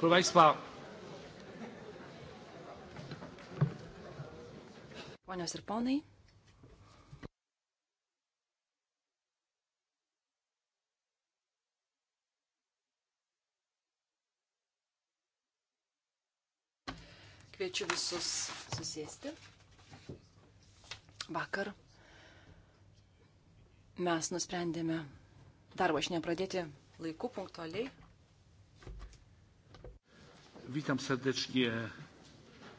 Proszę Państwa. Ponios ir ponai. Kviečiu visus susėsti. Vakar mes nusprendėme darbą šiandien pradėti laiku punktualiai Witam serdecznie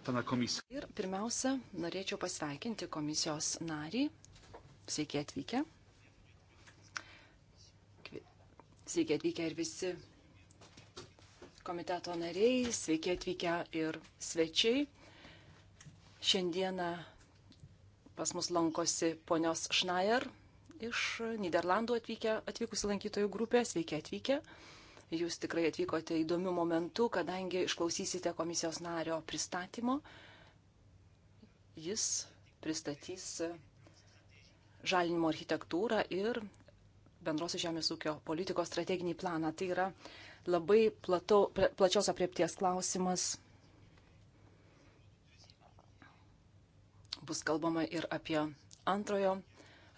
pana komisarza. Ir pirmiausia, norėčiau pasveikinti komisijos narį. Sveiki atvykę. Sveiki atvykę ir visi komiteto nariai, sveiki atvykę ir svečiai. Šiandieną pas mus lankosi ponios Schneier iš Niderlandų atvykę, atvykusi lankytojų grupė. Sveiki atvykę. atvykę Jūs tikrai atvykote įdomių momentų, kadangi išklausysite komisijos nario pristatymo. Jis pristatys žalinimo architektūrą ir bendrosios žemės ūkio politikos strateginį planą. Tai yra labai plato, plačios apriepties klausimas. Bus kalbama ir apie antrojo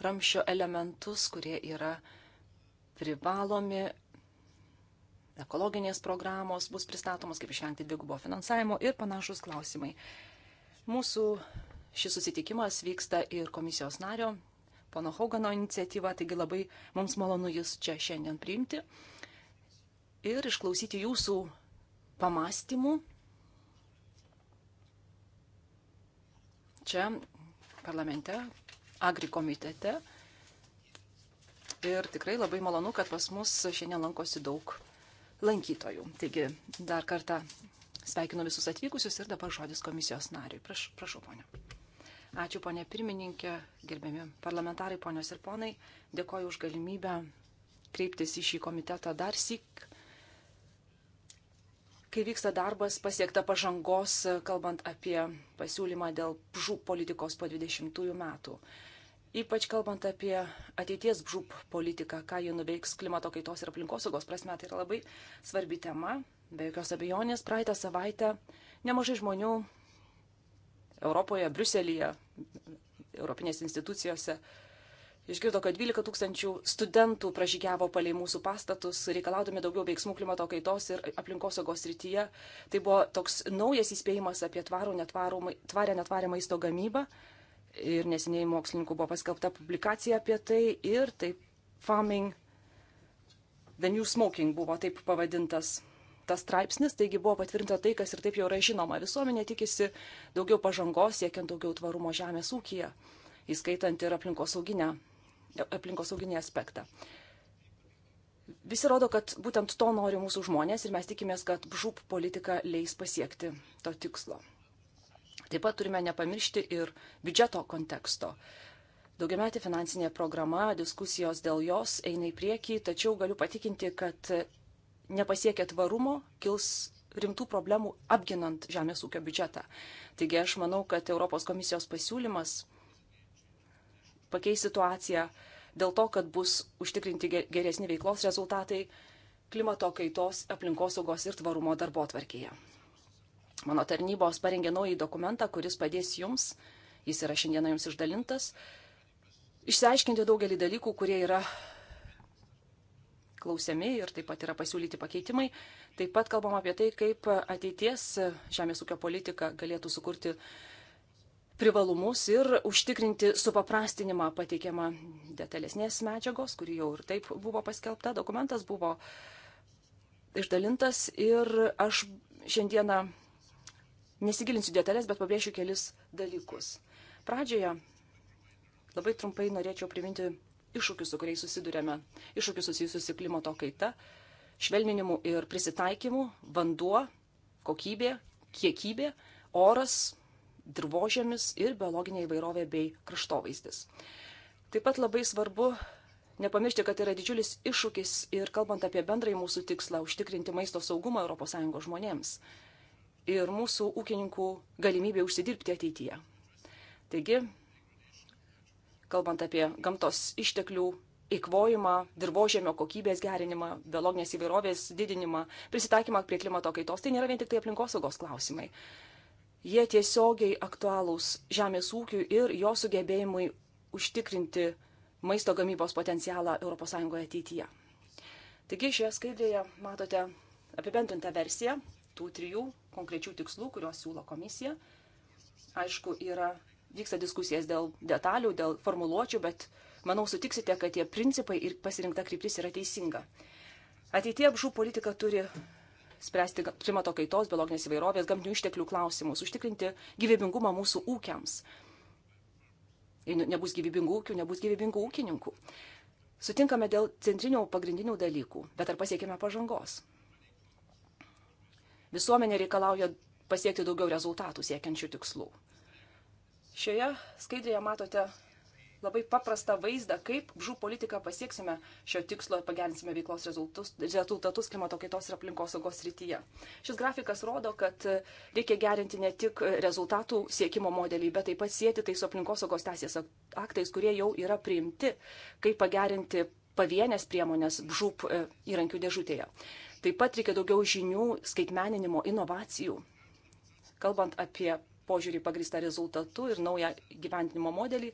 ramščio elementus, kurie yra privalomi ekologinės programos bus pristatomos, kaip išvengti dvigubo finansavimo ir panašus klausimai. Mūsų šis susitikimas vyksta ir komisijos nario, pono Hogano iniciatyva, taigi labai mums malonu jūs čia šiandien priimti ir išklausyti jūsų pamastymų. Čia parlamente, agri komitete. Ir tikrai labai malonu, kad pas mus šiandien lankosi daug lankytojų. Taigi dar kartą sveikinu visus atvykusius ir dabar žodis komisijos nariui. Praš, prašau, ponė. Ačiū, ponė pirmininkė, gerbiami parlamentarai, ponios ir ponai. Dėkoju už galimybę kreiptis į šį komitetą dar sik. Kai vyksta darbas, pasiekta pažangos, kalbant apie pasiūlymą dėl žų politikos po 20 metų. Ypač kalbant apie ateities žūp politiką, ką ji nuveiks klimato kaitos ir aplinkosaugos prasme, tai yra labai svarbi tema. Be jokios abejonės, praeitą savaitę nemažai žmonių Europoje, Bruselėje, Europinės institucijose išgirdo, kad 12 tūkstančių studentų pražygiavo palei mūsų pastatus, reikalaudami daugiau veiksmų klimato kaitos ir aplinkosaugos rytyje. Tai buvo toks naujas įspėjimas apie tvarų, netvarų, tvarę netvarę maisto gamybą ir neseniai mokslininkų buvo paskelbta publikacija apie tai ir taip farming, the new smoking buvo taip pavadintas tas straipsnis, taigi buvo patvirtinta tai, kas ir taip jau yra žinoma. Visuomenė tikisi daugiau pažangos, siekiant daugiau tvarumo žemės ūkija, įskaitant ir aplinkosauginį aplinkos aspektą. Visi rodo, kad būtent to nori mūsų žmonės ir mes tikimės, kad žūp politika leis pasiekti to tikslo. Taip pat turime nepamiršti ir biudžeto konteksto. Daugiametė finansinė programa, diskusijos dėl jos eina į priekį, tačiau galiu patikinti, kad nepasiekia tvarumo, kils rimtų problemų apginant žemės ūkio biudžetą. Taigi aš manau, kad Europos komisijos pasiūlymas pakeis situaciją dėl to, kad bus užtikrinti geresni veiklos rezultatai klimato kaitos, aplinkosaugos ir tvarumo darbo atvarkėje. Mano tarnybos parengė naują dokumentą, kuris padės jums, jis yra šiandieną jums išdalintas, išsiaiškinti daugelį dalykų, kurie yra klausiami ir taip pat yra pasiūlyti pakeitimai. Taip pat kalbam apie tai, kaip ateities žemės ūkio politika galėtų sukurti privalumus ir užtikrinti supaprastinimą pateikiamą detalesnės medžiagos, kuri jau ir taip buvo paskelbta, dokumentas buvo išdalintas ir aš šiandieną Nesigilinsiu detalės, bet pabrėšiu kelis dalykus. Pradžioje labai trumpai norėčiau priminti iššūkius, su kuriais susidurėme. Iššūkius susijusius su klimato kaita, švelninimu ir prisitaikymu, vanduo, kokybė, kiekybė, oras, dirbožėmis ir biologinė įvairovė bei kraštovaizdis. Taip pat labai svarbu nepamiršti, kad yra didžiulis iššūkis ir kalbant apie bendrąjį mūsų tikslą užtikrinti maisto saugumą ES žmonėms ir mūsų ūkininkų galimybė užsidirbti ateityje. Taigi, kalbant apie gamtos išteklių įkvojimą, dirbožėmio kokybės gerinimą, biologinės įvairovės didinimą, prisitaikymą prie klimato kaitos, tai nėra vien tik tai aplinkosaugos klausimai. Jie tiesiogiai aktualūs žemės ūkiui ir jo sugebėjimui užtikrinti maisto gamybos potencialą ES ateityje. Taigi šioje skaidrėje matote apibendrintą versiją tų trijų konkrečių tikslų, kuriuos siūlo komisija. Aišku, yra, vyksta diskusijas dėl detalių, dėl formuluočių, bet manau sutiksite, kad tie principai ir pasirinkta kryptis yra teisinga. Ateitie apžų politika turi spręsti klimato kaitos, biologinės įvairovės, gamtinių išteklių klausimus, užtikrinti gyvybingumą mūsų ūkiams. Jei nu, nebus gyvybingų ūkių, nebus gyvybingų ūkininkų. Sutinkame dėl centrinių pagrindinių dalykų, bet ar pasiekime pažangos? Visuomenė reikalauja pasiekti daugiau rezultatų siekiančių tikslų. Šioje skaidrėje matote labai paprastą vaizdą, kaip žų politiką pasieksime šio tikslo ir pagerinsime veiklos rezultatus, rezultatus klimato kaitos ir aplinkosaugos rytyje. Šis grafikas rodo, kad reikia gerinti ne tik rezultatų siekimo modelį, bet taip pat sėti tai su aplinkosaugos teisės aktais, kurie jau yra priimti, kaip pagerinti pavienės priemonės žūp e, įrankių dėžutėje. Taip pat reikia daugiau žinių, skaitmeninimo, inovacijų. Kalbant apie požiūrį pagrįstą rezultatu ir naują gyventinimo modelį,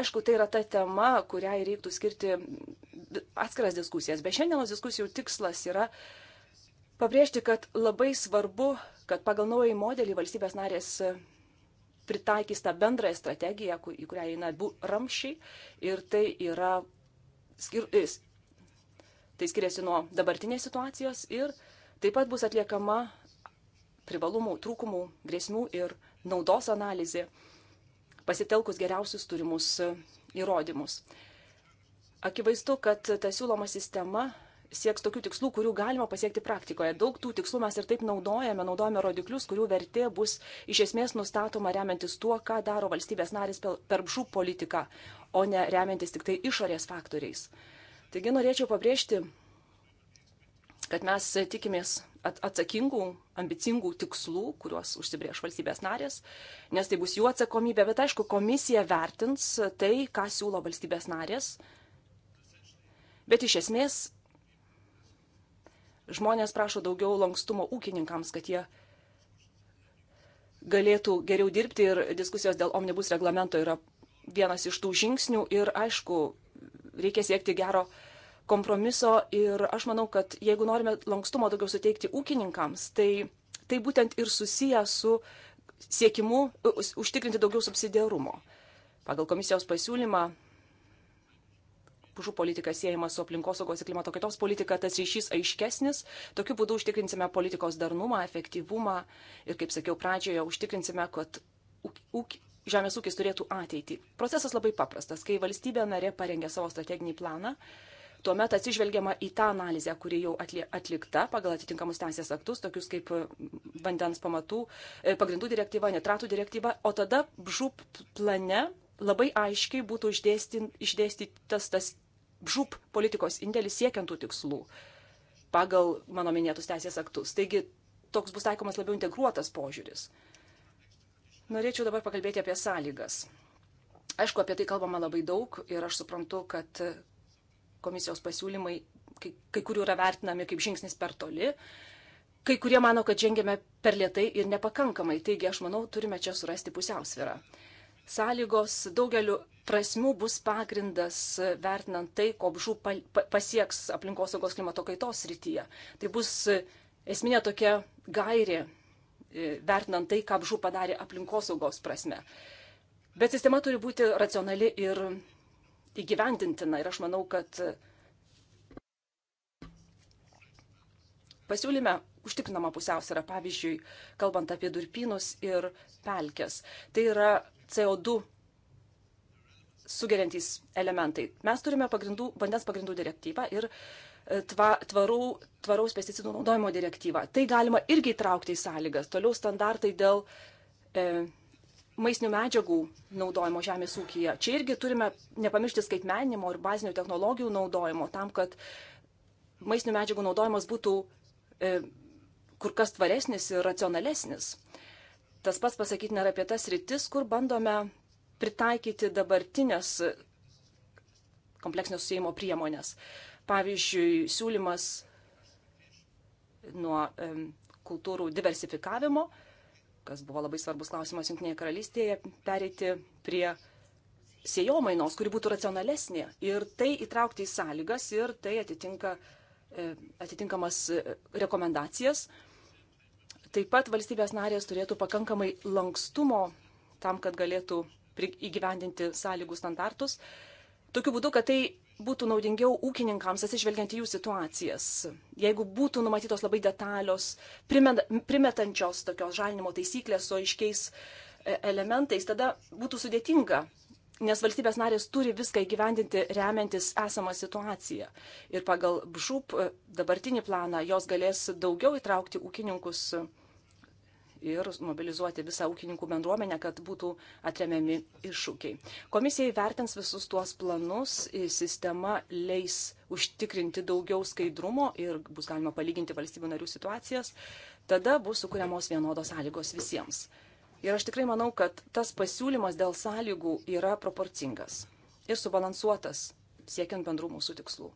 aišku, tai yra ta tema, kuriai reiktų skirti atskiras diskusijas. Be šiandienos diskusijų tikslas yra pabrėžti, kad labai svarbu, kad pagal naują modelį valstybės narės pritaikys tą bendrąją strategiją, į kurią eina abu ramšiai. Ir tai yra skir Tai skiriasi nuo dabartinės situacijos ir taip pat bus atliekama privalumų, trūkumų, grėsmių ir naudos analizė, pasitelkus geriausius turimus įrodymus. Akivaizdu, kad ta siūloma sistema sieks tokių tikslų, kurių galima pasiekti praktikoje. Daug tų tikslų mes ir taip naudojame, naudojame rodiklius, kurių vertė bus iš esmės nustatoma remiantis tuo, ką daro valstybės narės per bžų politiką, o ne remiantis tik tai išorės faktoriais. Taigi norėčiau pabrėžti, kad mes tikimės atsakingų, ambicingų tikslų, kuriuos užsibrieš valstybės narės, nes tai bus jų atsakomybė, bet aišku, komisija vertins tai, ką siūlo valstybės narės. Bet iš esmės žmonės prašo daugiau lankstumo ūkininkams, kad jie galėtų geriau dirbti ir diskusijos dėl omnibus reglamento yra vienas iš tų žingsnių ir aišku, reikia siekti gero kompromiso ir aš manau, kad jeigu norime lankstumo daugiau suteikti ūkininkams, tai tai būtent ir susiję su siekimu užtikrinti daugiau subsidiarumo. Pagal komisijos pasiūlymą žuvų politika siejama su aplinkosaugos ir klimato kaitos politika, tas ryšys aiškesnis. Tokiu būdu užtikrinsime politikos darnumą, efektyvumą ir, kaip sakiau pradžioje, užtikrinsime, kad ūk, ūk, žemės ūkis turėtų ateitį. Procesas labai paprastas. Kai valstybė narė parengia savo strateginį planą, tuomet atsižvelgiama į tą analizę, kuri jau atlikta pagal atitinkamus teisės aktus, tokius kaip mm, vandens pamatų, e, pagrindų direktyva, nitratų direktyva, o tada žūp plane labai aiškiai būtų išdėstytas tas žūp politikos indėlis siekiantų tikslų pagal mano minėtus teisės aktus. Taigi toks bus taikomas labiau integruotas požiūris. Norėčiau dabar pakalbėti apie sąlygas. Aišku, apie tai kalbama labai daug ir aš suprantu, kad komisijos pasiūlymai kai, kai kurių yra vertinami kaip žingsnis per toli, kai kurie mano, kad žengėme per lietai ir nepakankamai. Taigi aš manau, turime čia surasti pusiausvyrą. Sąlygos daugeliu prasmių bus pagrindas vertinant tai, ko žų pasieks aplinkosaugos klimato kaitos rytyje. Tai bus esminė tokia gairė E, vertinant tai, ką apžų padarė aplinkosaugos prasme. Bet sistema turi būti racionali ir įgyvendintina. Ir aš manau, kad pasiūlyme užtikrinama pusiausvėra, pavyzdžiui, kalbant apie durpynus ir pelkes. Tai yra CO2 sugeriantys elementai. Mes turime pagrindų, vandens pagrindų direktyvą ir tva, tvarų, tvaraus pesticidų naudojimo direktyvą. Tai galima irgi įtraukti į sąlygas. Toliau standartai dėl e, maisnių medžiagų naudojimo žemės ūkyje. Čia irgi turime nepamiršti skaitmenimo ir bazinių technologijų naudojimo tam, kad maisnių medžiagų naudojimas būtų e, kur kas tvaresnis ir racionalesnis. Tas pats pasakyti nėra apie tas rytis, kur bandome pritaikyti dabartinės kompleksinio susijimo priemonės. E, Pavyzdžiui, siūlymas nuo kultūrų diversifikavimo, kas buvo labai svarbus klausimas Junktinėje karalystėje, pereiti prie sėjomainos, kuri būtų racionalesnė ir tai įtraukti į sąlygas ir tai atitinka, e, atitinkamas e, rekomendacijas. Taip pat valstybės narės turėtų pakankamai lankstumo tam, kad galėtų įgyvendinti sąlygų standartus. Tokiu būdu, kad tai būtų naudingiau ūkininkams atsižvelgiant į jų situacijas. Jeigu būtų numatytos labai detalios, primetančios tokios žalinimo taisyklės su aiškiais e, elementais, tada būtų sudėtinga, nes valstybės narės turi viską įgyvendinti remiantis esamą situaciją. Ir pagal BŽUP e, dabartinį planą jos galės daugiau įtraukti ūkininkus ir mobilizuoti visą ūkininkų bendruomenę, kad būtų atremiami iššūkiai. Komisija įvertins visus tuos planus, sistema leis užtikrinti daugiau skaidrumo ir bus galima palyginti valstybių narių situacijas, tada bus sukūriamos vienodos sąlygos visiems. Ir aš tikrai manau, kad tas pasiūlymas dėl sąlygų yra proporcingas ir subalansuotas siekiant bendrų mūsų tikslų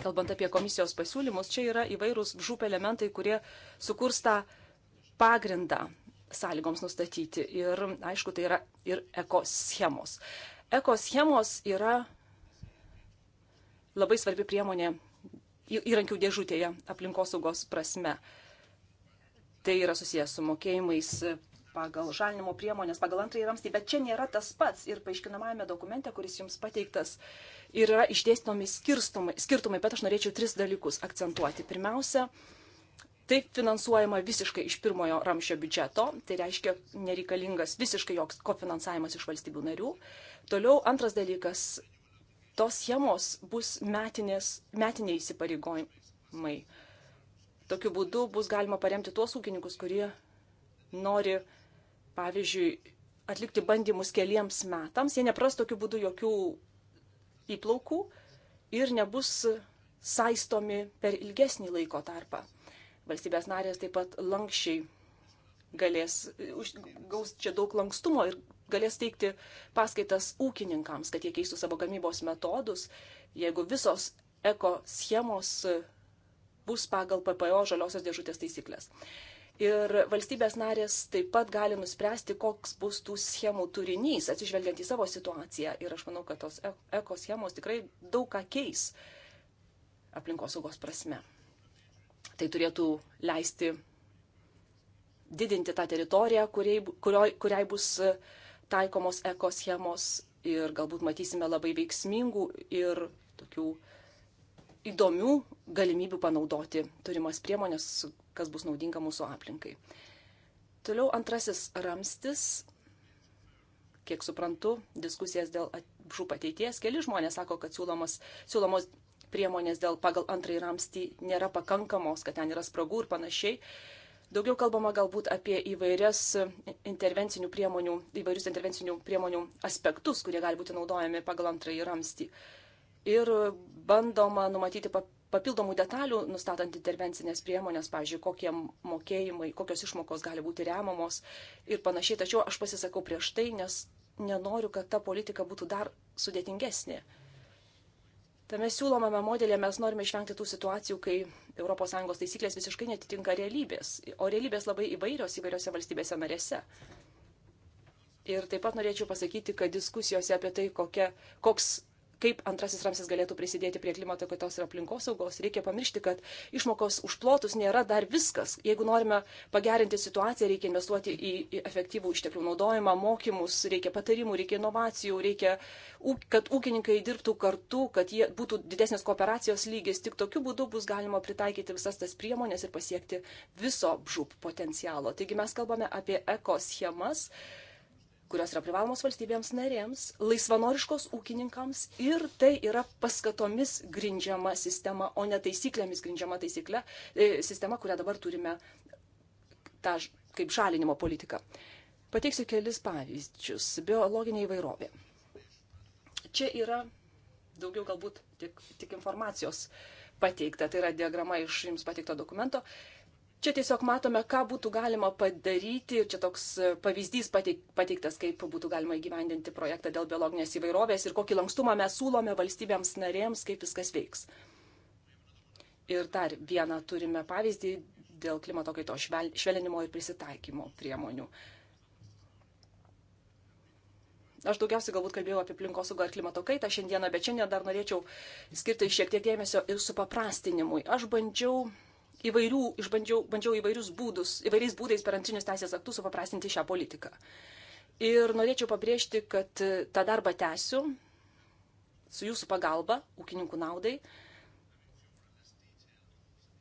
kalbant apie komisijos pasiūlymus, čia yra įvairūs žūp elementai, kurie sukurs tą pagrindą sąlygoms nustatyti. Ir aišku, tai yra ir ekoschemos. Ekoschemos yra labai svarbi priemonė įrankių dėžutėje aplinkosaugos prasme. Tai yra susijęs su mokėjimais pagal žalinimo priemonės, pagal antrąjį ramstį, bet čia nėra tas pats. Ir paaiškinamajame dokumente, kuris jums pateiktas, yra išdėstinomi skirtumai, bet aš norėčiau tris dalykus akcentuoti. Pirmiausia, tai finansuojama visiškai iš pirmojo ramščio biudžeto, tai reiškia nereikalingas visiškai joks kofinansavimas iš valstybių narių. Toliau antras dalykas, tos schemos bus metinės, metiniai įsipareigojimai. Tokiu būdu bus galima paremti tuos ūkininkus, kurie nori pavyzdžiui, atlikti bandymus keliems metams, jie nepras tokiu būdu jokių įplaukų ir nebus saistomi per ilgesnį laiko tarpą. Valstybės narės taip pat lankščiai galės, gaus čia daug lankstumo ir galės teikti paskaitas ūkininkams, kad jie keistų savo gamybos metodus, jeigu visos ekoschemos bus pagal PPO žaliosios dėžutės taisyklės. Ir valstybės narės taip pat gali nuspręsti, koks bus tų schemų turinys, atsižvelgiant į savo situaciją. Ir aš manau, kad tos e-, ekoschemos tikrai daug ką keis aplinkosaugos prasme. Tai turėtų leisti didinti tą teritoriją, kuriai, kurioj, kuriai bus e, taikomos ekoschemos ir galbūt matysime labai veiksmingų ir tokių įdomių galimybių panaudoti turimas priemonės, kas bus naudinga mūsų aplinkai. Toliau antrasis ramstis, kiek suprantu, diskusijas dėl žūp ateities. Keli žmonės sako, kad siūlomos, siūlomos priemonės dėl pagal antrąjį ramstį nėra pakankamos, kad ten yra spragų ir panašiai. Daugiau kalbama galbūt apie įvairias intervencinių priemonių, įvairius intervencinių priemonių aspektus, kurie gali būti naudojami pagal antrąjį ramstį. Ir bandoma numatyti papildomų detalių, nustatant intervencinės priemonės, pavyzdžiui, kokie mokėjimai, kokios išmokos gali būti remamos ir panašiai. Tačiau aš pasisakau prieš tai, nes nenoriu, kad ta politika būtų dar sudėtingesnė. Tame siūlomame modelė mes norime išvengti tų situacijų, kai ES taisyklės visiškai netitinka realybės, o realybės labai įvairios įvairiose valstybėse narėse. Ir taip pat norėčiau pasakyti, kad diskusijose apie tai, kokia, koks kaip antrasis ramsis galėtų prisidėti prie klimato kaitos ir aplinkosaugos, reikia pamiršti, kad išmokos už plotus nėra dar viskas. Jeigu norime pagerinti situaciją, reikia investuoti į, į efektyvų išteklių naudojimą, mokymus, reikia patarimų, reikia inovacijų, reikia, kad ūkininkai dirbtų kartu, kad jie būtų didesnės kooperacijos lygis. Tik tokiu būdu bus galima pritaikyti visas tas priemonės ir pasiekti viso žūp potencialo. Taigi mes kalbame apie ekoschemas. schemas kurios yra privalomos valstybėms narėms, laisvanoriškos ūkininkams ir tai yra paskatomis grindžiama sistema, o ne taisyklėmis grindžiama taisyklė, e, sistema, kurią dabar turime tą kaip žalinimo politiką. Pateiksiu kelis pavyzdžius. Biologinė įvairovė. Čia yra daugiau galbūt tik, tik informacijos pateikta, tai yra diagrama iš jums pateikto dokumento. Uh, Čia tiesiog matome, ką būtų galima padaryti ir čia toks e, pavyzdys pateiktas, kaip būtų galima įgyvendinti projektą dėl biologinės įvairovės ir kokį lankstumą mes siūlome valstybėms narėms, kaip viskas veiks. Ir dar vieną turime pavyzdį dėl klimato kaito švelinimo ir prisitaikymo priemonių. Aš daugiausiai galbūt kalbėjau apie aplinkosaugą ir klimato kaitą šiandieną, bet šiandien dar norėčiau skirti šiek tiek dėmesio ir supaprastinimui. Aš bandžiau įvairių, išbandžiau bandžiau įvairius būdus, įvairiais būdais per antrinius teisės aktus supaprastinti šią politiką. Ir norėčiau pabrėžti, kad e, tą darbą tęsiu su jūsų pagalba, ūkininkų naudai.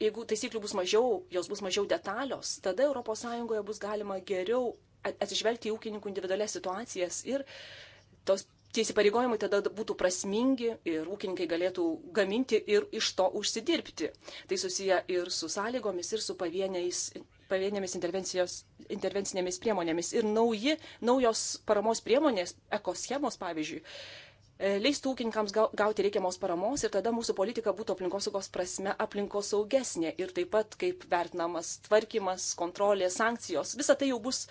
Jeigu taisyklių bus mažiau, jos bus mažiau detalios, tada ES bus galima geriau atsižvelgti į ūkininkų individualias situacijas ir tos tie įsipareigojimai tada būtų prasmingi ir ūkininkai galėtų gaminti ir iš to užsidirbti. Tai susiję ir su sąlygomis, ir su pavienėmis intervencinėmis priemonėmis. Ir nauji, naujos paramos priemonės, ekoschemos pavyzdžiui, e, leistų ūkininkams gauti reikiamos paramos ir tada mūsų politika būtų aplinkosaugos prasme aplinkosaugesnė ir taip pat kaip vertinamas tvarkymas, kontrolė, sankcijos. Visa tai jau bus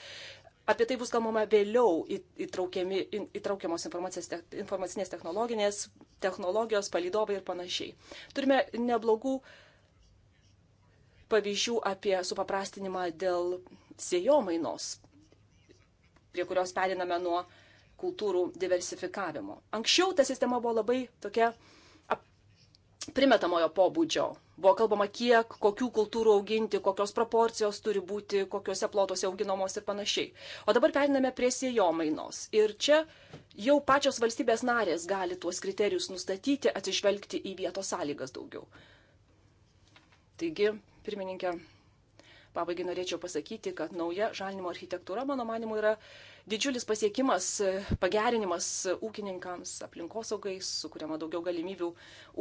apie tai bus kalbama vėliau įtraukiamos informacinės technologinės, technologijos, palydovai ir panašiai. Turime neblogų pavyzdžių apie supaprastinimą dėl sėjomainos, prie kurios periname nuo kultūrų diversifikavimo. Anksčiau ta sistema buvo labai tokia primetamojo pobūdžio. Buvo kalbama, kiek, kokių kultūrų auginti, kokios proporcijos turi būti, kokiuose plotuose auginamos ir panašiai. O dabar periname prie siejomainos. Ir čia jau pačios valstybės narės gali tuos kriterijus nustatyti, atsižvelgti į vietos sąlygas daugiau. Taigi, pirmininkė, Pabaigai norėčiau pasakyti, kad nauja žalinimo architektūra, mano manimu, yra didžiulis pasiekimas, pagerinimas ūkininkams, aplinkosaugai, sukuriama daugiau galimybių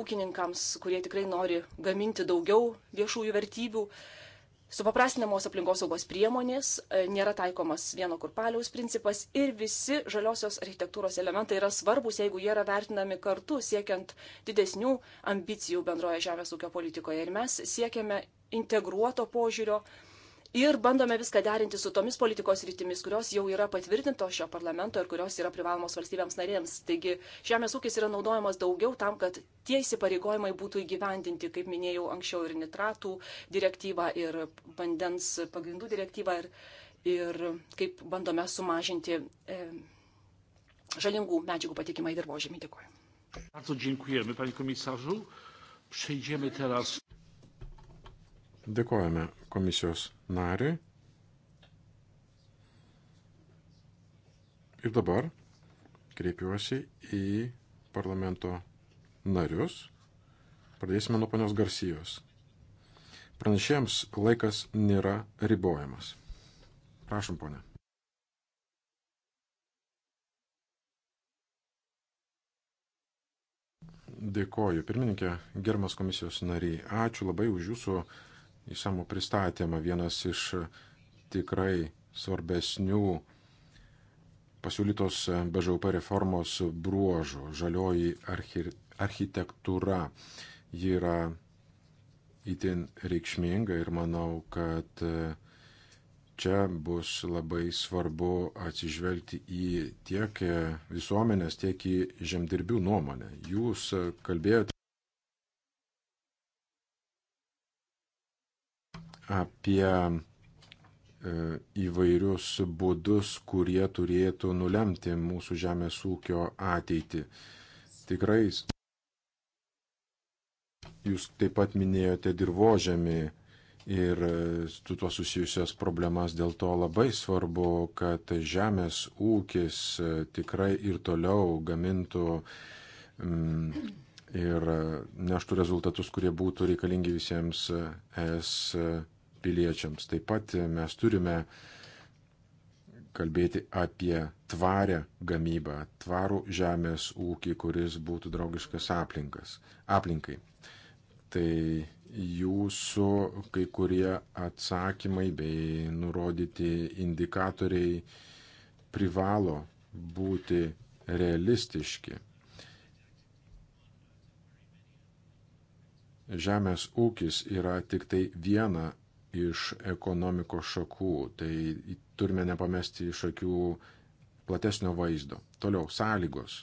ūkininkams, kurie tikrai nori gaminti daugiau viešųjų vertybių. Supaprastinamos aplinkosaugos priemonės, e, nėra taikomas vieno kurpaliaus principas ir visi žaliosios architektūros elementai yra svarbus, jeigu jie yra vertinami kartu siekiant didesnių ambicijų bendroje žemės ūkio politikoje. Ir mes siekiame integruoto požiūrio ir bandome viską derinti su tomis politikos rytimis, kurios jau yra patvirtintos šio parlamento ir kurios yra privalomos valstybėms narėms. Taigi žemės ūkis yra naudojamas daugiau tam, kad tie įsipareigojimai būtų įgyvendinti, kaip minėjau anksčiau, ir nitratų direktyvą, ir vandens pagrindų direktyvą, ir, ir kaip bandome sumažinti e, žalingų medžiagų patikimą į dirbožėmį. Dėkuoju. Bardzo dziękujemy, panie komisarzu. Przejdziemy teraz. Dėkojame komisijos nariui. Ir dabar kreipiuosi į parlamento narius. Pradėsime nuo ponios Garcijos. Pranešėjams laikas nėra ribojamas. Prašom, ponė. Dėkoju, pirmininkė, germas komisijos nariai. Ačiū labai už jūsų išsamų pristatymą. Vienas iš tikrai svarbesnių pasiūlytos BŽUP reformos bruožų - žalioji archir, architektūra. Ji yra itin reikšminga ir manau, kad e, čia bus labai svarbu atsižvelgti į tiek e, visuomenės, tiek į žemdirbių nuomonę. Jūs kalbėjote apie e, įvairius būdus, kurie turėtų nulemti mūsų žemės ūkio ateitį. Tikrai jūs taip pat minėjote dirbožemį ir e, su tuo susijusias problemas. Dėl to labai svarbu, kad žemės ūkis e, tikrai ir toliau gamintų mm, ir neštų rezultatus, kurie būtų reikalingi visiems es piliečiams. Taip pat mes turime kalbėti apie tvarę gamybą, tvarų žemės ūkį, kuris būtų draugiškas aplinkas, aplinkai. Tai jūsų kai kurie atsakymai bei nurodyti indikatoriai privalo būti realistiški. Žemės ūkis yra tik tai viena iš ekonomikos šakų, tai turime nepamesti iš akių platesnio vaizdo. Toliau sąlygos.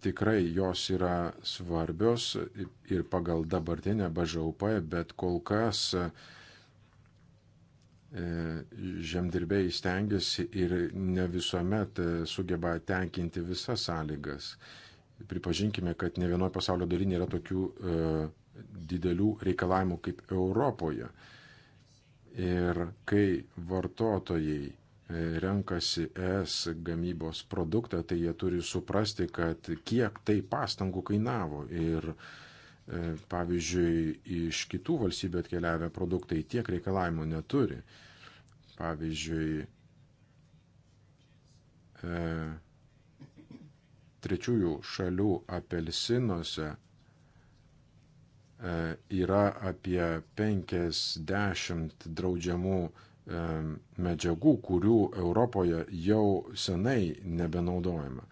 Tikrai jos yra svarbios ir pagal dabartinę BŽUP, bet kol kas e, žemdirbiai stengiasi ir ne visuomet e, sugeba tenkinti visas sąlygas. Pripažinkime, kad ne vienoje pasaulio dalyje nėra tokių e, didelių reikalavimų kaip Europoje. Ir kai vartotojai e, renkasi ES gamybos produktą, tai jie turi suprasti, kad kiek tai pastangų kainavo. Ir e, pavyzdžiui, iš kitų valstybių atkeliavę produktai tiek reikalavimų neturi. Pavyzdžiui, e, trečiųjų šalių apelsinuose e, yra apie 50 draudžiamų e, medžiagų, kurių Europoje jau senai nebenaudojama.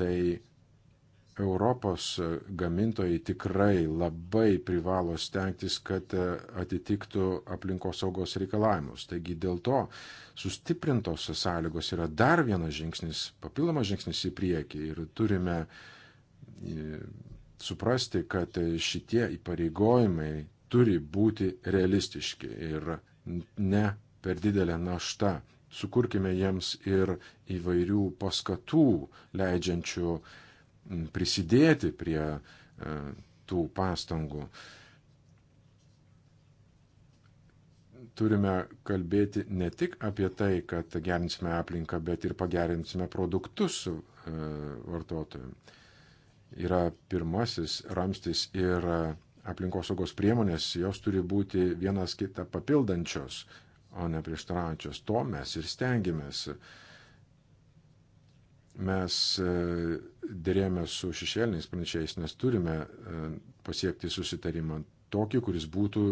Tai Europos e, gamintojai tikrai labai privalo stengtis, kad e, atitiktų aplinkosaugos reikalavimus. Taigi dėl to sustiprintos sąlygos yra dar vienas žingsnis, papildomas žingsnis į priekį ir turime e, suprasti, kad šitie įpareigojimai turi būti realistiški ir ne per didelė našta. Sukurkime jiems ir įvairių paskatų leidžiančių uh, prisidėti prie e, tų pastangų. Turime kalbėti ne tik apie tai, kad gerinsime aplinką, bet ir pagerinsime produktus e, vartotojams. Yra pirmasis ramstis ir aplinkosaugos priemonės, jos turi būti vienas kitą papildančios, o ne prieštaraujančios. To mes ir stengiamės. Uh, Mes e, dėrėjome su šešėliniais pranešėjais, nes turime e, pasiekti susitarimą tokį, kuris būtų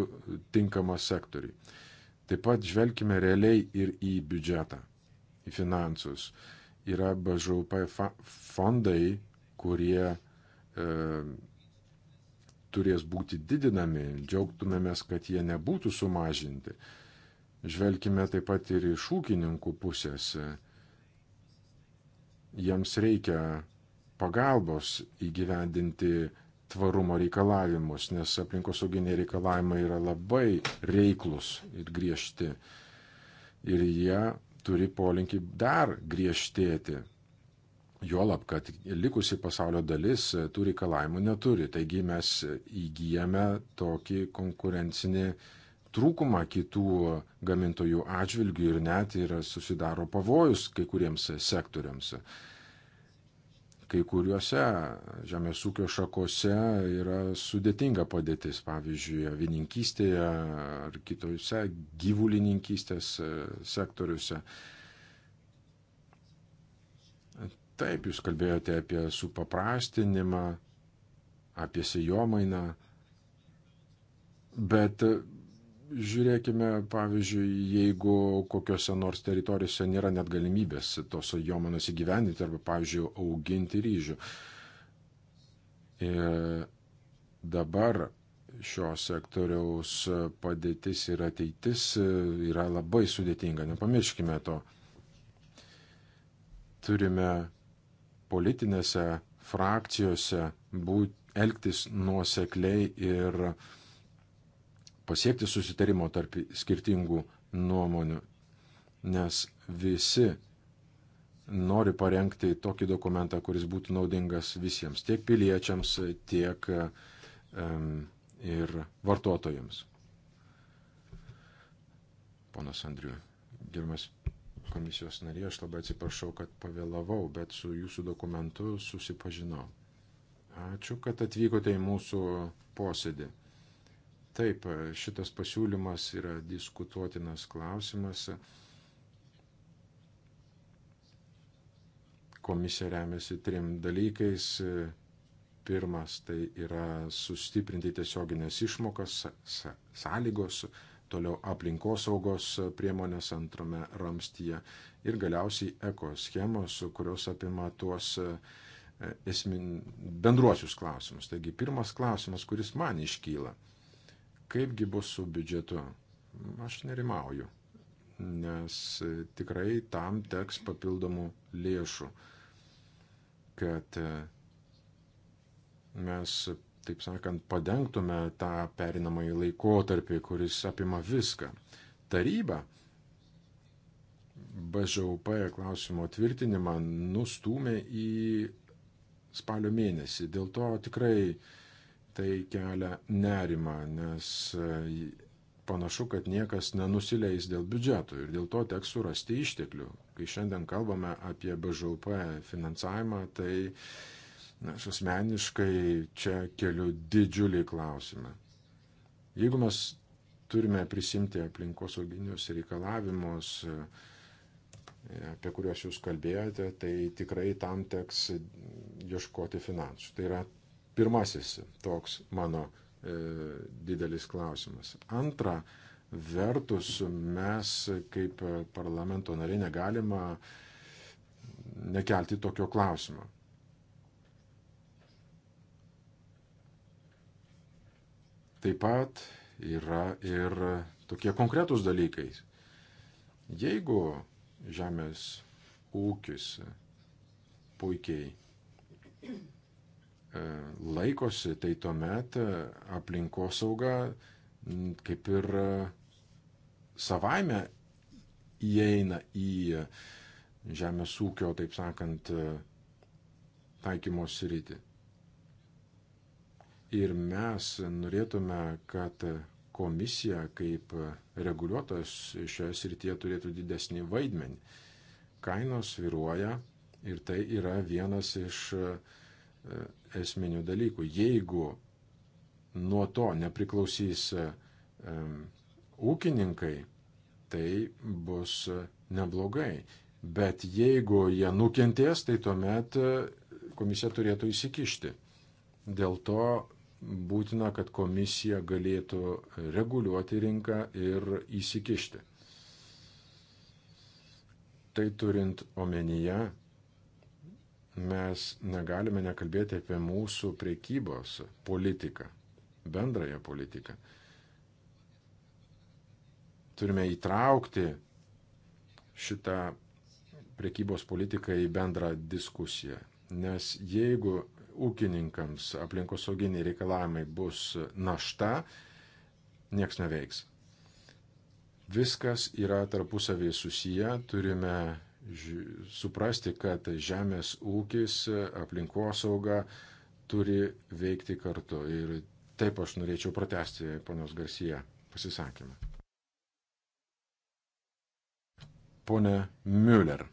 tinkamas sektoriui. Taip pat žvelgime realiai ir į biudžetą, į finansus. Yra BŽUP fondai, kurie e, turės būti didinami, džiaugtumėmės, kad jie nebūtų sumažinti. Žvelgime taip pat ir iš ūkininkų pusės. E, Jiems reikia pagalbos įgyvendinti tvarumo reikalavimus, nes aplinkosauginiai reikalavimai yra labai reiklus ir griežti. Ir jie turi polinkį dar griežtėti. Juolab, kad likusi pasaulio dalis tų reikalavimų neturi. Taigi mes įgyjame tokį konkurencinį uh, trūkumą kitų gamintojų atžvilgių ir net ir susidaro pavojus kai kuriems sektoriams. Kai kuriuose žemės ūkio šakose yra sudėtinga padėtis, pavyzdžiui, avininkystėje ar kitose gyvulininkystės e, sektoriuose. Taip, jūs kalbėjote apie supaprastinimą, apie sejomainą, bet Žiūrėkime, pavyzdžiui, jeigu kokiuose nors teritorijose nėra net galimybės tos jomanos įgyvendinti arba, pavyzdžiui, auginti ryžių. Ir e, dabar šio sektoriaus padėtis ir ateitis yra labai sudėtinga, nepamirškime to. Turime politinėse frakcijose būt, elgtis nuosekliai ir uh, pasiekti susitarimo tarp skirtingų nuomonių, nes visi nori parengti tokį dokumentą, kuris būtų naudingas visiems, tiek piliečiams, tiek um, ir vartotojams. Ponas Andriu, gerbiamas komisijos narė, aš labai atsiprašau, kad pavėlavau, bet su jūsų dokumentu susipažinau. Ačiū, kad atvykote į mūsų posėdį. Taip, šitas pasiūlymas yra diskutuotinas klausimas. Komisija remiasi trim dalykais. Pirmas tai yra sustiprinti tiesioginės išmokas, sąlygos, toliau aplinkosaugos priemonės antrame ramstyje ir galiausiai ekoschemos, kurios apima tuos e, esmin, bendruosius klausimus. Taigi pirmas klausimas, kuris man iškyla – Kaipgi bus su biudžetu? Aš nerimauju, nes tikrai tam teks papildomų lėšų, kad e, mes, taip sakant, padengtume tą perinamąjį laikotarpį, kuris apima viską. Taryba BŽUP klausimo tvirtinimą nustumė į spalio mėnesį. Dėl to tikrai tai kelia nerimą, nes e, panašu, kad niekas nenusileis dėl biudžeto ir dėl to teks surasti išteklių. Kai šiandien kalbame apie BŽUP finansavimą, tai na, aš asmeniškai čia keliu didžiulį klausimą. Jeigu mes turime prisimti aplinkosauginius reikalavimus, e, apie kuriuos jūs kalbėjote, tai tikrai tam teks ieškoti finansų. Tai yra pirmasis toks mano e, didelis klausimas. Antra, vertus mes kaip parlamento nariai negalima nekelti tokio klausimo. Taip pat yra ir tokie konkretūs dalykai. Jeigu žemės ūkis puikiai E, laikosi, tai tuomet e, aplinkosauga kaip ir e, savaime įeina į žemės ūkio, taip sakant, taikymos rytį. Ir mes norėtume, kad komisija kaip reguliuotojas šioje srityje turėtų didesnį vaidmenį. Kainos viruoja ir tai yra vienas iš uh, E, esminių dalykų. Jeigu nuo to nepriklausys e, e, ūkininkai, tai bus neblogai. Bet jeigu jie nukentės, tai tuomet komisija turėtų įsikišti. Dėl to būtina, kad komisija galėtų reguliuoti rinką ir įsikišti. Tai turint omenyje, mes negalime nekalbėti apie mūsų priekybos politiką, bendrąją politiką. Turime įtraukti šitą priekybos politiką į bendrą diskusiją, nes jeigu ūkininkams aplinkosauginiai reikalavimai bus našta, nieks neveiks. Viskas yra tarpusavėje susiję, turime suprasti, kad žemės ūkis, aplinkosauga turi veikti kartu. Ir taip aš norėčiau pratesti ponios Garcia pasisakymą. Pone Müller.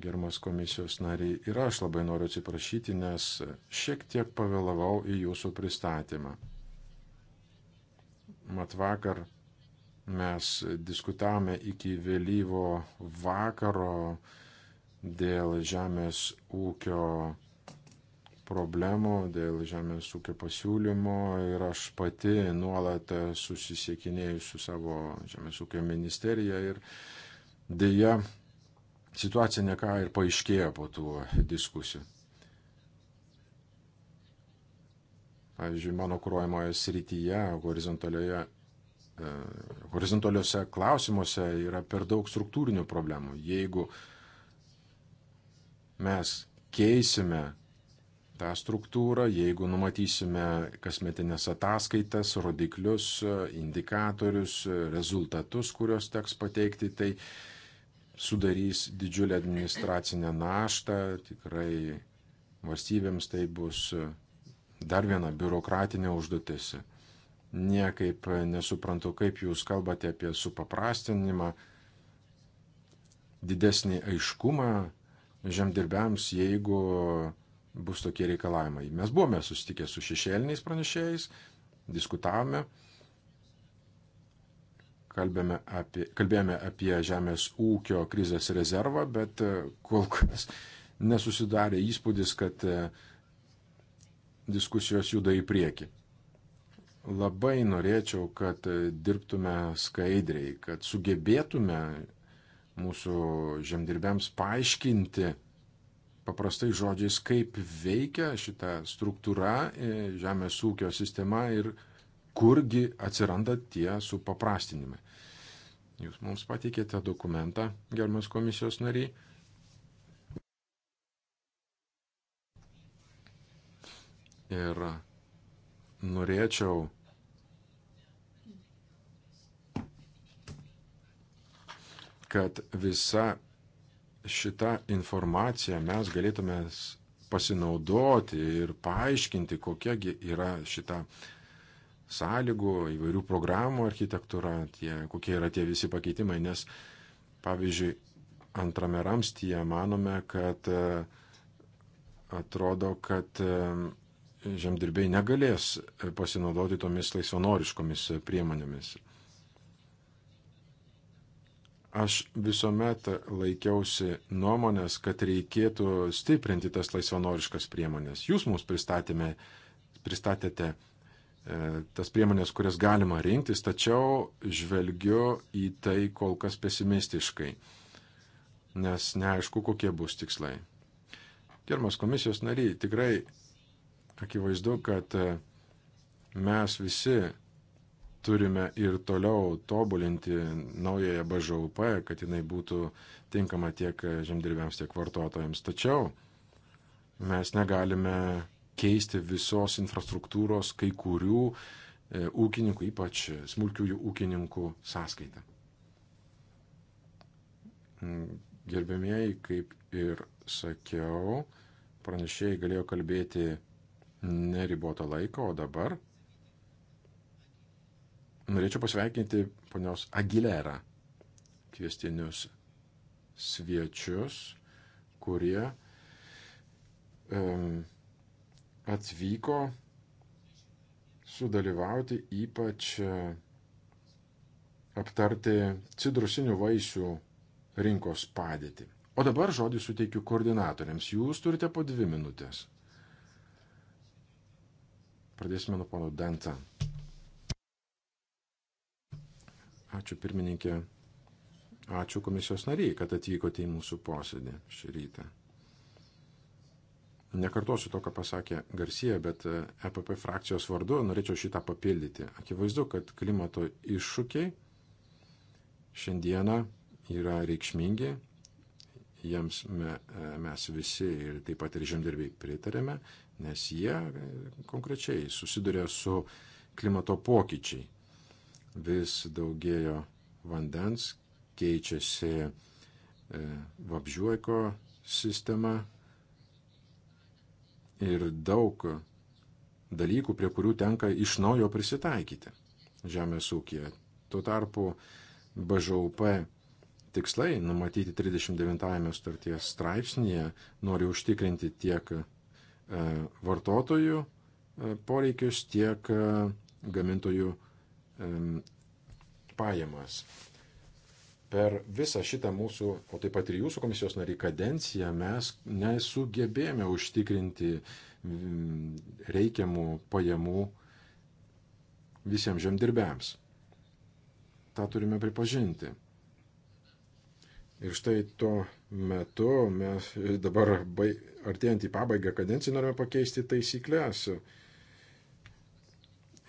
Germas komisijos nariai ir aš labai noriu atsiprašyti, nes šiek tiek pavėlavau į jūsų pristatymą. Mat vakar Mes diskutavome iki vėlyvo vakaro dėl žemės ūkio problemų, dėl žemės ūkio pasiūlymo ir aš pati nuolat susisiekinėjau su savo žemės ūkio ministerija ir dėja situacija neką ir paaiškėjo po tų diskusijų. Pavyzdžiui, mano kruojamoje srityje, horizontalioje E, horizontaliuose klausimuose yra per daug struktūrinių problemų. Jeigu mes keisime tą struktūrą, jeigu numatysime kasmetinės ataskaitas, rodiklius, indikatorius, rezultatus, kuriuos teks pateikti, tai sudarys didžiulę administracinę naštą, tikrai valstybėms tai bus dar viena biurokratinė užduotis niekaip nesuprantu, kaip jūs kalbate apie supaprastinimą, didesnį aiškumą žemdirbiams, jeigu bus tokie reikalavimai. Mes buvome susitikę su šešėliniais pranešėjais, diskutavome, kalbėjome apie, kalbėjome apie žemės ūkio krizės rezervą, bet e, kol kas nesusidarė įspūdis, kad e, diskusijos juda į priekį labai norėčiau, kad dirbtume skaidriai, kad sugebėtume mūsų žemdirbiams paaiškinti paprastai žodžiais, kaip veikia šita struktūra, e, žemės ūkio sistema ir kurgi atsiranda tie supaprastinimai. Jūs mums pateikėte dokumentą, gerbiamas komisijos nariai. Ir norėčiau kad visa šita informacija mes galėtume pasinaudoti ir paaiškinti, kokiagi yra šita sąlygų, įvairių programų architektūra, tie, kokie yra tie visi pakeitimai, nes pavyzdžiui, antrame ramstyje manome, kad e, atrodo, kad e, žemdirbiai negalės pasinaudoti tomis laisvanoriškomis priemonėmis. Aš visuomet laikiausi nuomonės, kad reikėtų stiprinti tas laisvanoriškas priemonės. Jūs mums pristatėte e, tas priemonės, kurias galima rinktis, tačiau žvelgiu į tai kol kas pesimistiškai, nes neaišku, kokie bus tikslai. Gerbiamas komisijos nariai, tikrai akivaizdu, kad e, mes visi turime ir toliau tobulinti naująją BŽUP, kad jinai būtų tinkama tiek žemdirbėms, tiek vartotojams. Tačiau mes negalime keisti visos infrastruktūros kai kurių e, ūkininkų, ypač smulkiųjų ūkininkų sąskaitą. Mm, gerbėmieji, kaip ir sakiau, pranešėjai galėjo kalbėti neribotą laiką, o dabar norėčiau pasveikinti ponios Aguilera kvestinius sviečius, kurie um, atvyko sudalyvauti ypač e, aptarti citrusinių vaisių rinkos padėtį. O dabar žodį suteikiu koordinatoriams. Jūs turite po dvi minutės. Pradėsime nuo pono Dantą. Ačiū pirmininkė. Ačiū komisijos nariai, kad atvykote į mūsų posėdį šį rytą. Nekartosiu to, ką pasakė Garcija, bet EPP e frakcijos vardu norėčiau šitą papildyti. Akivaizdu, kad klimato iššūkiai šiandieną yra reikšmingi, jiems me, e, mes visi ir taip pat ir žemdirbiai pritarėme, nes jie e, konkrečiai susiduria su klimato pokyčiai. Vis daugėjo vandens, keičiasi e, vabžiuojko sistema ir daug dalykų, prie kurių tenka iš naujo prisitaikyti žemės ūkija. Tuo tarpu BŽUP tikslai numatyti 39 starties straipsnėje nori užtikrinti tiek E, vartotojų e, poreikius, tiek e, gamintojų pajamas. Per visą šitą mūsų, o taip pat ir jūsų komisijos nariai kadenciją mes nesugebėjome užtikrinti mm, reikiamų pajamų visiems žemdirbėms. Ta turime pripažinti. Ir štai tuo metu mes dabar, bai, artėjant į pabaigą kadenciją, norime pakeisti taisyklės.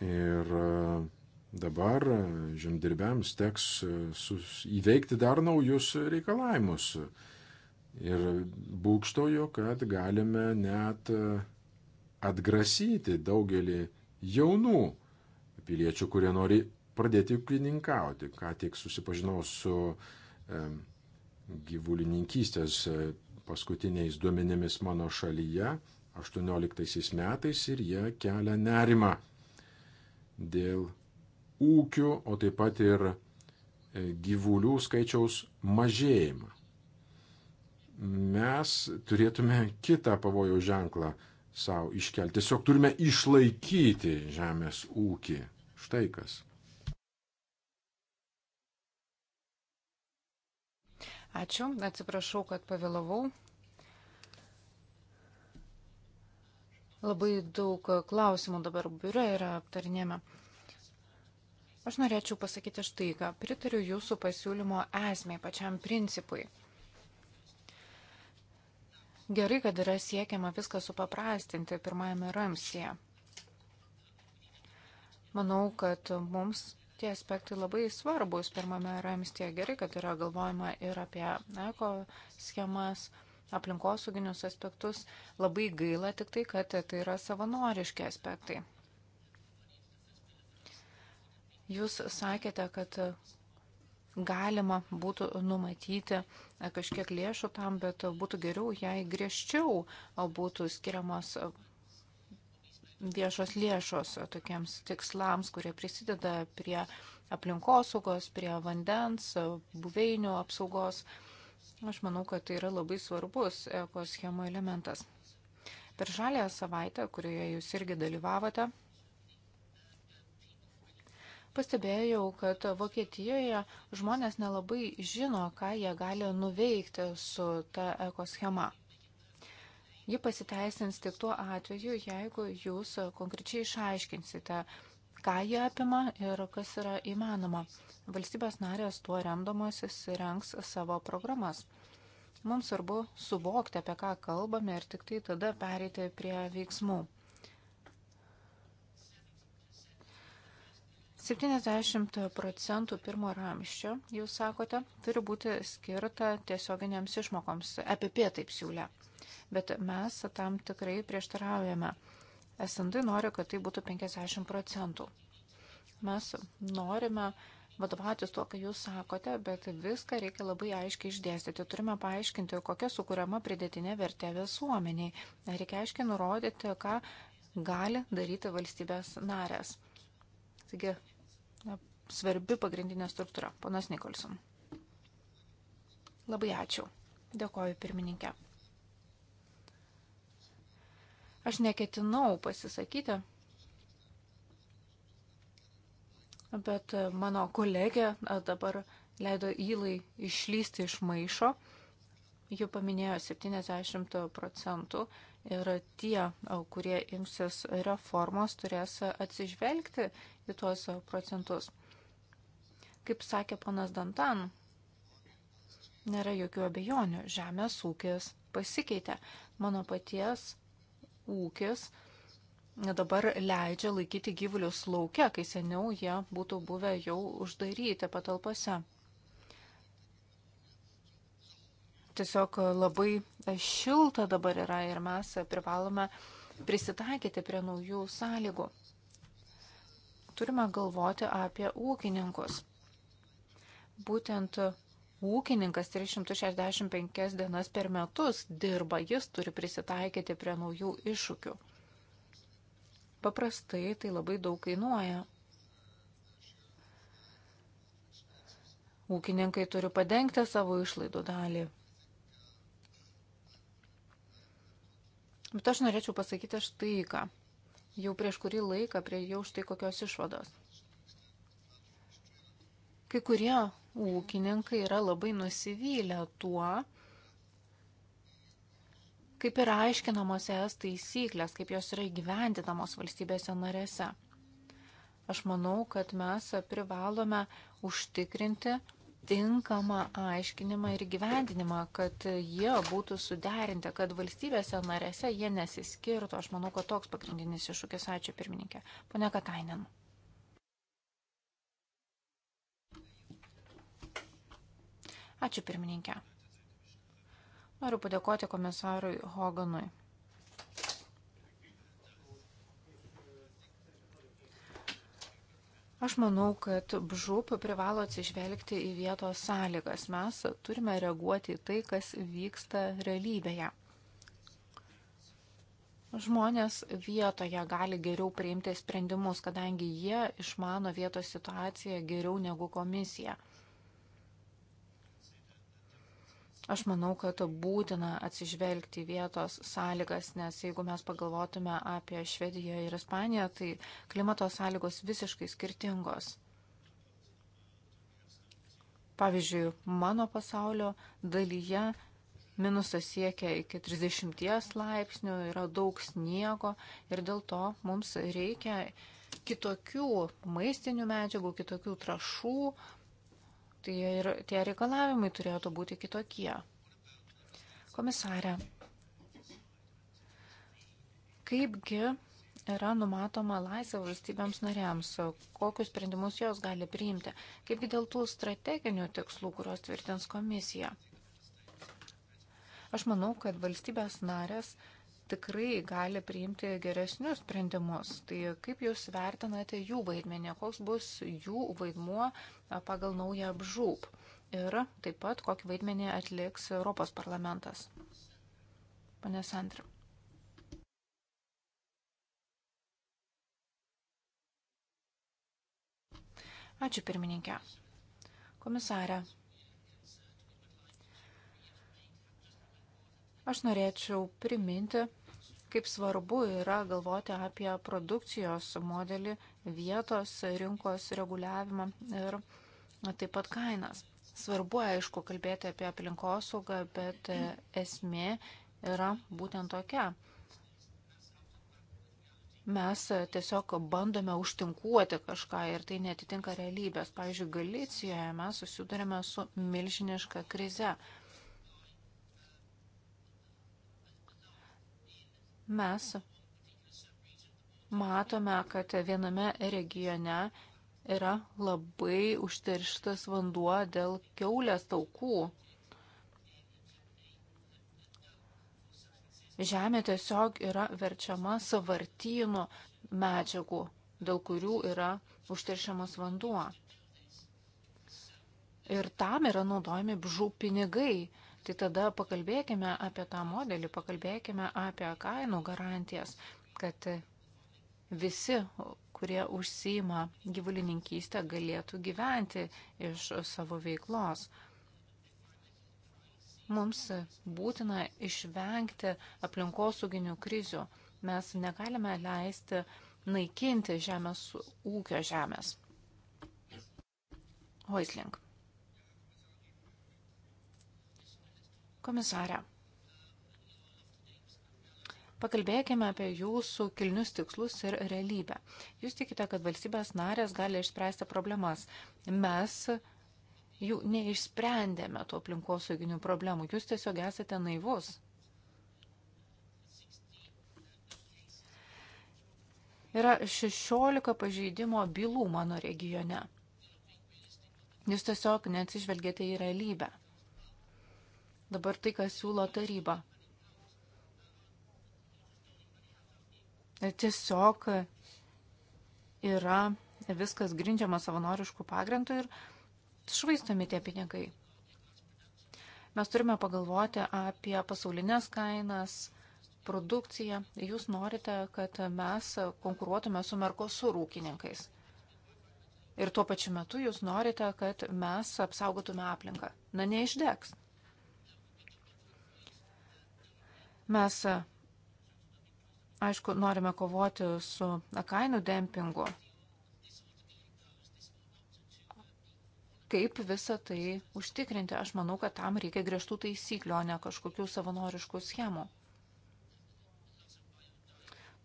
Ir e, dabar žemdirbėms teks e, sus, įveikti dar naujus reikalavimus. Ir būkštoju, kad galime net e, atgrasyti daugelį jaunų piliečių, kurie nori pradėti ūkininkauti. Ką tik susipažinau su e, gyvulininkystės e, paskutiniais duomenėmis mano šalyje 18 metais ir jie kelia nerimą dėl ūkių, o taip pat ir e, gyvulių skaičiaus mažėjimą. Mes turėtume kitą pavojų ženklą savo iškelti. Tiesiog turime išlaikyti žemės ūkį. Štai kas. Ačiū, atsiprašau, kad pavėlavau. Labai daug klausimų dabar biure yra aptarinėme. Aš norėčiau pasakyti štai ką. Pritariu jūsų pasiūlymo esmei, pačiam principui. Gerai, kad yra siekiama viską supaprastinti pirmajame ramsėje. Manau, kad mums tie aspektai labai svarbus pirmame ramstie. Gerai, kad yra galvojama ir apie eko schemas aplinkosauginius aspektus. Labai gaila tik tai, kad tai yra savanoriški aspektai. Jūs sakėte, kad galima būtų numatyti kažkiek lėšų tam, bet būtų geriau, jei griežčiau būtų skiriamos viešos lėšos tokiems tikslams, kurie prisideda prie aplinkosaugos, prie vandens, buveinių apsaugos. Aš manau, kad tai yra labai svarbus ekoschemo elementas. Per žalę savaitę, kurioje jūs irgi dalyvavote, pastebėjau, kad Vokietijoje žmonės nelabai žino, ką jie gali nuveikti su ta ekoschema. Ji pasiteisins tik tuo atveju, jeigu jūs konkrečiai išaiškinsite, ką jie apima ir kas yra įmanoma. Valstybės narės tuo remdomasis renks savo programas. Mums svarbu suvokti, apie ką kalbame ir tik tai tada pereiti prie veiksmų. 70 procentų pirmo ramščio, jūs sakote, turi būti skirta tiesioginiams išmokoms. EPP taip siūlė bet mes tam tikrai prieštaraujame. SND nori, kad tai būtų 50 procentų. Mes norime vadovautis tuo, ką jūs sakote, bet viską reikia labai aiškiai išdėstyti. Turime paaiškinti, kokia sukūriama pridėtinė vertė visuomeniai. Reikia aiškiai nurodyti, ką gali daryti valstybės narės. Taigi, svarbi pagrindinė struktūra. Ponas Nikolson. Labai ačiū. Dėkoju pirmininkė. Aš neketinau pasisakyti, bet mano kolegė dabar leido įlai išlysti iš maišo. Jau paminėjo 70 procentų ir tie, kurie imsis reformos, turės atsižvelgti į tuos procentus. Kaip sakė ponas Dantan, nėra jokių abejonių, žemės ūkis pasikeitė. Mano paties ūkis dabar leidžia laikyti gyvulius laukia, kai seniau jie būtų buvę jau uždaryti patalpose. Tiesiog labai šilta dabar yra ir mes privalome prisitaikyti prie naujų sąlygų. Turime galvoti apie ūkininkus. Būtent ūkininkas 365 dienas per metus dirba, jis turi prisitaikyti prie naujų iššūkių. Paprastai tai labai daug kainuoja. Ūkininkai turi padengti savo išlaidų dalį. Bet aš norėčiau pasakyti štai ką. Jau prieš kurį laiką prie jau štai kokios išvados. Kai kurie ūkininkai yra labai nusivylę tuo, kaip yra aiškinamos ES taisyklės, kaip jos yra įgyvendinamos valstybėse narėse. Aš manau, kad mes privalome užtikrinti tinkamą aiškinimą ir gyvendinimą, kad jie būtų suderinti, kad valstybėse narėse jie nesiskirtų. Aš manau, kad toks pagrindinis iššūkis. Ačiū pirmininkė. Pone Katainen. Ačiū pirmininkė. Noriu padėkoti komisarui Hoganui. Aš manau, kad BŽUP privalo atsižvelgti į vietos sąlygas. Mes turime reaguoti į tai, kas vyksta realybėje. Žmonės vietoje gali geriau priimti sprendimus, kadangi jie išmano vietos situaciją geriau negu komisija. Aš manau, kad būtina atsižvelgti į vietos sąlygas, nes jeigu mes pagalvotume apie Švediją ir Ispaniją, tai klimato sąlygos visiškai skirtingos. Pavyzdžiui, mano pasaulio dalyje minusas siekia iki 30 laipsnių, yra daug sniego ir dėl to mums reikia kitokių maistinių medžiagų, kitokių trašų, Tai ir tie reikalavimai turėtų būti kitokie. Komisarė, kaipgi yra numatoma laisvė valstybėms nariams, kokius sprendimus jos gali priimti, kaipgi dėl tų strateginių tikslų, kuriuos tvirtins komisija. Aš manau, kad valstybės narės tikrai gali priimti geresnius sprendimus. Tai kaip Jūs vertinate jų vaidmenį, koks bus jų vaidmuo pagal naują apžūp ir taip pat kokį vaidmenį atliks Europos parlamentas. Pane Sandra. Ačiū pirmininkė. Komisarė. Aš norėčiau priminti, kaip svarbu yra galvoti apie produkcijos modelį, vietos rinkos reguliavimą ir taip pat kainas. Svarbu, aišku, kalbėti apie aplinkosaugą, bet esmė yra būtent tokia. Mes tiesiog bandome užtinkuoti kažką ir tai netitinka realybės. Pavyzdžiui, Galicijoje mes susidurime su milžiniška krize. Mes matome, kad viename regione yra labai užterštas vanduo dėl keulės taukų. Žemė tiesiog yra verčiama savartynų medžiagų, dėl kurių yra užteršiamas vanduo. Ir tam yra naudojami bžų pinigai. Tai tada pakalbėkime apie tą modelį, pakalbėkime apie kainų garantijas, kad visi, kurie užsima gyvulininkystę, galėtų gyventi iš savo veiklos. Mums būtina išvengti aplinkosauginių krizių. Mes negalime leisti naikinti žemės ūkio žemės. Hoisling. Komisarė, pakalbėkime apie jūsų kilnius tikslus ir realybę. Jūs tikite, kad valstybės narės gali išspręsti problemas. Mes jų neišsprendėme tų aplinkosauginių problemų. Jūs tiesiog esate naivus. Yra 16 pažeidimo bylų mano regione. Jūs tiesiog neatsižvelgėte į realybę dabar tai, kas siūlo taryba. Tiesiog yra viskas grindžiama savanoriškų pagrindų ir švaistomi tie pinigai. Mes turime pagalvoti apie pasaulinės kainas, produkciją. Jūs norite, kad mes konkuruotume su Merkosur ūkininkais. Ir tuo pačiu metu jūs norite, kad mes apsaugotume aplinką. Na, neišdegs. Mes, e, aišku, norime kovoti su kainų dempingu. Kaip visą tai užtikrinti? Aš manau, kad tam reikia griežtų taisyklių, o ne kažkokių savanoriškų schemų.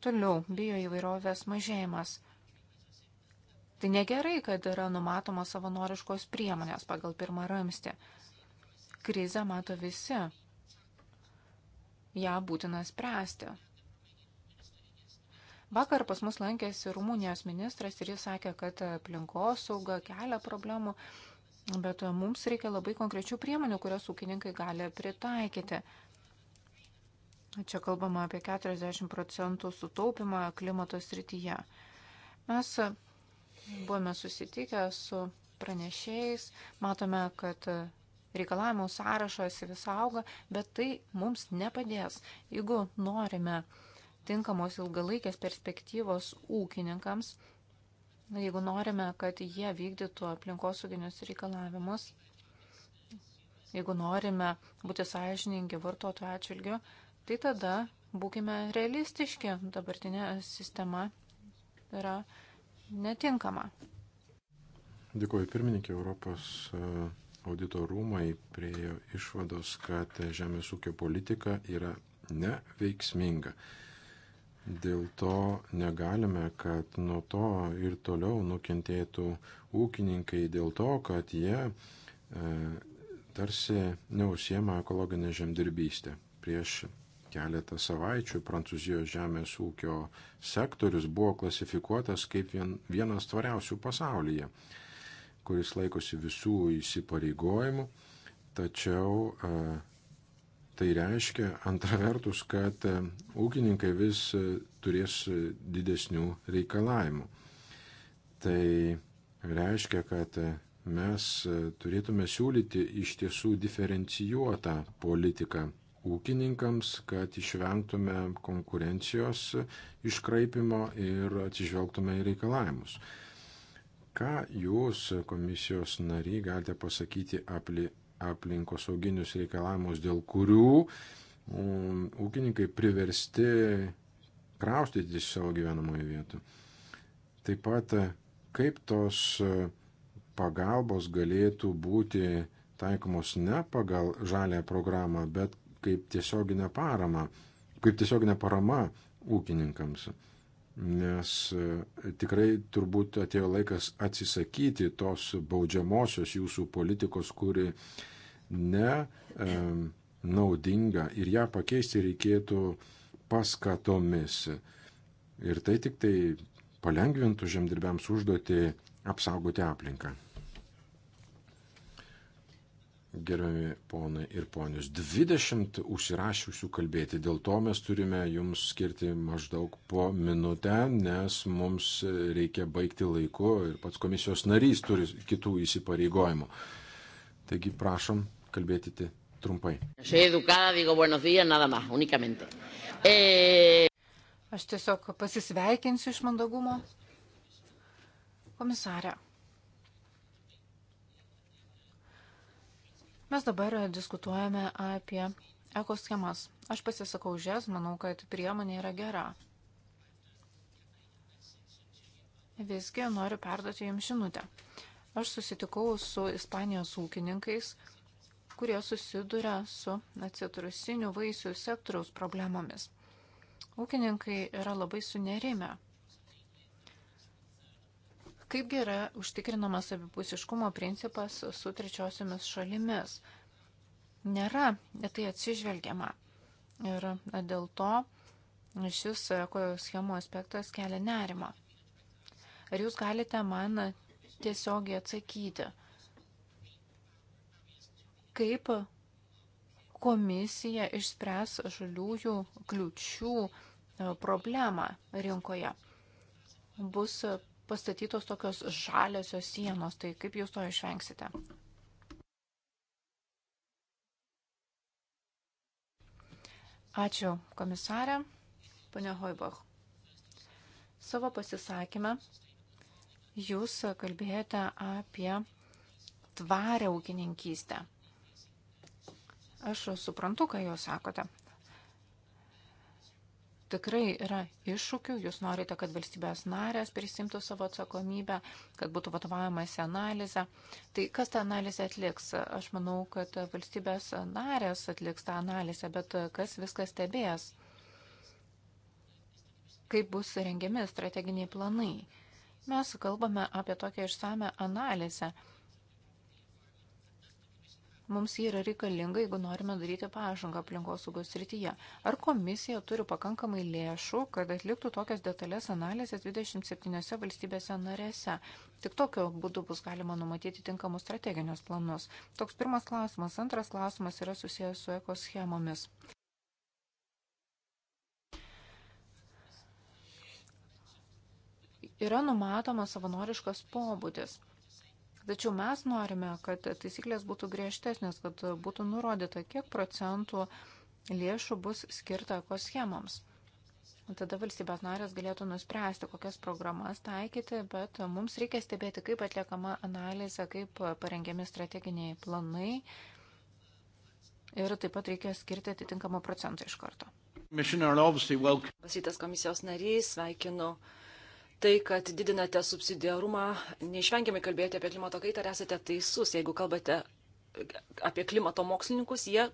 Toliau, bijo įvairovės mažėjimas. Tai negerai, kad yra numatomos savanoriškos priemonės pagal pirmą ramstį. Krizę mato visi ją būtina spręsti. Vakar pas mus lankėsi Rumunijos ministras ir jis sakė, kad aplinkosauga kelia problemų, bet mums reikia labai konkrečių priemonių, kurias ūkininkai gali pritaikyti. Čia kalbama apie 40 procentų sutaupimą klimato srityje. Mes buvome susitikę su pranešėjais, matome, kad reikalavimų sąrašas vis auga, bet tai mums nepadės. Jeigu norime tinkamos ilgalaikės perspektyvos ūkininkams, jeigu norime, kad jie vykdytų aplinkosauginius reikalavimus, jeigu norime būti sąžiningi vartotojų atžvilgiu, tai tada būkime realistiški, dabartinė sistema yra netinkama. Dėkuoju pirmininkė Europos auditorumai priejo išvados, kad žemės ūkio politika yra neveiksminga. Dėl to negalime, kad nuo to ir toliau nukentėtų ūkininkai dėl to, kad jie e, tarsi neusiema ekologinė žemdirbystė. Prieš keletą savaičių Prancūzijos žemės ūkio sektorius buvo klasifikuotas kaip vien, vienas tvariausių pasaulyje. E, kuris laikosi visų įsipareigojimų, tačiau e, tai reiškia antra vertus, kad e, ūkininkai vis e, turės didesnių reikalavimų. Tai reiškia, kad mes turėtume siūlyti iš tiesų diferencijuotą politiką ūkininkams, kad išvengtume konkurencijos iškraipimo ir atsižvelgtume į reikalavimus. Ką jūs, komisijos nariai, galite pasakyti apli, aplinkosauginius reikalavimus, dėl kurių um, ūkininkai priversti kraustyti iš savo gyvenamojų vietų? Taip pat, kaip tos pagalbos galėtų būti taikomos ne pagal žalę programą, bet kaip tiesioginė parama, kaip tiesioginė parama ūkininkams nes e, tikrai turbūt atėjo laikas atsisakyti tos baudžiamosios jūsų politikos, kuri ne e, naudinga ir ją pakeisti reikėtų paskatomis. Ir tai tik tai palengvintų žemdirbiams užduoti apsaugoti aplinką gerbiami ponai ir ponius, 20 užsirašiusių kalbėti. Dėl to mes turime jums skirti maždaug po minutę, nes mums reikia baigti laiku ir pats komisijos narys turi kitų įsipareigojimų. Taigi prašom kalbėti trumpai. Eh, Aš tiesiog pasisveikinsiu iš mandagumo. Komisarė. Mes dabar diskutuojame apie ekoschemas. Aš pasisakau už jas, manau, kad priemonė yra gera. Visgi noriu perduoti jums žinutę. Aš susitikau su Ispanijos ūkininkais, kurie susiduria su atsitrusinių vaisių sektoriaus problemomis. Ūkininkai yra labai sunerime. Kaipgi yra užtikrinamas abipusiškumo principas su trečiosiomis šalimis? Nėra tai atsižvelgiama. Ir dėl to šis ekoschemų aspektas kelia nerimą. Ar jūs galite man tiesiogiai atsakyti, kaip komisija išspręs žaliųjų kliučių problemą rinkoje? Bus pastatytos tokios žaliosios sienos, tai kaip jūs to išvengsite? Ačiū, komisarė, ponia Hoibach. Savo pasisakymę jūs kalbėjote apie tvarę ūkininkystę. Aš suprantu, ką jūs sakote tikrai yra iššūkių, jūs norite, kad valstybės narės prisimtų savo atsakomybę, kad būtų vadovaujamasi analizę. Tai kas tą analizę atliks? Aš manau, kad valstybės narės atliks tą analizę, bet kas viską stebės? Kaip bus rengiami strateginiai planai? Mes kalbame apie tokią išsame analizę. Mums jį yra reikalinga, jeigu norime daryti pažangą aplinkosaugos srityje. Ar komisija turi pakankamai lėšų, kad atliktų tokias detalės analizės 27 valstybėse narėse? Tik tokiu būdu bus galima numatyti tinkamus strateginius planus. Toks pirmas klausimas. Antras klausimas yra susijęs su ekoschemomis. Yra numatomas savanoriškas pobūdis. Tačiau mes norime, kad taisyklės būtų griežtesnės, kad būtų nurodyta, kiek procentų lėšų bus skirta ekoschemams. Tada valstybės narės galėtų nuspręsti, kokias programas taikyti, bet mums reikia stebėti, kaip atliekama analizė, kaip parengiami strateginiai planai ir taip pat reikia skirti atitinkamą procentą iš karto. Pasitas komisijos narys, sveikinu uh, tai, kad didinate subsidiarumą, neišvengiamai kalbėjote apie klimato kaitą ir esate teisus. Jeigu kalbate apie klimato mokslininkus, jie,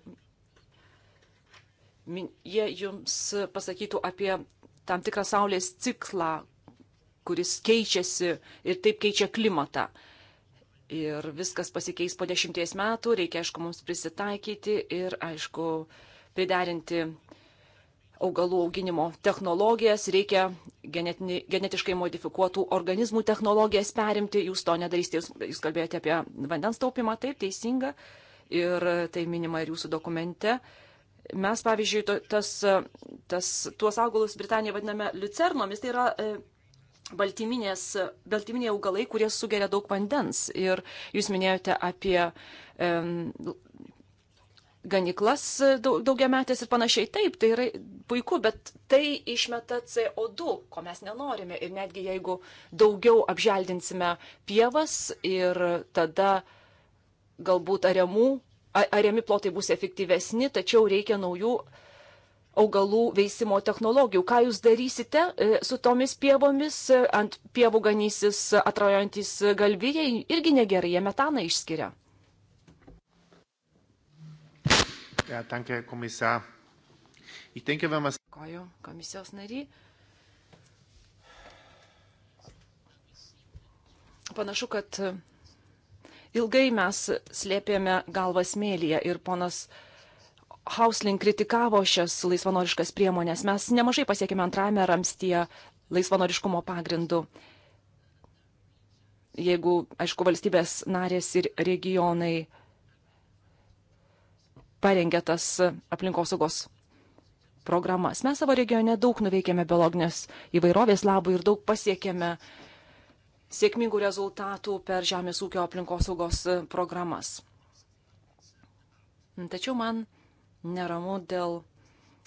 jie jums pasakytų apie tam tikrą Saulės ciklą, kuris keičiasi ir taip keičia klimatą. Ir viskas pasikeis po dešimties metų, reikia, aišku, mums prisitaikyti ir, aišku, priderinti augalų auginimo technologijas, reikia genetinį, genetiškai modifikuotų organizmų technologijas perimti, jūs to nedarysite, jūs, jūs kalbėjote apie vandens taupimą, taip, teisinga, ir tai minima ir jūsų dokumente. Mes, pavyzdžiui, to, tas, tas, tuos augalus Britanijoje vadiname liucernomis, tai yra e, baltyminiai augalai, kurie sugeria daug vandens. Ir jūs minėjote apie e, ganiklas daugiametės ir panašiai. Taip, tai yra puiku, bet tai išmeta CO2, ko mes nenorime. Ir netgi jeigu daugiau apželdinsime pievas ir tada galbūt ariamų, ariami plotai bus efektyvesni, tačiau reikia naujų augalų veisimo technologijų. Ką jūs darysite e, su tomis pievomis? Ant pievų ganysis atrajojantis galvijai irgi negerai, jie metaną išskiria. Ja, danke, Herr Kommissar. Ich denke, wenn man... Dėkoju, komisijos nariai. Panašu, kad ilgai mes slėpėme galvą smėlyje ir ponas Hauslin kritikavo šias laisvanoriškas priemonės. Mes nemažai pasiekėme antrame ramstyje laisvanoriškumo pagrindu. Jeigu, aišku, valstybės narės ir regionai parengė tas aplinkosaugos programas. Mes savo regione daug nuveikėme biologinės įvairovės labui ir daug pasiekėme sėkmingų rezultatų per žemės ūkio aplinkosaugos programas. Tačiau man neramu dėl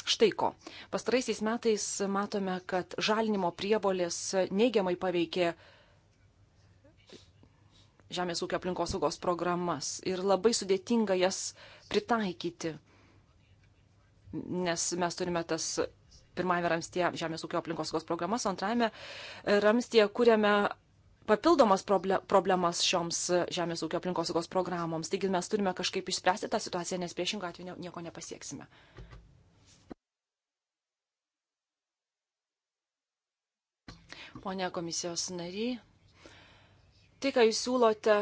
štai ko. Pastaraisiais metais matome, kad žalinimo prievolės neigiamai paveikė žemės ūkio aplinkosaugos programas ir labai sudėtinga jas pritaikyti, nes mes turime tas pirmajame ramstie žemės ūkio aplinkosaugos programas, antrajame ramstie kūrėme papildomas problemas šioms žemės ūkio aplinkosaugos programoms. Taigi mes turime kažkaip išspręsti tą situaciją, nes priešingą atveju nieko nepasieksime. Pone komisijos nariai. Tai, ką jūs siūlote,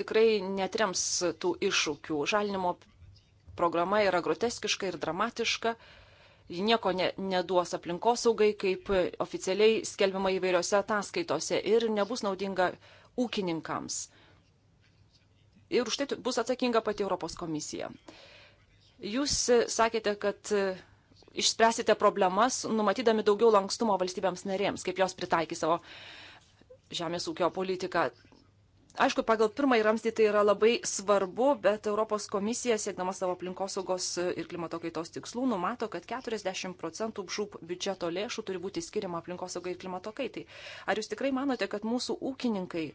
tikrai netrems tų iššūkių. Žalinimo programa yra groteskiška ir dramatiška. Ji nieko ne, neduos aplinkosaugai, kaip oficialiai skelbiama įvairiose ataskaitose ir nebus naudinga ūkininkams. Ir už tai bus atsakinga pati Europos komisija. Jūs sakėte, kad išspręsite problemas, numatydami daugiau lankstumo valstybėms narėms, kaip jos pritaikys savo žemės ūkio politiką. Aišku, pagal pirmąjį ramstį tai yra labai svarbu, bet Europos komisija, siekdama savo aplinkosaugos ir klimato kaitos tikslų, numato, kad 40 procentų žūp biudžeto lėšų turi būti skiriama aplinkosaugai ir klimato kaitai. Ar jūs tikrai manote, kad mūsų ūkininkai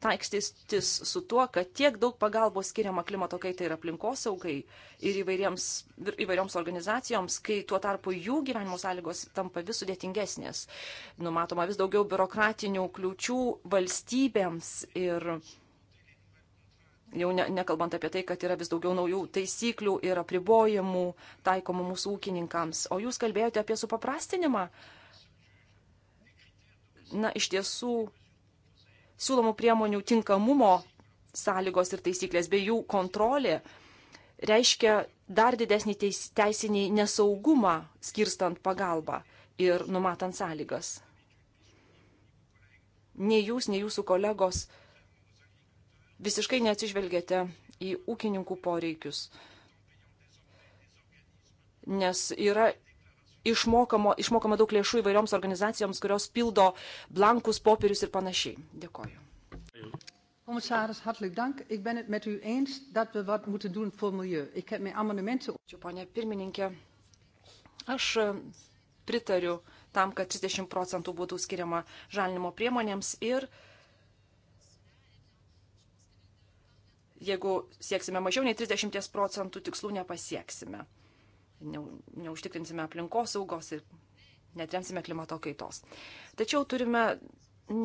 taikstytis su tuo, kad tiek daug pagalbos skiriama klimato kaitai ir aplinkosaugai ir įvairioms organizacijoms, kai tuo tarpu jų gyvenimo sąlygos tampa vis sudėtingesnės. Numatoma vis daugiau biurokratinių kliūčių valstybėms ir jau ne, nekalbant apie tai, kad yra vis daugiau naujų taisyklių ir apribojimų taikomų mūsų ūkininkams. O jūs kalbėjote apie supaprastinimą. Na, iš tiesų, siūlomų priemonių tinkamumo sąlygos ir taisyklės bei jų kontrolė reiškia dar didesnį teis, teisinį nesaugumą skirstant pagalbą ir numatant sąlygas. Nei jūs, nei jūsų kolegos visiškai neatsižvelgėte į ūkininkų poreikius, nes yra išmokamo, išmokama daug lėšų įvairioms organizacijoms, kurios pildo blankus popierius ir panašiai. Dėkoju. Commissaris, hartelijk dank. Ik ben het met u eens dat we wat moeten doen voor milieu. Ik heb mijn amendementen... Ačiū, ponė pirmininkė. Aš e, pritariu tam, kad 30 procentų būtų skiriama žalinimo priemonėms ir jeigu sieksime mažiau nei 30 procentų, tikslų nepasieksime ne, neužtikrinsime aplinkos saugos ir netremsime klimato kaitos. Tačiau turime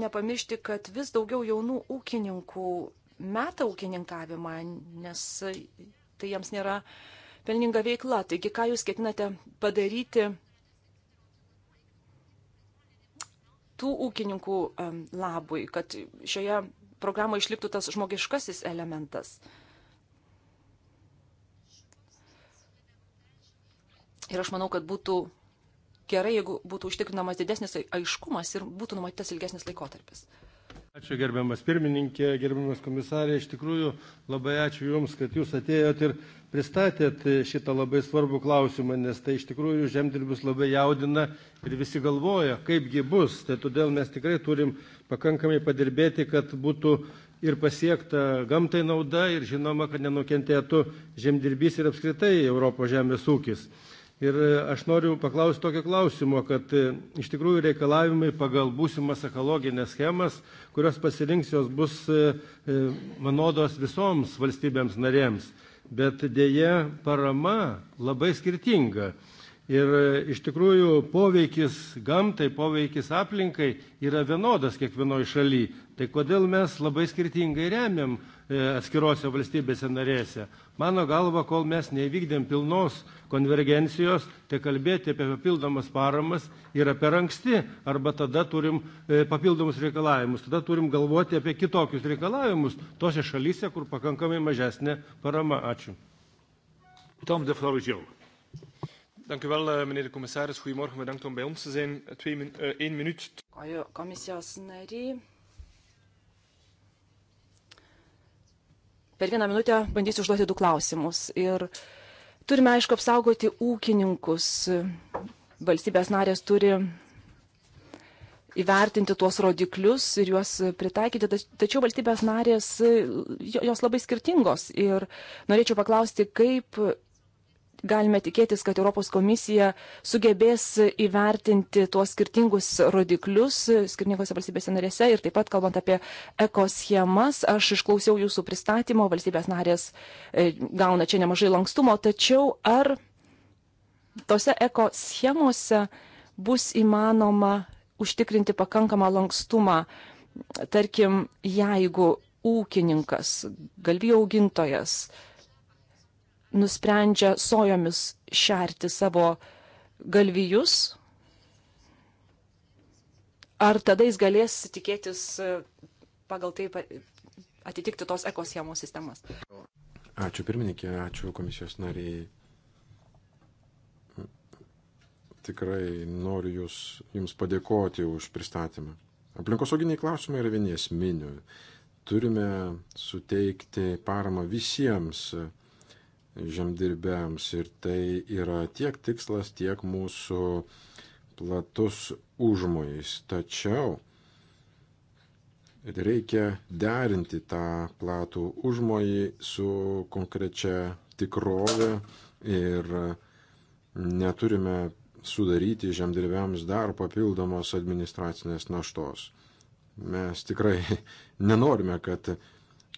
nepamiršti, kad vis daugiau jaunų ūkininkų meta ūkininkavimą, nes tai jiems nėra pelninga veikla. Taigi, ką jūs ketinate padaryti tų ūkininkų labui, kad šioje programoje išliktų tas žmogiškasis elementas? Ir aš manau, kad būtų gerai, jeigu būtų užtikrinamas didesnis aiškumas ir būtų numatytas ilgesnis laikotarpis. Ačiū gerbiamas pirmininkė, gerbiamas komisarė. Iš tikrųjų labai ačiū Jums, kad Jūs atėjot ir pristatėt šitą labai svarbų klausimą, nes tai iš tikrųjų žemdirbius labai jaudina ir visi galvoja, kaipgi bus. Tai todėl mes tikrai turim pakankamai padirbėti, kad būtų ir pasiekta gamtai nauda ir žinoma, kad nenukentėtų žemdirbys ir apskritai Europos žemės ūkis. Ir e, aš noriu paklausti tokio klausimo, kad e, iš tikrųjų reikalavimai pagal būsimas ekologinės schemas, kurios pasirinks jos bus e, vienodos visoms valstybėms narėms, bet dėje parama labai skirtinga. Ir e, iš tikrųjų poveikis gamtai, poveikis aplinkai yra vienodas kiekvienoje šalyje. Tai kodėl mes labai skirtingai remiam e, atskirose valstybėse narėse. Mano galva, kol mes nevykdėm pilnos konvergencijos, tai kalbėti apie papildomas paramas yra per anksti, arba tada turim e, papildomus reikalavimus, tada turim galvoti apie kitokius reikalavimus tose šalyse, kur pakankamai mažesnė parama. Ačiū. Tom, the floor is yours. Dank u wel, eh, meneer de commissaris. Goedemorgen, bedankt om bij ons te zijn. Eh, twee, min, uh, één minuut. Komisijos nariai. Per vieną minutę bandysiu užduoti du klausimus. Ir turime, aišku, apsaugoti ūkininkus. Valstybės narės turi įvertinti tuos rodiklius ir juos pritaikyti, tačiau valstybės narės, jos labai skirtingos. Ir norėčiau paklausti, kaip galime tikėtis, kad Europos komisija sugebės įvertinti tuos skirtingus rodiklius skirtingose valstybėse narėse ir taip pat kalbant apie ekoschemas, aš išklausiau jūsų pristatymo, valstybės narės e, gauna čia nemažai lankstumo, tačiau ar tose ekoschemose bus įmanoma užtikrinti pakankamą lankstumą, tarkim, jeigu ūkininkas, galvijų augintojas, nusprendžia sojomis šerti savo galvijus, ar tada jis galės tikėtis e, pagal tai atitikti tos ekosiemų sistemas? Ačiū pirmininkė, ačiū komisijos nariai. Tikrai noriu jūs, Jums padėkoti už pristatymą. Aplinkosauginiai klausimai yra vieni esminių. Turime suteikti paramą visiems žemdirbėms. Ir tai yra tiek tikslas, tiek mūsų platus užmojais. Tačiau reikia derinti tą platų užmojį su konkrečia tikrovė ir neturime sudaryti žemdirbėms dar papildomos administracinės naštos. Mes tikrai nenorime, kad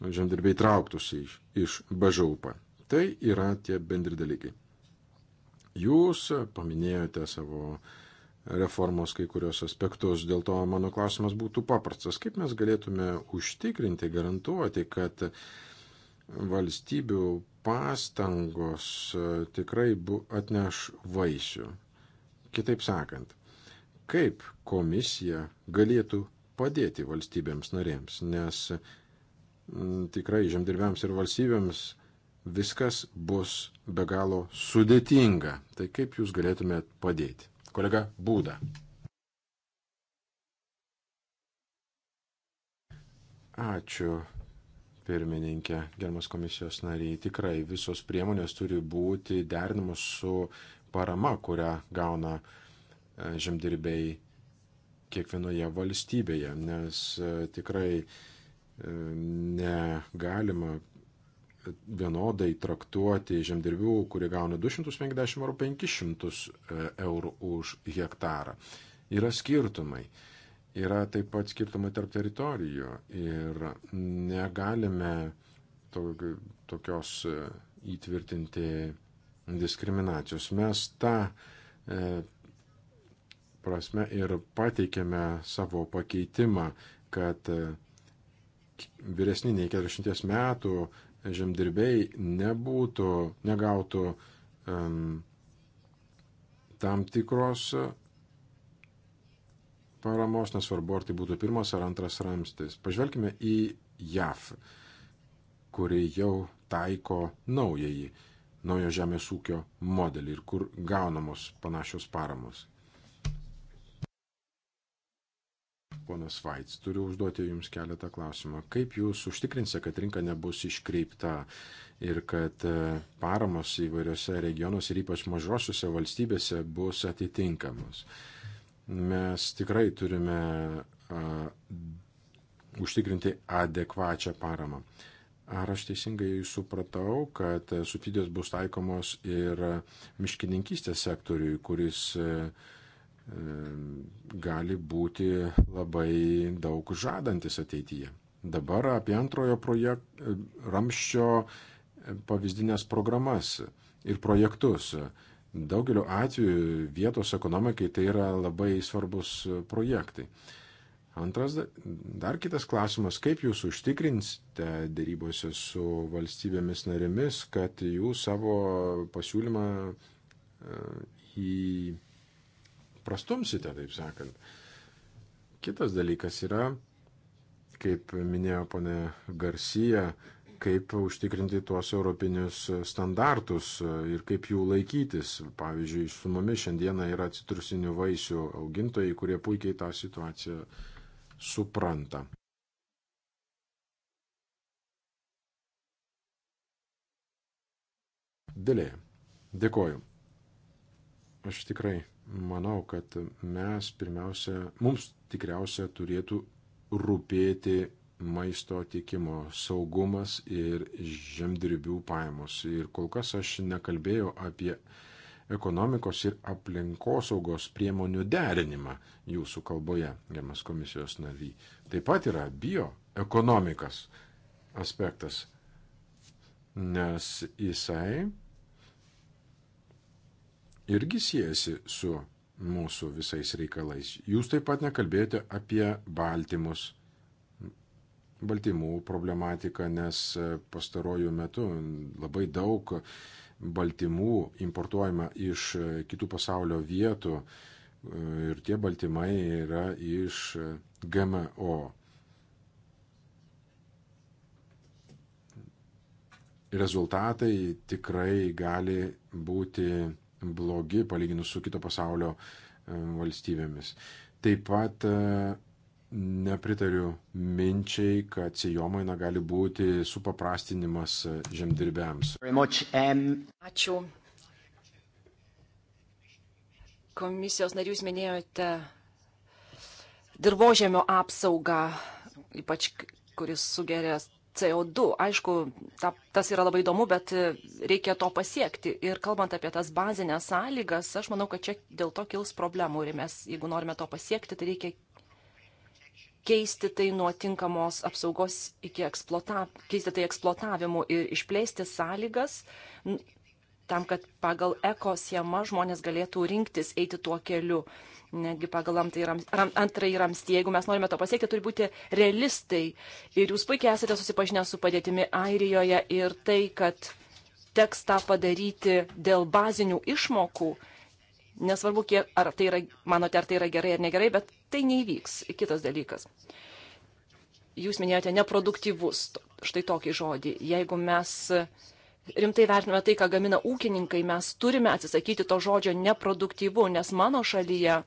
žemdirbiai trauktųsi iš, iš bažaupą. Tai yra tie bendri dalykai. Jūs paminėjote savo reformos kai kurios aspektus, dėl to mano klausimas būtų paprastas. Kaip mes galėtume užtikrinti, garantuoti, kad valstybių pastangos tikrai bu, atneš vaisių? Kitaip sakant, kaip komisija galėtų padėti valstybėms narėms, nes m, tikrai žemdirbėms ir valstybėms viskas bus be galo sudėtinga. Tai kaip jūs galėtumėt padėti? Kolega Būda. Ačiū, pirmininkė, gerbiamas komisijos nariai. Tikrai visos priemonės turi būti derinamos su parama, kurią gauna e, žemdirbiai kiekvienoje valstybėje, nes e, tikrai e, negalima vienodai traktuoti žemdirbių, kurie gauna 250 ar 500 eurų už hektarą. Yra skirtumai. Yra taip pat skirtumai tarp teritorijų ir negalime tokios e, įtvirtinti diskriminacijos. Mes tą e, prasme ir pateikėme savo pakeitimą, kad e, vyresni nei 40 metų žemdirbiai nebūtų, negautų um, tam tikros paramos, nesvarbu, ar tai būtų pirmas ar antras ramstis. Pažvelkime į JAF, kuri jau taiko naująjį, naujo žemės ūkio modelį ir kur gaunamos panašios paramos. Ponas Vaits, turiu užduoti Jums keletą klausimą. Kaip Jūs užtikrinsite, kad rinka nebus iškreipta ir kad e, paramos įvairiose regionuose ir ypač mažosiuose valstybėse bus atitinkamos? Mes tikrai turime a, užtikrinti adekvačią paramą. Ar aš teisingai supratau, kad subsidijos bus taikomos ir miškininkystės sektoriui, kuris a, e, gali būti labai daug žadantis ateityje. Dabar apie antrojo projekt, ramščio e, pavyzdinės programas ir projektus. Daugeliu atveju vietos ekonomikai tai yra labai svarbus projektai. Antras, dar kitas klausimas, kaip jūs užtikrinsite dėrybose su valstybėmis narėmis, kad jų savo pasiūlymą e, į prastumsite, taip sakant. Kitas dalykas yra, kaip minėjo ponė Garcija, kaip užtikrinti tuos europinius standartus ir kaip jų laikytis. Pavyzdžiui, su mumis šiandieną yra citrusinių vaisių augintojai, kurie puikiai tą situaciją supranta. Dėlėje. Dėkoju. Aš tikrai manau, kad mes pirmiausia, mums tikriausia turėtų rūpėti maisto tiekimo saugumas ir žemdirbių pajamos. Ir kol kas aš nekalbėjau apie ekonomikos ir aplinkosaugos priemonių derinimą jūsų kalboje, gerbiamas komisijos nary. Taip pat yra bioekonomikas aspektas, nes jisai irgi siejasi su mūsų visais reikalais. Jūs taip pat nekalbėjote apie baltymus, baltymų problematiką, nes e, pastarojų metų labai daug baltymų importuojama iš e, kitų pasaulio vietų e, ir tie baltymai yra iš GMO. Rezultatai tikrai gali būti blogi palyginus su kito pasaulio e, valstybėmis. Taip pat e, nepritariu minčiai, kad sijomaina gali būti supaprastinimas e, žemdirbėms. Ačiū. Komisijos narius minėjote dirbožėmio apsaugą, ypač kuris sugeria CO2. Aišku, ta, tas yra labai įdomu, bet e, reikia to pasiekti. Ir kalbant apie tas bazinės sąlygas, aš manau, kad čia dėl to kils problemų. Ir mes, jeigu norime to pasiekti, tai reikia keisti tai nuo tinkamos apsaugos iki eksploata, keisti tai eksploatavimu ir išplėsti sąlygas, tam, kad pagal eko schemą žmonės galėtų rinktis eiti tuo keliu. Netgi pagal antrąjį ramstį, jeigu mes norime to pasiekti, turi būti realistai. Ir jūs puikiai esate susipažinę su padėtimi Airijoje ir tai, kad teks tą padaryti dėl bazinių išmokų. Nesvarbu, kiek, ar tai yra, manote, ar tai yra gerai ar negerai, bet tai neįvyks. Kitas dalykas. Jūs minėjote neproduktyvus, štai tokį žodį. Jeigu mes uh, rimtai vertiname tai, ką gamina ūkininkai, mes turime atsisakyti to žodžio neproduktyvu, nes mano šalyje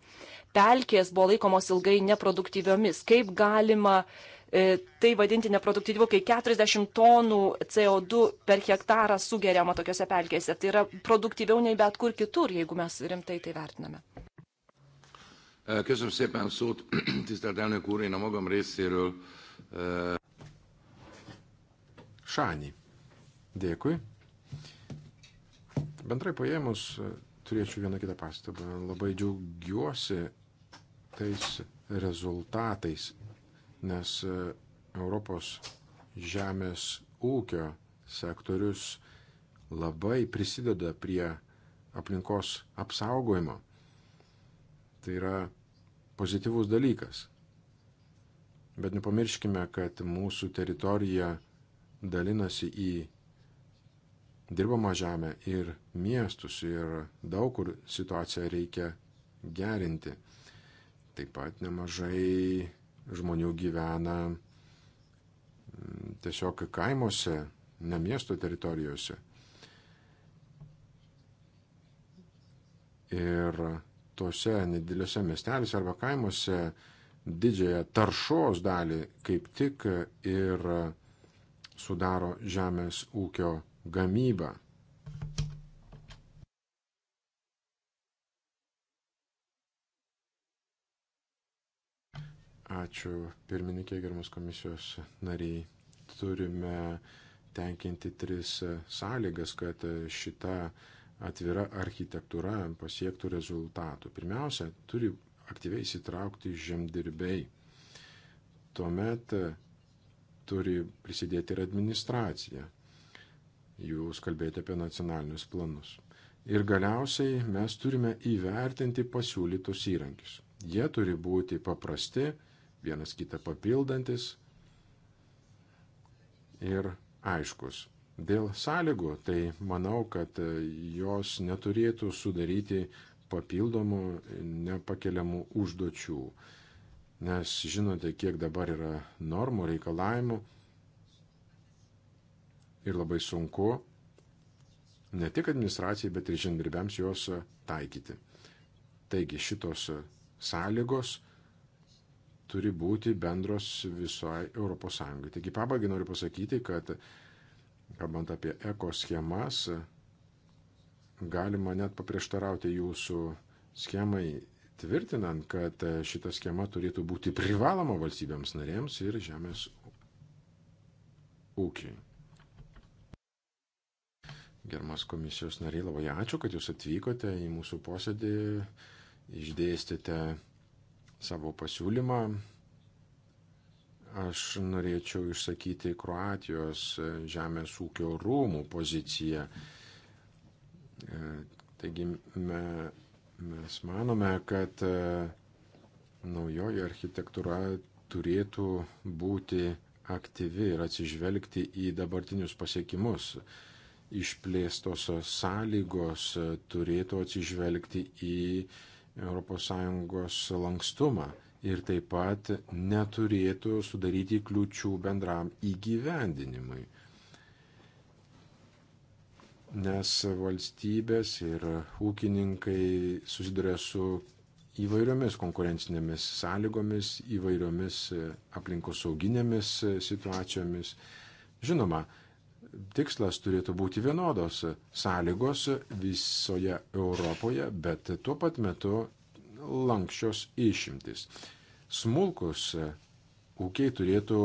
pelkės buvo laikomos ilgai neproduktyviomis. Kaip galima e, tai vadinti neproduktyvu, kai 40 tonų CO2 per hektarą sugeriama tokiuose pelkėse? Tai yra produktyviau nei bet kur kitur, jeigu mes rimtai tai vertiname. E, köszönöm szépen szót, tisztelt elnök úr, én a magam részéről. E, Sányi Dėkui. Bendrai paėmus, turėčiau vieną kitą pastabą. Labai džiaugiuosi tais rezultatais, nes e, Europos žemės ūkio sektorius labai prisideda prie aplinkos apsaugojimo. Tai yra pozityvus dalykas. Bet nepamirškime, kad mūsų teritorija dalinasi į dirbamą žemę ir miestus ir daug kur situaciją reikia gerinti. Taip pat nemažai žmonių gyvena mm, tiesiog kaimuose, ne miesto teritorijose. Ir tuose nedideliuose miesteliuose arba kaimuose didžiąją taršos dalį kaip tik ir sudaro žemės ūkio gamybą. Ačiū pirmininkė, gerbiamas komisijos nariai. Turime tenkinti tris sąlygas, kad šita atvira architektūra pasiektų rezultatų. Pirmiausia, turi aktyviai įsitraukti žemdirbiai. Tuomet turi prisidėti ir administracija. Jūs kalbėjote apie nacionalinius planus. Ir galiausiai mes turime įvertinti pasiūlytus įrankius. Jie turi būti paprasti, vienas kitą papildantis ir aiškus. Dėl sąlygų, tai manau, kad jos neturėtų sudaryti papildomų nepakeliamų užduočių, nes žinote, kiek dabar yra normų reikalavimų ir labai sunku ne tik administracijai, bet ir žemdirbiams juos e, taikyti. Taigi šitos e, sąlygos turi būti bendros visoje ES. Taigi pabaigai noriu pasakyti, kad kalbant apie ekoschemas, e, galima net paprieštarauti jūsų schemai, tvirtinant, kad šita schema turėtų būti privaloma valstybėms narėms ir žemės ūkiai. Germas komisijos nariai, labai ačiū, kad jūs atvykote į mūsų posėdį, išdėstėte savo pasiūlymą. Aš norėčiau išsakyti Kroatijos e, žemės ūkio rūmų poziciją. E, taigi me, mes manome, kad e, naujoji architektūra turėtų būti aktyvi ir atsižvelgti į dabartinius pasiekimus išplėstos sąlygos turėtų atsižvelgti į ES lankstumą ir taip pat neturėtų sudaryti kliučių bendram įgyvendinimui. Nes valstybės ir ūkininkai susiduria su įvairiomis konkurencinėmis sąlygomis, įvairiomis aplinkosauginėmis situacijomis. Žinoma, tikslas turėtų būti vienodos sąlygos visoje Europoje, bet tuo pat metu lankščios išimtis. Smulkus ūkiai turėtų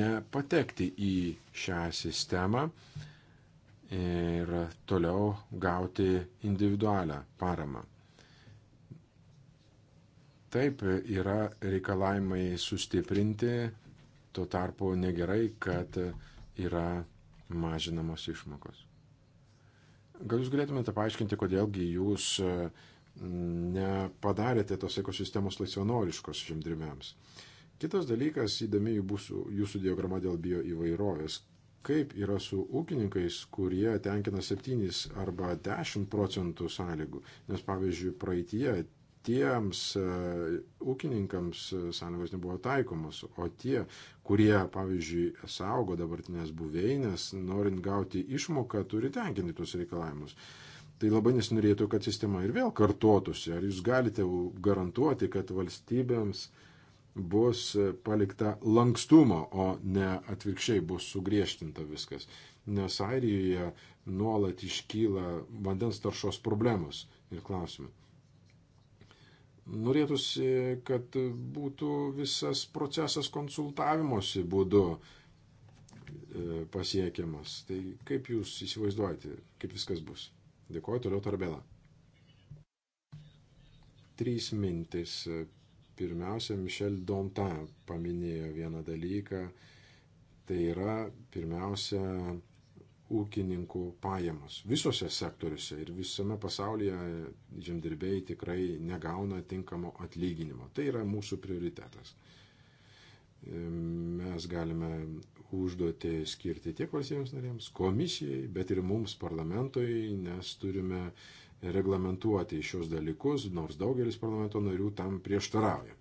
nepatekti į šią sistemą ir toliau gauti individualią paramą. Taip yra reikalavimai sustiprinti Tuo tarpu negerai, kad yra mažinamos išmokos. Gal jūs galėtumėte paaiškinti, kodėlgi jūs e, nepadarėte tos ekosistemos laisvanoriškos žemdirbiams? Kitas dalykas, įdomi jūsų, jūsų diagrama dėl bio įvairovės. Kaip yra su ūkininkais, kurie tenkina 7 arba 10 procentų sąlygų? Nes pavyzdžiui, praeitie tiems e, ūkininkams e, sąlygos nebuvo taikomos, o tie, kurie, pavyzdžiui, saugo dabartinės buveinės, norint gauti išmoką, turi tenkinti tuos reikalavimus. Tai labai nesinorėtų, kad sistema ir vėl kartotųsi. Ar jūs galite garantuoti, kad valstybėms bus e, palikta lankstumo, o ne atvirkščiai bus sugriežtinta viskas? Nes Airijoje nuolat iškyla vandens taršos problemos ir klausimai. Norėtųsi, kad būtų visas procesas konsultavimosi būdu e, pasiekiamas. Tai kaip jūs įsivaizduojate, kaip viskas bus? Dėkuoju toliau Tarbela. Trys mintis. Pirmiausia, Michel Donta paminėjo vieną dalyką. Tai yra, pirmiausia, ūkininkų pajamos. Visose sektoriuose ir visame pasaulyje žemdirbėjai tikrai negauna tinkamo atlyginimo. Tai yra mūsų prioritetas. Mes galime užduoti skirti tiek valstybėms narėms, komisijai, bet ir mums parlamentui, nes turime reglamentuoti šios dalykus, nors daugelis parlamento narių tam prieštarauja.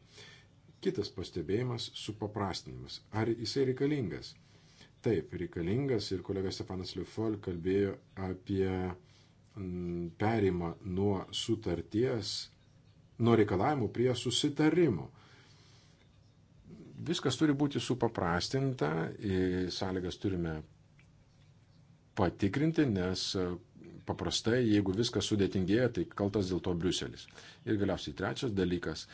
Kitas pastebėjimas - supaprastinimas. Ar jisai reikalingas? taip reikalingas ir kolega Stefanas Liufol kalbėjo apie mm, perimą nuo sutarties, nuo reikalavimų prie susitarimų. Viskas turi būti supaprastinta, sąlygas turime patikrinti, nes paprastai, jeigu viskas sudėtingėja, tai kaltas dėl to Briuselis. Ir galiausiai trečias dalykas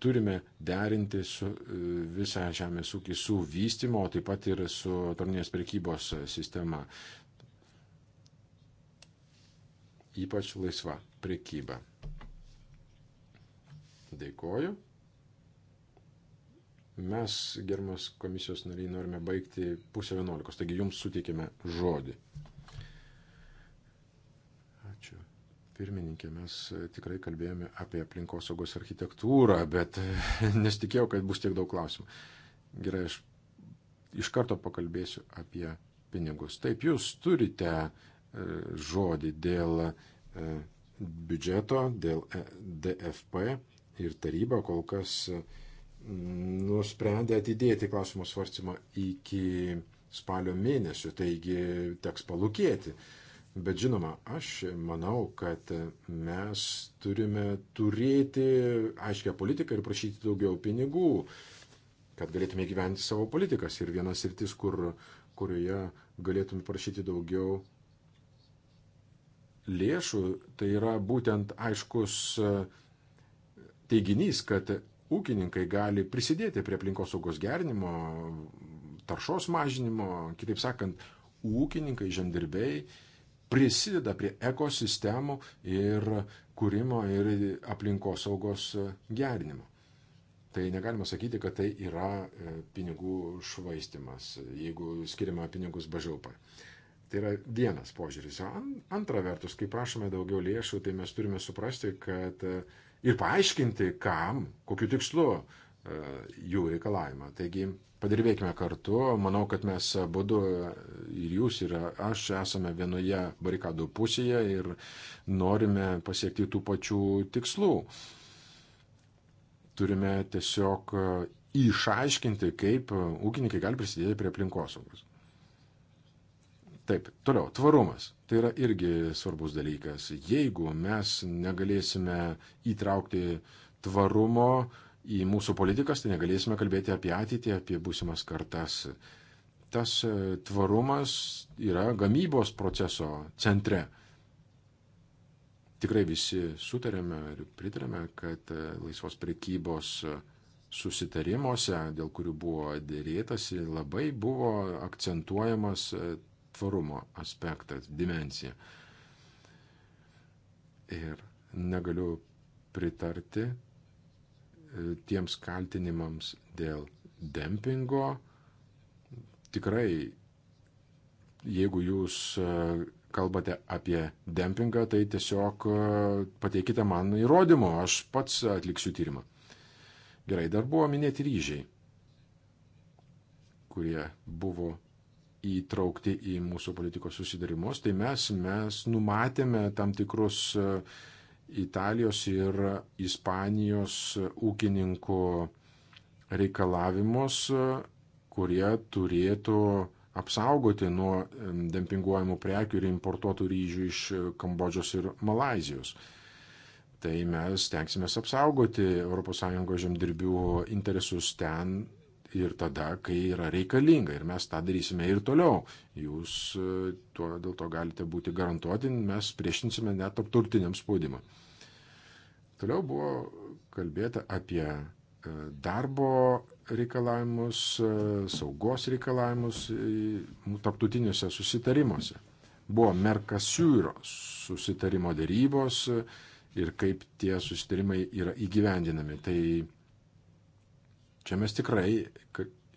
turime derinti su e, visą žemės ūkį su vystimo, o taip pat ir su tarnės prekybos sistema. Ypač laisva prekyba. Dėkoju. Mes, gerbiamas komisijos nariai, norime baigti pusę vienuolikos, taigi jums suteikėme žodį. pirmininkė, mes e, tikrai kalbėjome apie aplinkosaugos architektūrą, bet e, nesitikėjau, kad bus tiek daug klausimų. Gerai, aš iš karto pakalbėsiu apie pinigus. Taip, jūs turite e, žodį dėl biudžeto, dėl DFP ir taryba kol kas nusprendė atidėti klausimo svarstymą iki spalio mėnesio, taigi teks palūkėti. Uh, Bet žinoma, aš manau, kad mes turime turėti aiškę politiką ir prašyti daugiau pinigų, kad galėtume gyventi savo politikas. Ir vienas rytis, kur, kurioje galėtume prašyti daugiau lėšų, tai yra būtent aiškus e, teiginys, kad ūkininkai gali prisidėti prie aplinkosaugos gerinimo, taršos mažinimo, kitaip sakant, ūkininkai, žemdirbiai, prisideda prie ekosistemų ir kūrimo ir aplinkosaugos e, gerinimo. Tai negalima sakyti, kad tai yra e, pinigų švaistimas, jeigu skiriama pinigus bažilpai. Tai yra vienas požiūris. Antra vertus, kai prašome daugiau lėšų, tai mes turime suprasti, kad e, ir paaiškinti, kam, kokiu tikslu E, jų reikalavimą. Taigi padirbėkime kartu, manau, kad mes būdu e, ir jūs ir aš esame vienoje barikadų pusėje ir norime pasiekti tų pačių tikslų. Turime tiesiog e, išaiškinti, kaip ūkininkai gali prisidėti prie aplinkosaugos. Taip, toliau, tvarumas. Tai yra irgi svarbus dalykas. Jeigu mes negalėsime įtraukti tvarumo, uh, į mūsų politikas, tai negalėsime kalbėti apie ateitį, apie būsimas kartas. Tas e, tvarumas yra gamybos proceso centre. Tikrai visi sutarėme ir pritarėme, kad e, laisvos prekybos susitarimuose, dėl kurių buvo dėrėtasi, labai buvo akcentuojamas e, tvarumo aspektas, dimencija. Ir negaliu pritarti E, tiems kaltinimams dėl dempingo. Tikrai, jeigu jūs e, kalbate apie dempingą, tai tiesiog e, pateikite man įrodymų, aš pats atliksiu tyrimą. Gerai, dar buvo minėti ryžiai, kurie buvo įtraukti į mūsų politikos susidarimus, tai mes, mes numatėme tam tikrus uh, Italijos ir Ispanijos ūkininkų reikalavimus, kurie turėtų apsaugoti nuo dempinguojamų prekių ir importuotų ryžių iš Kambodžos ir Malazijos. Tai mes tenksimės apsaugoti ES žemdirbių interesus ten ir tada, kai yra reikalinga. Ir mes tą darysime ir toliau. Jūs e, tuo dėl to galite būti garantuoti, mes priešinsime net apturtiniam spaudimui. Toliau buvo kalbėta apie e, darbo reikalavimus, e, saugos reikalavimus nu, tarptautiniuose susitarimuose. Buvo Merkasiūro susitarimo dėrybos ir kaip tie susitarimai yra įgyvendinami. Tai Čia mes tikrai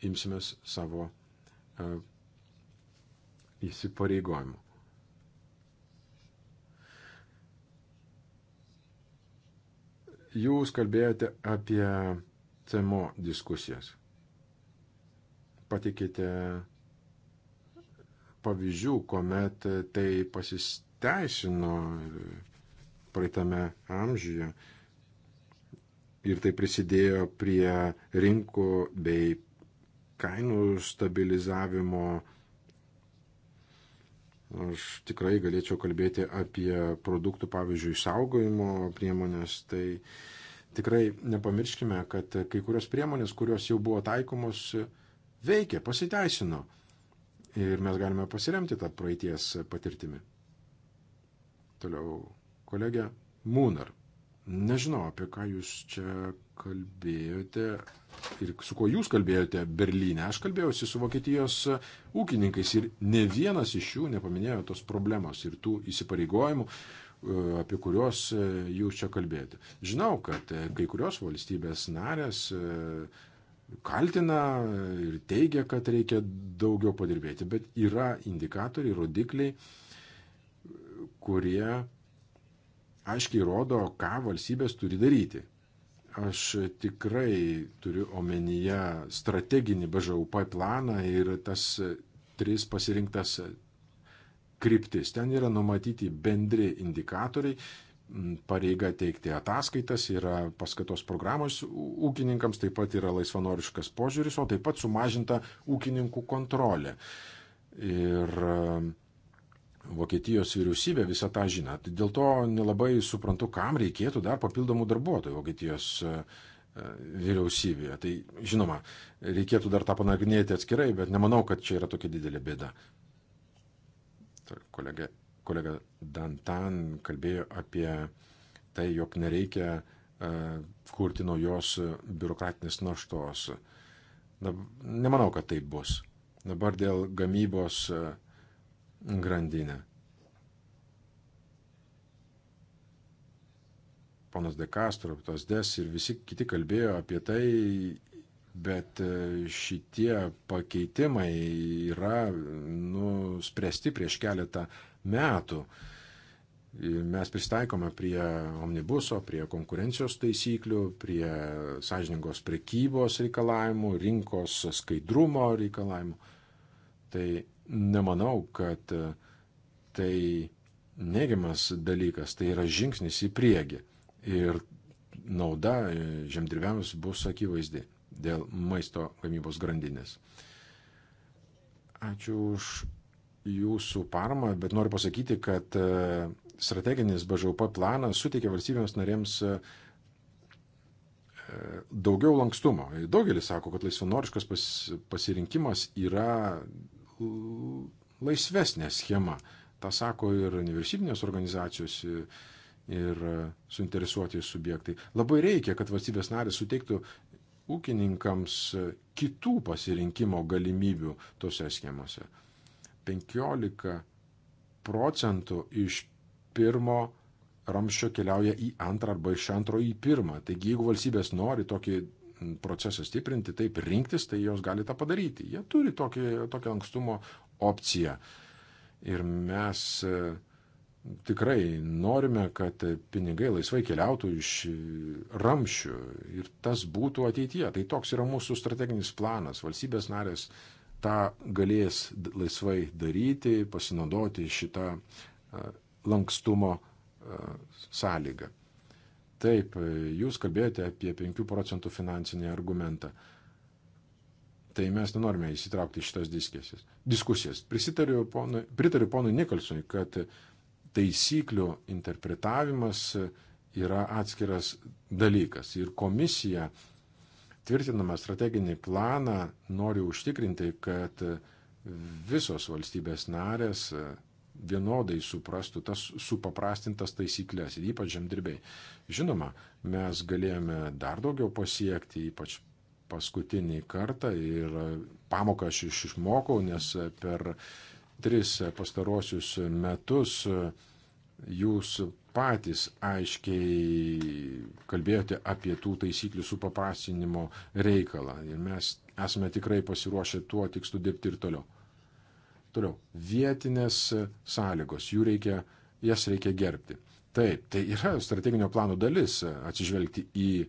imsimės savo uh, įsipareigojimų. Jūs kalbėjote apie CMO diskusijas. Patikite pavyzdžių, kuomet tai pasisteisino praeitame amžiuje. Uh, ir tai prisidėjo prie rinkų bei kainų stabilizavimo. Aš tikrai galėčiau kalbėti apie produktų, pavyzdžiui, saugojimo priemonės. Tai tikrai nepamirškime, kad kai kurios priemonės, kurios jau buvo taikomos, veikia, pasiteisino. Ir mes galime pasiremti tą praeities patirtimi. Toliau kolegė Mūnar. Nežinau, apie ką jūs čia kalbėjote ir su kuo jūs kalbėjote Berlyne. Aš kalbėjausi su Vokietijos ūkininkais ir ne vienas iš jų nepaminėjo tos problemos ir tų įsipareigojimų, e, apie kuriuos e, jūs čia kalbėjote. Žinau, kad e, kai kurios valstybės narės kaltina ir teigia, kad reikia daugiau padirbėti, bet yra indikatoriai, rodikliai, kurie aiškiai rodo, ką valstybės turi daryti. Aš tikrai turiu omenyje strateginį BŽUP planą ir tas tris pasirinktas kryptis. Ten yra numatyti bendri indikatoriai, pareiga teikti ataskaitas, yra paskatos programos ūkininkams, taip pat yra laisvanoriškas požiūris, o taip pat sumažinta ūkininkų kontrolė. Ir vokietijos vyriausybė visą tą žino tai dėl to nelabai suprantu kam reikėtų dar papildomų darbuotojų vokietijos e, e, vyriausybėje tai žinoma reikėtų dar tą panagrinėti atskirai bet nemanau kad čia yra tokia didelė bėda kolega kolega Dantan kalbėjo apie tai, jog nereikia e, kurti naujos biurokratinės naštos. Nemanau, kad taip bus. Dabar dėl gamybos grandinę. Ponas De Castro, tas Des ir visi kiti kalbėjo apie tai, bet e, šitie pakeitimai yra nuspręsti prieš keletą metų. Mes pristaikome prie omnibuso, prie konkurencijos taisyklių, prie sąžiningos prekybos reikalavimų, rinkos skaidrumo reikalavimų. Tai nemanau, kad e, tai neigiamas dalykas, tai yra žingsnis į priekį. Ir nauda e, žemdirbiams bus akivaizdi dėl maisto gamybos grandinės. Ačiū už jūsų paramą, bet noriu pasakyti, kad e, strateginis BŽUP planas suteikia valstybėms narėms daugiau lankstumo. Daugelis sako, kad laisvanoriškas pasirinkimas yra laisvesnė schema. Ta sako ir nevyriausybinės organizacijos, ir suinteresuoti subjektai. Labai reikia, kad valstybės narės suteiktų ūkininkams kitų pasirinkimo galimybių tose schemose. 15 procentų iš pirmo ramščio keliauja į antrą arba iš antro į pirmą. Taigi, jeigu valstybės nori tokį procesą stiprinti, taip rinktis, tai jos gali tą padaryti. Jie turi tokį, tokią lankstumo opciją. Ir mes e, tikrai norime, kad pinigai laisvai keliautų iš ramščių ir tas būtų ateityje. Tai toks yra mūsų strateginis planas. Valstybės narės tą galės laisvai daryti, pasinaudoti šitą e, lankstumo e, sąlygą. Taip, jūs kalbėjote apie 5 procentų finansinį argumentą. Tai mes nenorime įsitraukti į šitas diskusijas. Prisitariu ponui, pritariu ponui Nikolsonui, kad taisyklių interpretavimas yra atskiras dalykas. Ir komisija, tvirtinama strateginį planą, nori užtikrinti, kad visos valstybės narės vienodai suprastų tas supaprastintas taisyklės ir ypač žemdirbiai. Žinoma, mes galėjome dar daugiau pasiekti, ypač paskutinį kartą ir pamoką aš išmokau, nes per tris pastarosius metus jūs patys aiškiai kalbėjote apie tų taisyklių supaprastinimo reikalą ir mes esame tikrai pasiruošę tuo tikslu dirbti ir toliau. Toliau, vietinės sąlygos, jų reikia, jas reikia gerbti. Taip, tai yra strateginio plano dalis atsižvelgti į e,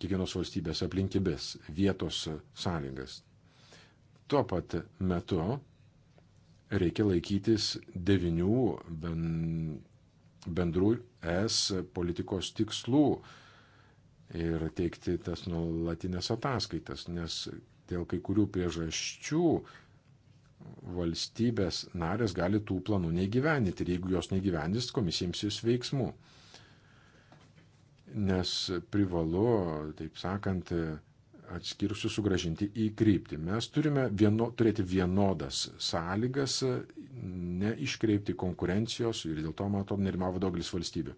kiekvienos valstybės aplinkybės, vietos sąlygas. Tuo pat metu reikia laikytis devinių ben, bendrų es politikos tikslų ir teikti tas nuolatinės ataskaitas, nes dėl kai kurių priežasčių valstybės narės gali tų planų neįgyvendinti ir jeigu jos neįgyvendins, komisija imsis veiksmų. Nes privalu, taip sakant, atskirusius sugražinti į kryptį. Mes turime vieno, turėti vienodas sąlygas, neiškreipti konkurencijos ir dėl to, man atrodo, nerimavo daugelis valstybių.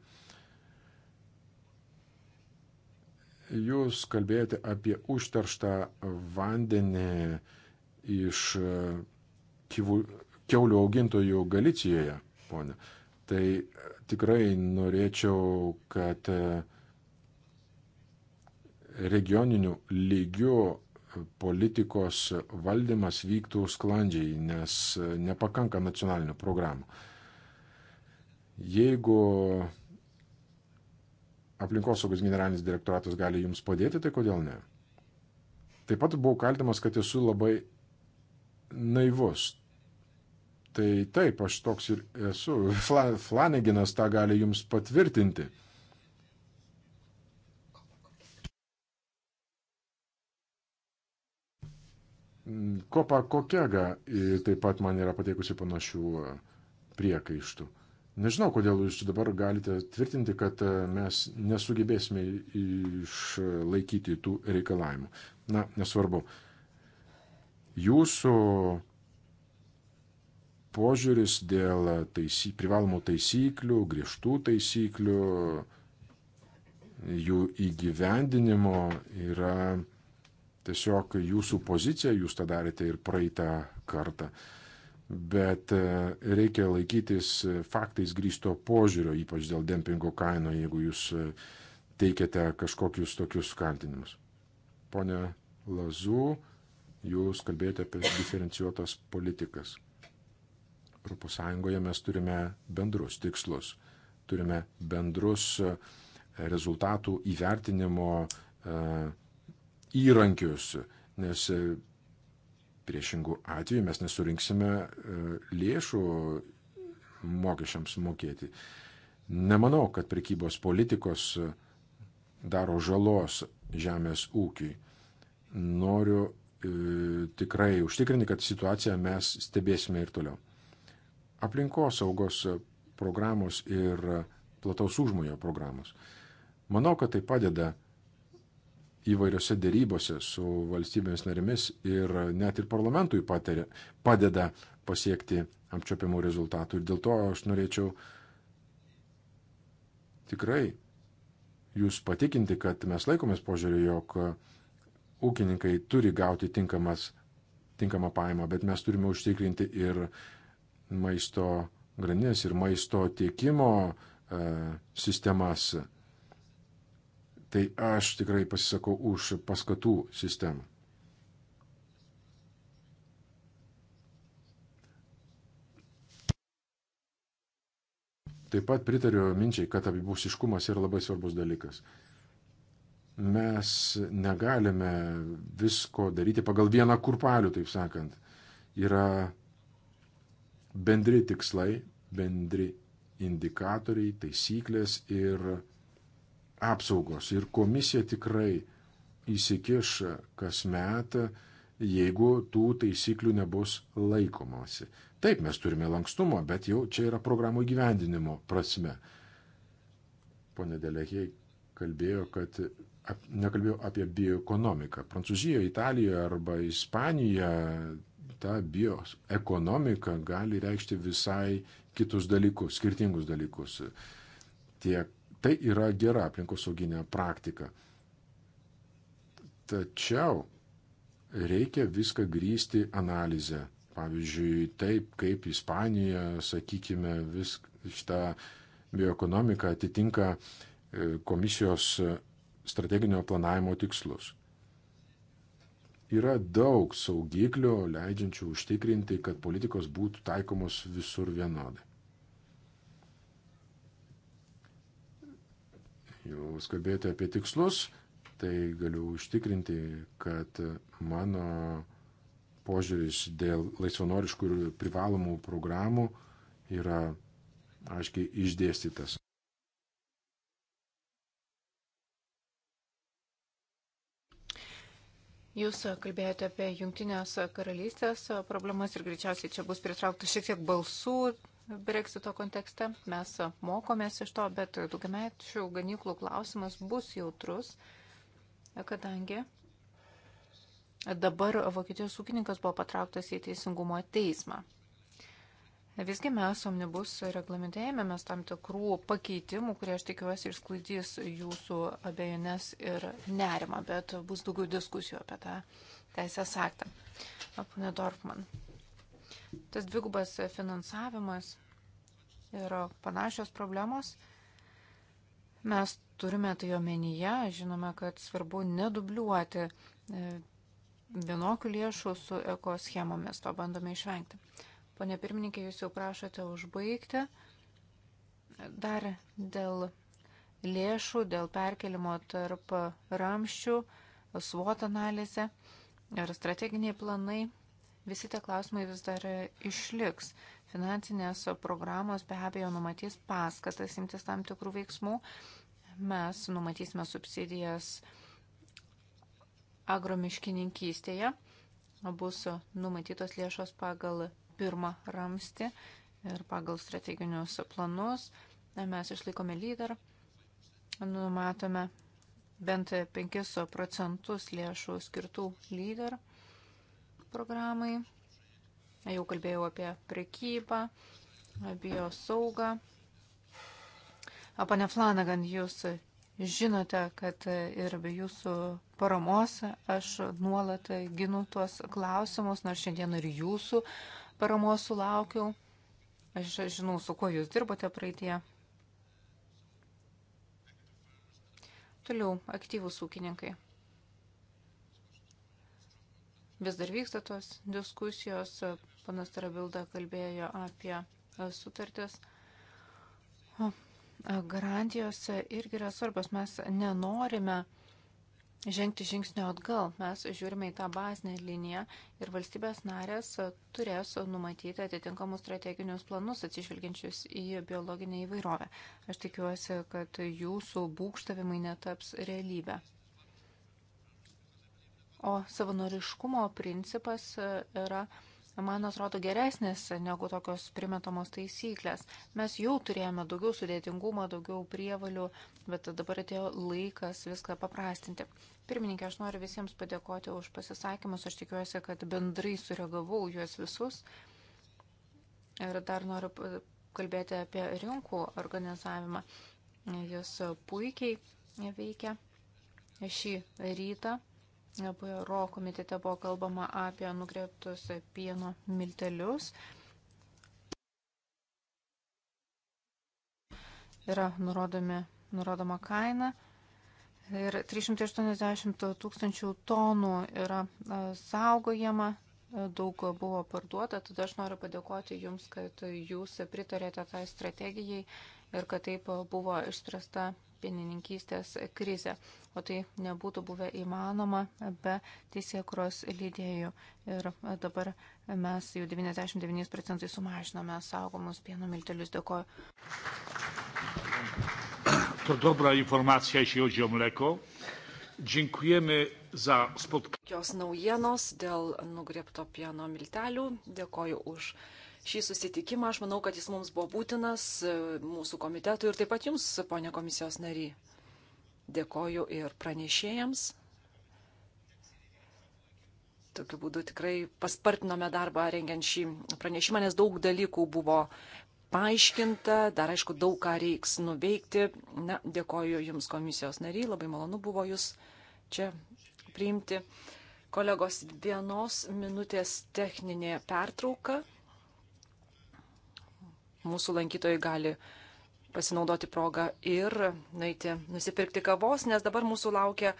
Jūs kalbėjote apie užterštą vandenį iš kivu, keulių augintojų Galicijoje, ponė. Tai e, tikrai norėčiau, kad e, regioninių lygių e, politikos valdymas vyktų sklandžiai, nes nepakanka nacionalinių programų. Jeigu aplinkosaugos generalinis direktoratas gali jums padėti, tai kodėl ne? Taip pat buvau kaltimas, kad esu labai naivus. Tai taip, aš toks ir esu. Fla, Flaneginas tą gali jums patvirtinti. Mm, kopa Kokega taip pat man yra pateikusi panašių e, priekaištų. Nežinau, kodėl jūs dabar galite tvirtinti, kad e, mes nesugebėsime išlaikyti tų reikalavimų. Na, nesvarbu. Jūsų požiūris dėl taisy, privalomų taisyklių, griežtų taisyklių, jų įgyvendinimo yra tiesiog jūsų pozicija, jūs tą darėte ir praeitą kartą. Bet e, reikia laikytis faktais grįsto požiūrio, ypač dėl dempingo kaino, jeigu jūs e, teikiate kažkokius tokius kaltinimus. Pone Lazu, jūs kalbėjote apie diferencijuotas politikas. ES mes turime bendrus tikslus, turime bendrus e, rezultatų įvertinimo e, įrankius, nes e, priešingų atveju mes nesurinksime lėšų mokesčiams mokėti. Nemanau, kad prekybos politikos daro žalos žemės ūkiui. Noriu e, tikrai užtikrinti, kad situaciją mes stebėsime ir toliau aplinkosaugos programos ir plataus užmojo programos. Manau, kad tai padeda įvairiose dėrybose su valstybėmis narėmis ir net ir parlamentui patarė, padeda pasiekti apčiopiamų rezultatų. Ir dėl to aš norėčiau tikrai jūs patikinti, kad mes laikomės požiūrį, jog ūkininkai turi gauti tinkamas, tinkamą paimą, bet mes turime užtikrinti ir maisto grandinės ir maisto tiekimo e, sistemas, tai aš tikrai pasisakau už paskatų sistemą. Taip pat pritariu minčiai, kad abipusiškumas yra labai svarbus dalykas. Mes negalime visko daryti pagal vieną kurpalių, taip sakant. Yra bendri tikslai, bendri indikatoriai, taisyklės ir apsaugos. Ir komisija tikrai įsikiš kas metą, jeigu tų taisyklių nebus laikomasi. Taip, mes turime lankstumo, bet jau čia yra programų gyvendinimo prasme. Pone Delekiai kalbėjo, kad ap, nekalbėjau apie bioekonomiką. Prancūzijoje, Italijoje arba Ispanijoje ta bioekonomika gali reikšti visai kitus dalykus, skirtingus dalykus. Tiek, tai yra gera aplinkosauginė praktika. Tačiau reikia viską grįsti analizę. Pavyzdžiui, taip kaip Ispanija, sakykime, vis šitą bioekonomiką atitinka e, komisijos e, strateginio planavimo tikslus. Yra daug saugiklių, leidžiančių užtikrinti, kad politikos būtų taikomos visur vienodai. Jūs kalbėjote apie tikslus, tai galiu užtikrinti, kad mano požiūris dėl laisvanoriškų ir privalomų programų yra aiškiai išdėstytas. Jūs kalbėjote apie jungtinės karalystės problemas ir greičiausiai čia bus pritraukta šiek tiek balsų Brexito kontekste. Mes mokomės iš to, bet daugiamečių ganyklų klausimas bus jautrus, kadangi dabar Vokietijos ūkininkas buvo patrauktas į teisingumo teismą. Visgi mes omnibus reglamente ėmėmės tam tikrų pakeitimų, kurie aš tikiuosi išsklaidys jūsų abejonės ir nerimą, bet bus daugiau diskusijų apie tą teisės aktą. Pane Dorfman, tas dvigubas finansavimas ir panašios problemos, mes turime tai omenyje, žinome, kad svarbu nedubliuoti e, vienokių lėšų su ekoschemomis, to bandome išvengti. Pone pirmininkė, jūs jau prašote užbaigti. Dar dėl lėšų, dėl perkelimo tarp ramščių, svot analizė ir strateginiai planai. Visi tie klausimai vis dar išliks. Finansinės programos be abejo numatys paskatas imtis tam tikrų veiksmų. Mes numatysime subsidijas agromiškininkystėje. Bus numatytos lėšos pagal pirmą ramstį ir pagal strateginius planus mes išlaikome lyderą, numatome bent 5 procentus lėšų skirtų lyder programai. Jau kalbėjau apie prekybą, biosaugą. Pane Flanagan, jūs žinote, kad ir be jūsų paramos aš nuolat ginu tuos klausimus, nors šiandien ir jūsų paramos sulaukiau. Aš žinau, su kuo jūs dirbote praeitie. Toliau, aktyvūs ūkininkai. Vis dar vyksta tos diskusijos. Panas Tarabilda kalbėjo apie sutartis. Garantijos irgi yra svarbios. Mes nenorime žengti žingsnio atgal. Mes žiūrime į tą bazinę liniją ir valstybės narės turės numatyti atitinkamus strateginius planus atsižvelgiančius į biologinę įvairovę. Aš tikiuosi, kad jūsų būkštavimai netaps realybę. O savanoriškumo principas yra man atrodo, geresnis negu tokios primetamos taisyklės. Mes jau turėjome daugiau sudėtingumo, daugiau prievalių, bet dabar atėjo laikas viską paprastinti. Pirmininkė, aš noriu visiems padėkoti už pasisakymus, aš tikiuosi, kad bendrai sureagavau juos visus. Ir dar noriu kalbėti apie rinkų organizavimą. Jis puikiai veikia šį rytą PRO komitete buvo kalbama apie nugreptus pieno miltelius. Yra nurodomi, nurodoma kaina. Ir 380 tūkstančių tonų yra saugojama, daug buvo parduota, tada aš noriu padėkoti Jums, kad Jūs pritarėte tai strategijai ir kad taip buvo išspręsta pienininkystės krizę, o tai nebūtų buvę įmanoma be teisėkros lydėjų. Ir dabar mes jau 99 procentai sumažinome saugomus pieno miltelius. Dėkoju. To dobra informacija, jeśli chodzi o mleko. Dziękujemy za spotkanie. Jos naujienos dėl nugriepto pieno miltelių. Dėkoju už šį susitikimą. Aš manau, kad jis mums buvo būtinas, e, mūsų komitetui ir taip pat jums, ponė komisijos nary. Dėkoju ir pranešėjams. Tokiu būdu tikrai paspartinome darbą rengiant šį pranešimą, nes daug dalykų buvo paaiškinta, dar aišku, daug ką reiks nuveikti. Na, dėkoju Jums komisijos nariai, labai malonu buvo Jūs čia priimti. Kolegos, vienos minutės techninė pertrauka mūsų lankytojai gali pasinaudoti progą ir nueiti nusipirkti kavos, nes dabar mūsų laukia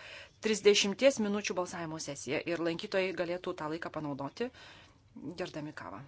30 minučių balsavimo sesija ir lankytojai galėtų tą laiką panaudoti gerdami kavą.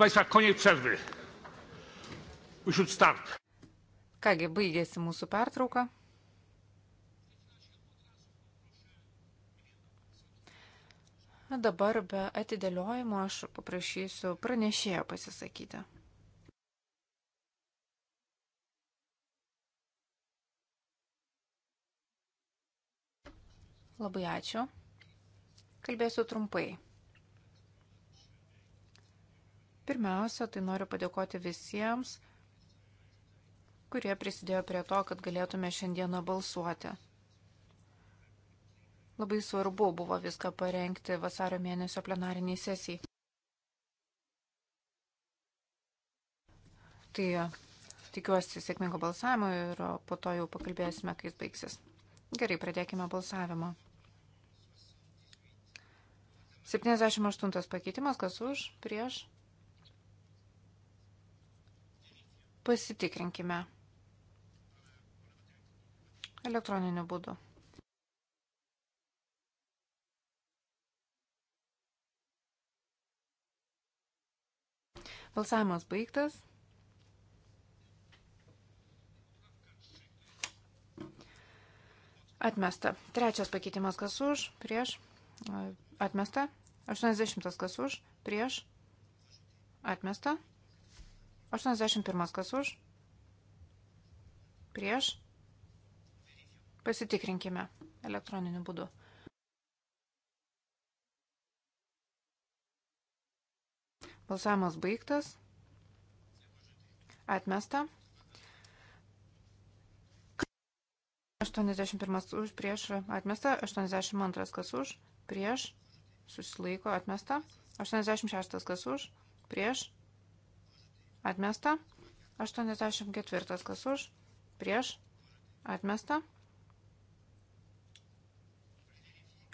Vaisa, koniec przerwy. We should start. Kągi, baigėsi mūsų pertrauka. Dabar be atidėliojimo aš paprašysiu pranešėjo pasisakyti. Labai ačiū. Kalbėsiu trumpai. Pirmiausia, tai noriu padėkoti visiems, kurie prisidėjo prie to, kad galėtume šiandieną balsuoti. Labai svarbu buvo viską parengti vasario mėnesio plenariniai sesijai. Tai tikiuosi sėkmingo balsavimo ir po to jau pakalbėsime, kai jis baigsis. Gerai, pradėkime balsavimą. 78 pakeitimas, kas už, prieš, Pasitikrinkime. Elektroniniu būdu. Balsavimas baigtas. Atmesta. Trečias pakeitimas kas už, prieš. Atmesta. 80 kas už, prieš. Atmesta. 81 kas už? Prieš? Pasitikrinkime elektroniniu būdu. Balsavimas baigtas. Atmesta. 81 už prieš atmesta, 82 kas už, prieš, susilaiko atmesta, 86 kas už, prieš, Atmesta. 84 kas už. Prieš. Atmesta.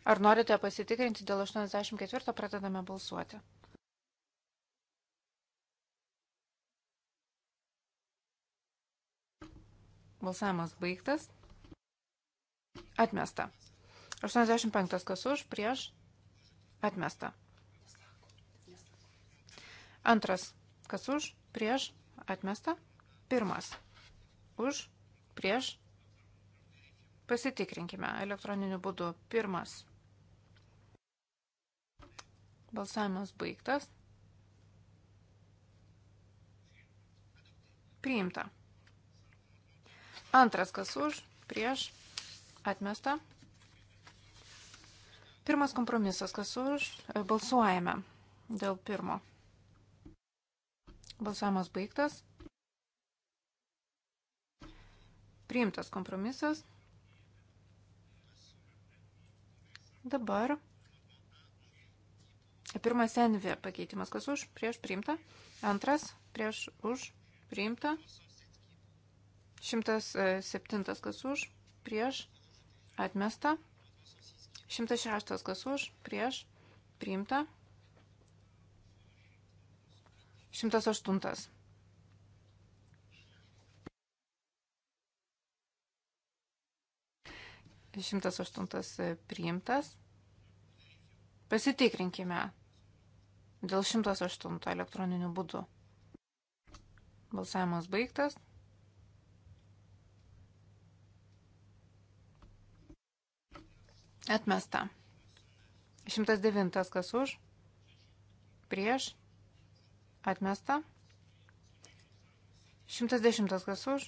Ar norite pasitikrinti dėl 84 pradedame balsuoti. Balsavimas baigtas. Atmesta. 85 kas už, prieš, atmesta. Antras, kas už, prieš, atmesta. Pirmas, už, prieš. Pasitikrinkime elektroniniu būdu. Pirmas. Balsavimas baigtas. Priimta. Antras, kas už, prieš, atmesta. Pirmas kompromisas, kas už, balsuojame dėl pirmo. Balsavimas baigtas. Priimtas kompromisas. Dabar pirmas NV pakeitimas, kas už, prieš priimta. Antras, prieš už, priimta. 107, e, kas už, prieš atmesta. 106, kas už, prieš priimta. 108. Šimtas aštuntas e, priimtas. Pasitikrinkime dėl 108 elektroninių būdų. Balsavimas baigtas. Atmesta. 109 kas už, prieš, Atmesta. 110 kas už.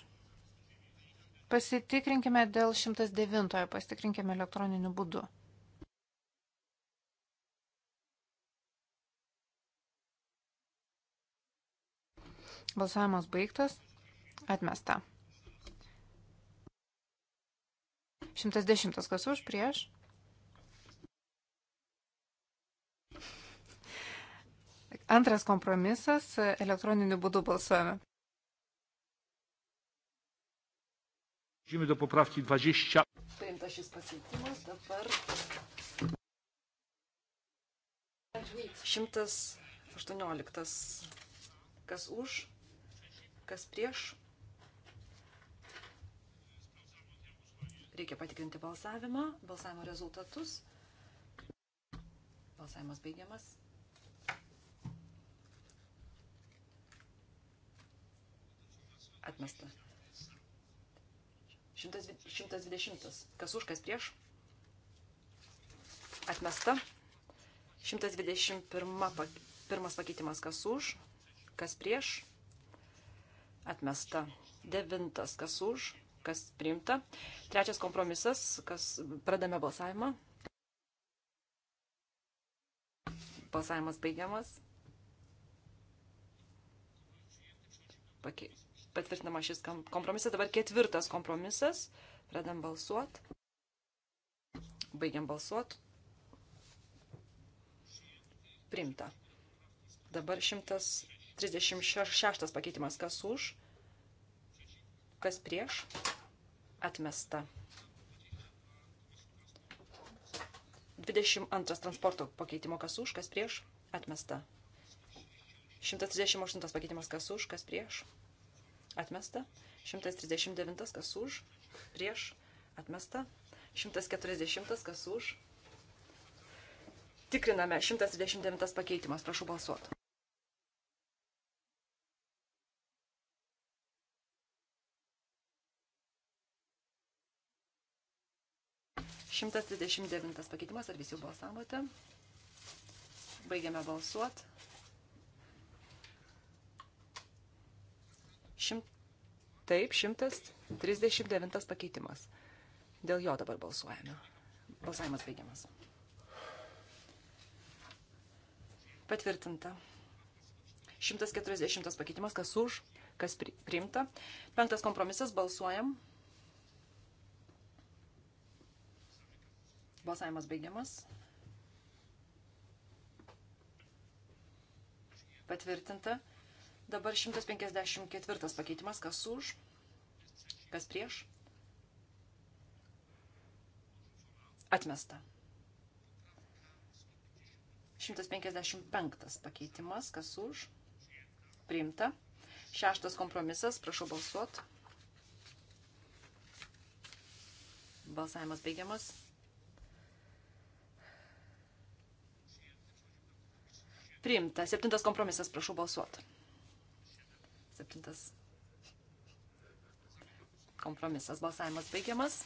Pasitikrinkime dėl 109, pasitikrinkime elektroniniu būdu. Balsavimas baigtas. Atmesta. 110 kas už prieš. Antras kompromisas - elektroniniu būdu balsuojame. Przechodzimy do poprawki 20. Priimtas šis pakeitimas dabar. 118. Kas už, kas prieš. Reikia patikrinti balsavimą, balsavimo rezultatus. Balsavimas baigiamas. Atmesta. 120. Kas už, kas prieš? Atmesta. 121 pirmas pakeitimas. Kas už, kas prieš? Atmesta. Devintas. Kas už, kas priimta. Trečias kompromisas. Kas pradame balsavimą. Balsavimas baigiamas. Pakeisti patvirtinama šis kompromisas. Dabar ketvirtas kompromisas. Pradam balsuot. Baigiam balsuot. Primta. Dabar 136 pakeitimas. Kas už? Kas prieš? Atmesta. 22 transporto pakeitimo. Kas už? Kas prieš? Atmesta. 138 pakeitimas. Kas už? Kas prieš? Atmesta atmesta. 139 kas už, prieš, atmesta. 140 kas už. Tikriname 129 pakeitimas, prašau balsuoti. Šimtas dvidešimt devintas pakeitimas, ar visi jau balsavote? Baigiame balsuoti. Taip, 139 pakeitimas. Dėl jo dabar balsuojame. Balsavimas baigiamas. Patvirtinta. 140 pakeitimas, kas už, kas priimta. Penktas kompromisas, balsuojam. Balsavimas baigiamas. Patvirtinta. Dabar 154 pakeitimas, kas už, kas prieš. Atmesta. 155 pakeitimas, kas už, priimta. Šeštas kompromisas, prašau balsuot. Balsavimas baigiamas. Priimta. Septintas kompromisas, prašau balsuot. Septintas kompromisas. Balsavimas baigiamas.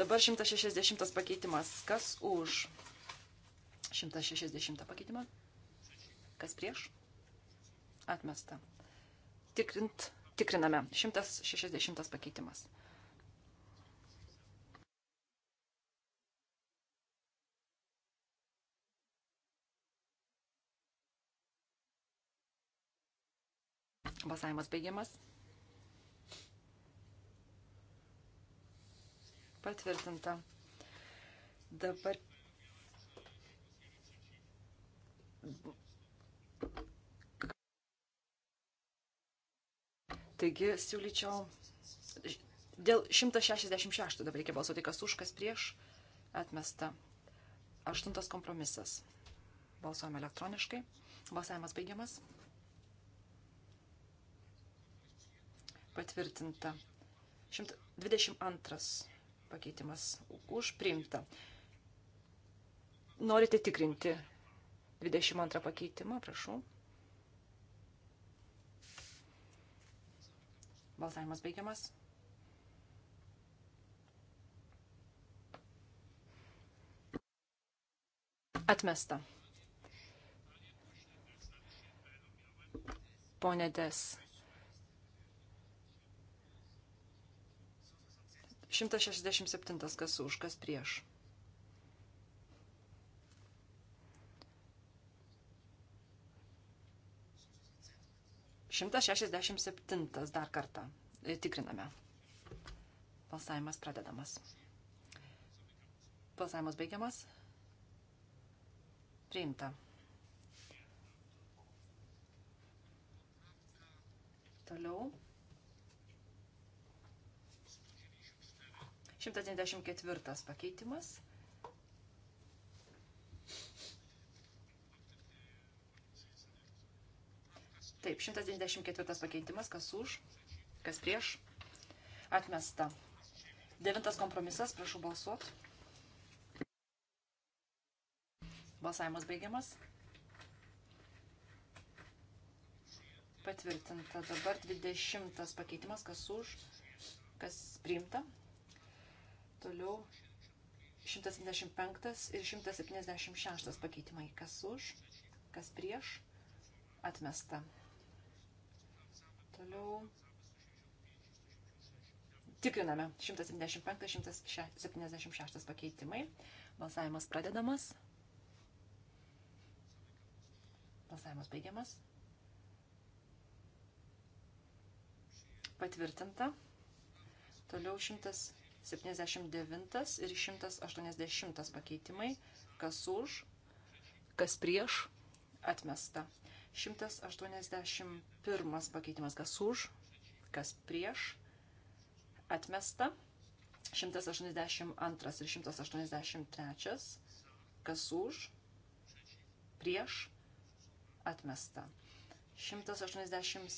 Dabar 160 pakeitimas. Kas už 160 pakeitimą? Kas prieš? Atmesta. Tikrint, tikriname. 160 pakeitimas. Balsavimas baigiamas. Patvirtinta. Dabar Taigi siūlyčiau dėl 166 dabar reikia balsuoti, kas už, kas prieš atmesta. Aštuntas kompromisas. Balsuojame elektroniškai. Balsavimas baigiamas. patvirtinta. 122 pakeitimas už priimta. Norite tikrinti 22 pakeitimą, prašau. Balsavimas baigiamas. Atmesta. Pone Des. 167 kas už, kas prieš. Šimtas šešiasdešimt septintas dar kartą. E, tikriname. Balsavimas pradedamas. Balsavimas baigiamas. Priimta. Toliau. 194 pakeitimas. Taip, 194 pakeitimas, kas už, kas prieš, atmesta. Devintas kompromisas, prašau balsuot. Balsavimas baigiamas. Patvirtinta dabar 20 pakeitimas, kas už, kas priimta, Toliau 175 ir 176 pakeitimai. Kas už, kas prieš, atmesta. Toliau tikriname 175-176 pakeitimai. Balsavimas pradedamas. Balsavimas baigiamas. Patvirtinta. Toliau 100. 79 ir 180 pakeitimai, kas už, kas prieš, atmesta. 181 pakeitimas, kas už, kas prieš, atmesta. 182 ir 183, kas už, prieš, atmesta. 187,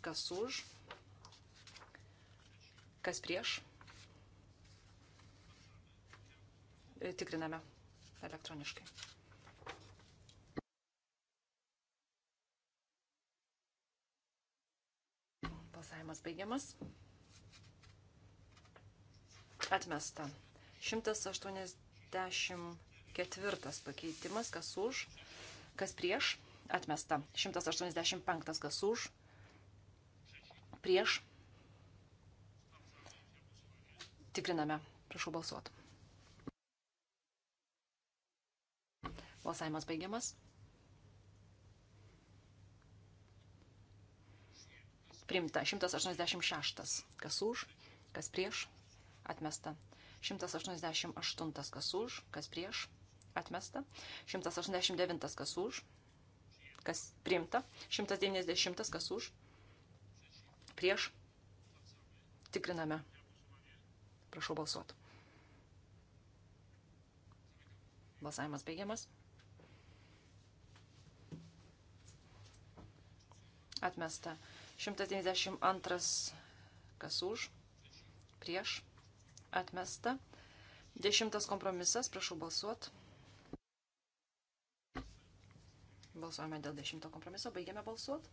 kas už, kas prieš, E, tikriname elektroniškai. Balsavimas baigiamas. Atmesta. 184 pakeitimas, kas už, kas prieš. Atmesta. 185 kas už, prieš. Tikriname. Prašau balsuoti. Balsavimas baigiamas. Primta 186. Kas už, kas prieš, atmesta. 188. Kas už, kas prieš, atmesta. 189. Kas už, kas primta. 190. Kas už, prieš. Tikriname. Prašau balsuoti. Balsavimas baigiamas. Atmesta. 192 kas už, prieš, atmesta. Dešimtas kompromisas, prašau balsuot. Balsuojame dėl dešimto kompromiso, baigiame balsuot.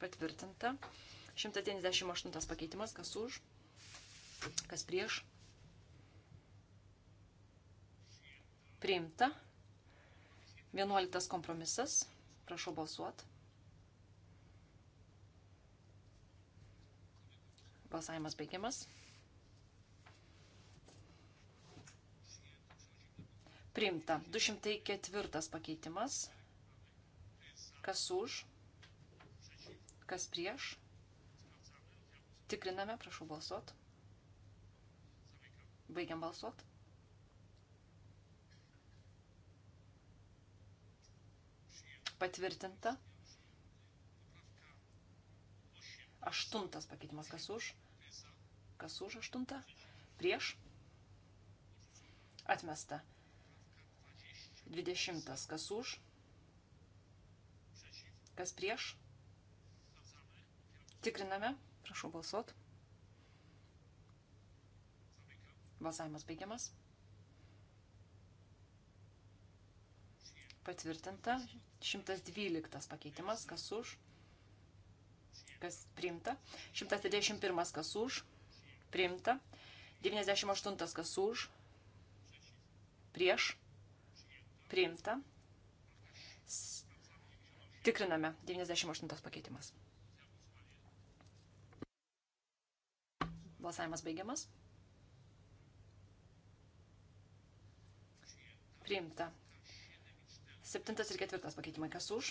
Patvirtinta. 198 pakeitimas, kas už, kas prieš. Priimta. 11 kompromisas. Prašau balsuot. Balsavimas baigiamas. Priimta. 204 pakeitimas. Kas už? Kas prieš? Tikriname, prašau balsuot. Baigiam balsuot. patvirtinta. Aštuntas pakeitimas, kas už, kas už aštuntą, prieš, atmesta. Dvidešimtas, kas už, kas prieš, tikriname, prašau balsuot. Balsavimas baigiamas. Patvirtinta. 112 pakeitimas, kas už, kas priimta. 131 kas už, priimta. 98 kas už, prieš, priimta. Tikriname 98 pakeitimas. Balsavimas baigiamas. Priimta. Septintas ir ketvirtas pakeitimai kas už.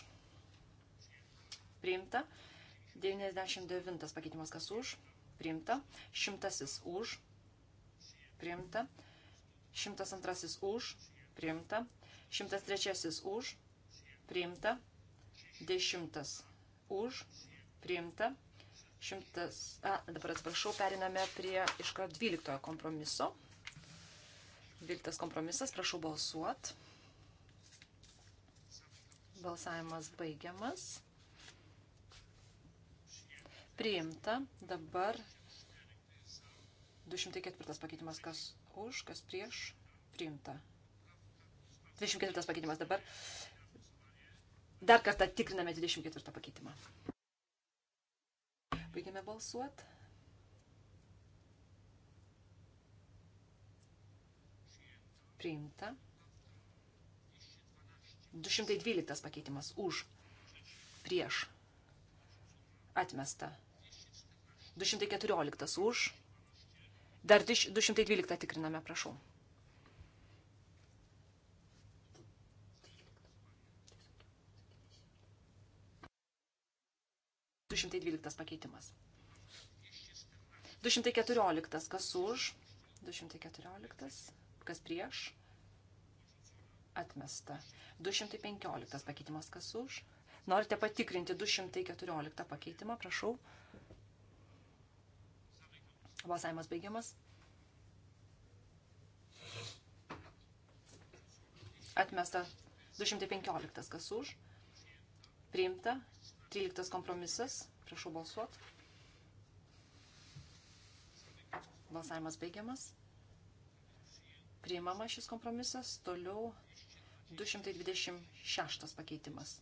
Priimta. 99 pakeitimas kas už. Priimta. Šimtasis už. Priimta. Šimtas antrasis už. Priimta. Šimtas trečiasis už. Priimta. Dešimtas už. Priimta. Šimtas. A, dabar atsiprašau, periname prie iškart dvyliktojo kompromiso. Dvyliktas kompromisas, prašau balsuoti. Balsavimas baigiamas. Priimta. Dabar 204 pakeitimas, kas už, kas prieš. Priimta. 24 pakeitimas dabar. Dar kartą tikriname 24 pakeitimą. Baigiame balsuoti. Priimta. 212 pakeitimas už, prieš, atmesta. 214 už, dar 212 tikriname, prašau. Du šimtai dvyliktas pakeitimas. 214, kas už, 214, kas prieš, atmesta. 215 pakeitimas kas už. Norite patikrinti 214 pakeitimą, prašau. Balsavimas baigiamas. Atmesta 215 kas už. Priimta 13 kompromisas. Prašau balsuot. Balsavimas baigiamas. Priimama šis kompromisas. Toliau 226 pakeitimas.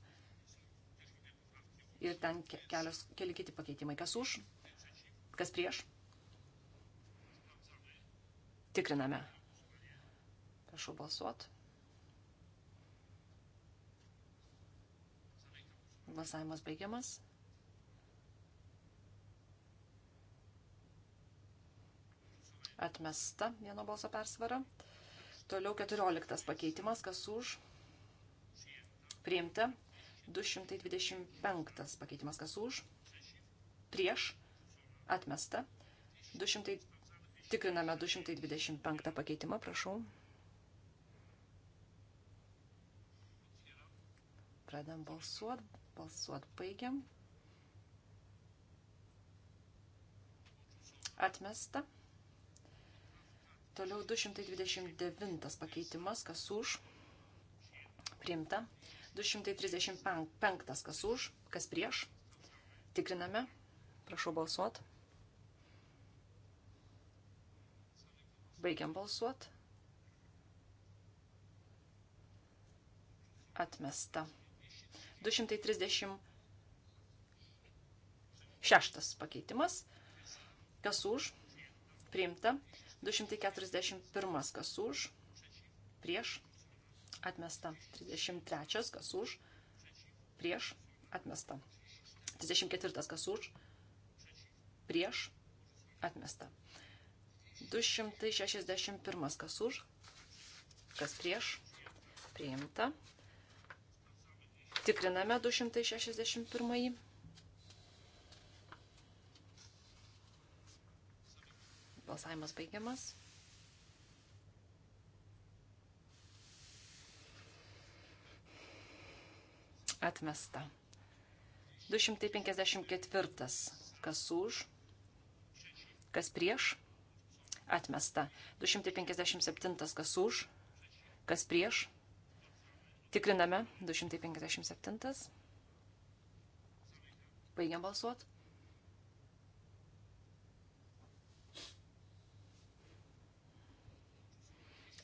Ir ten kelios, keli kiti pakeitimai. Kas už, kas prieš. Tikriname. Prašau balsuot. Balsavimas baigiamas. Atmesta vieno balso persvara. Toliau 14 pakeitimas, kas už. Priimta. 225 pakeitimas, kas už. Prieš. Atmesta. 200, tikriname 225 pakeitimą, prašau. Pradam balsuot, balsuot baigiam. Atmesta. Toliau 229 pakeitimas, kas už, priimta. 235 kas už, kas prieš. Tikriname. Prašau balsuot. Baigiam balsuot. Atmesta. 236 pakeitimas. Kas už? Priimta. 241 kas už, prieš, atmesta. 33 kas už, prieš, atmesta. 34 kas už, prieš, atmesta. 261 kas už, kas prieš, priimta. Tikriname 261. Balsavimas baigiamas. Atmesta. 254. Kas už? Kas prieš? Atmesta. 257. Kas už? Kas prieš? Tikriname. 257. Baigiam balsuoti.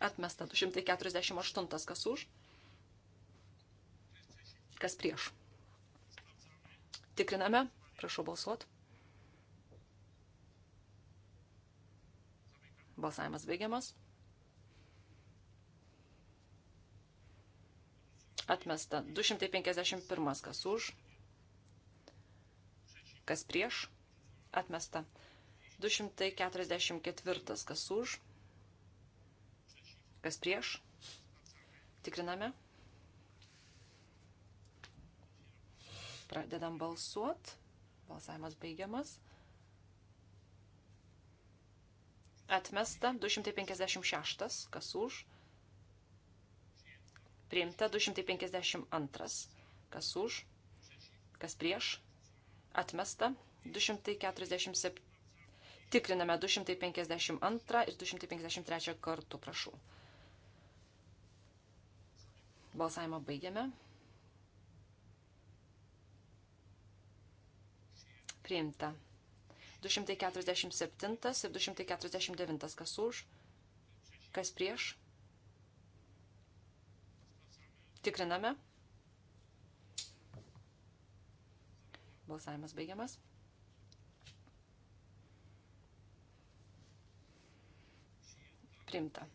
atmesta 248, kas už, kas prieš. Tikriname, prašau balsuot. Balsavimas baigiamas. Atmesta 251, kas už, kas prieš, atmesta 244, kas už, Kas prieš? Tikriname. Pradedam balsuot. Balsavimas baigiamas. Atmesta 256, kas už. Priimta 252, kas už. Kas prieš. Atmesta 247. Tikriname 252 ir 253 kartų, prašau. Balsavimą baigiame. Priimta. 247 ir 249 kas už, kas prieš. Tikriname. Balsavimas baigiamas. Priimta.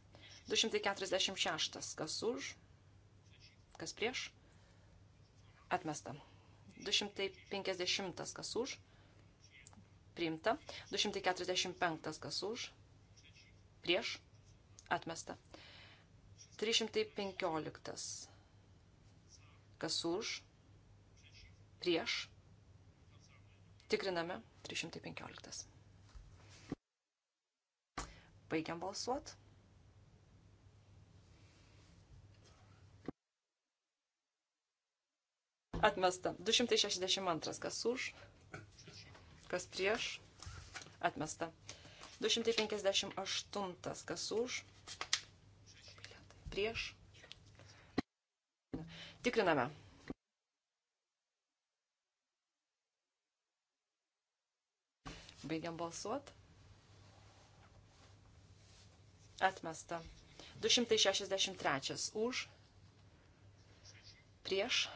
246 kas už, kas prieš, atmesta. 250 kas už, priimta. 245 kas už, prieš, atmesta. 315 kas už, prieš, tikriname 315. Baigiam balsuoti. Atmesta. 262. Kas už? Kas prieš? Atmesta. 258. Kas už? Prieš? Tikriname. Baigiam balsuoti. Atmesta. 263. Už? Prieš?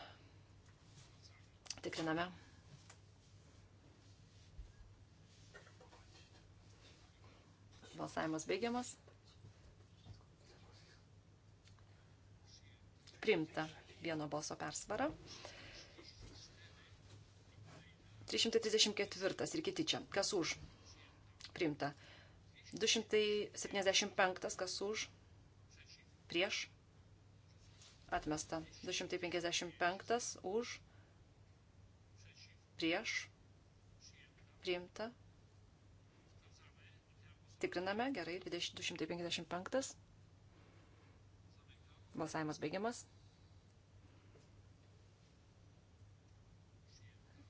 Tikriname. Balsavimas baigiamas. Primta vieno balso persvara. 334 ir kiti čia. Kas už? Primta. 275 kas už? Prieš? Atmesta. 255 už? prieš, priimta. Tikriname, gerai, 255. Balsavimas baigiamas.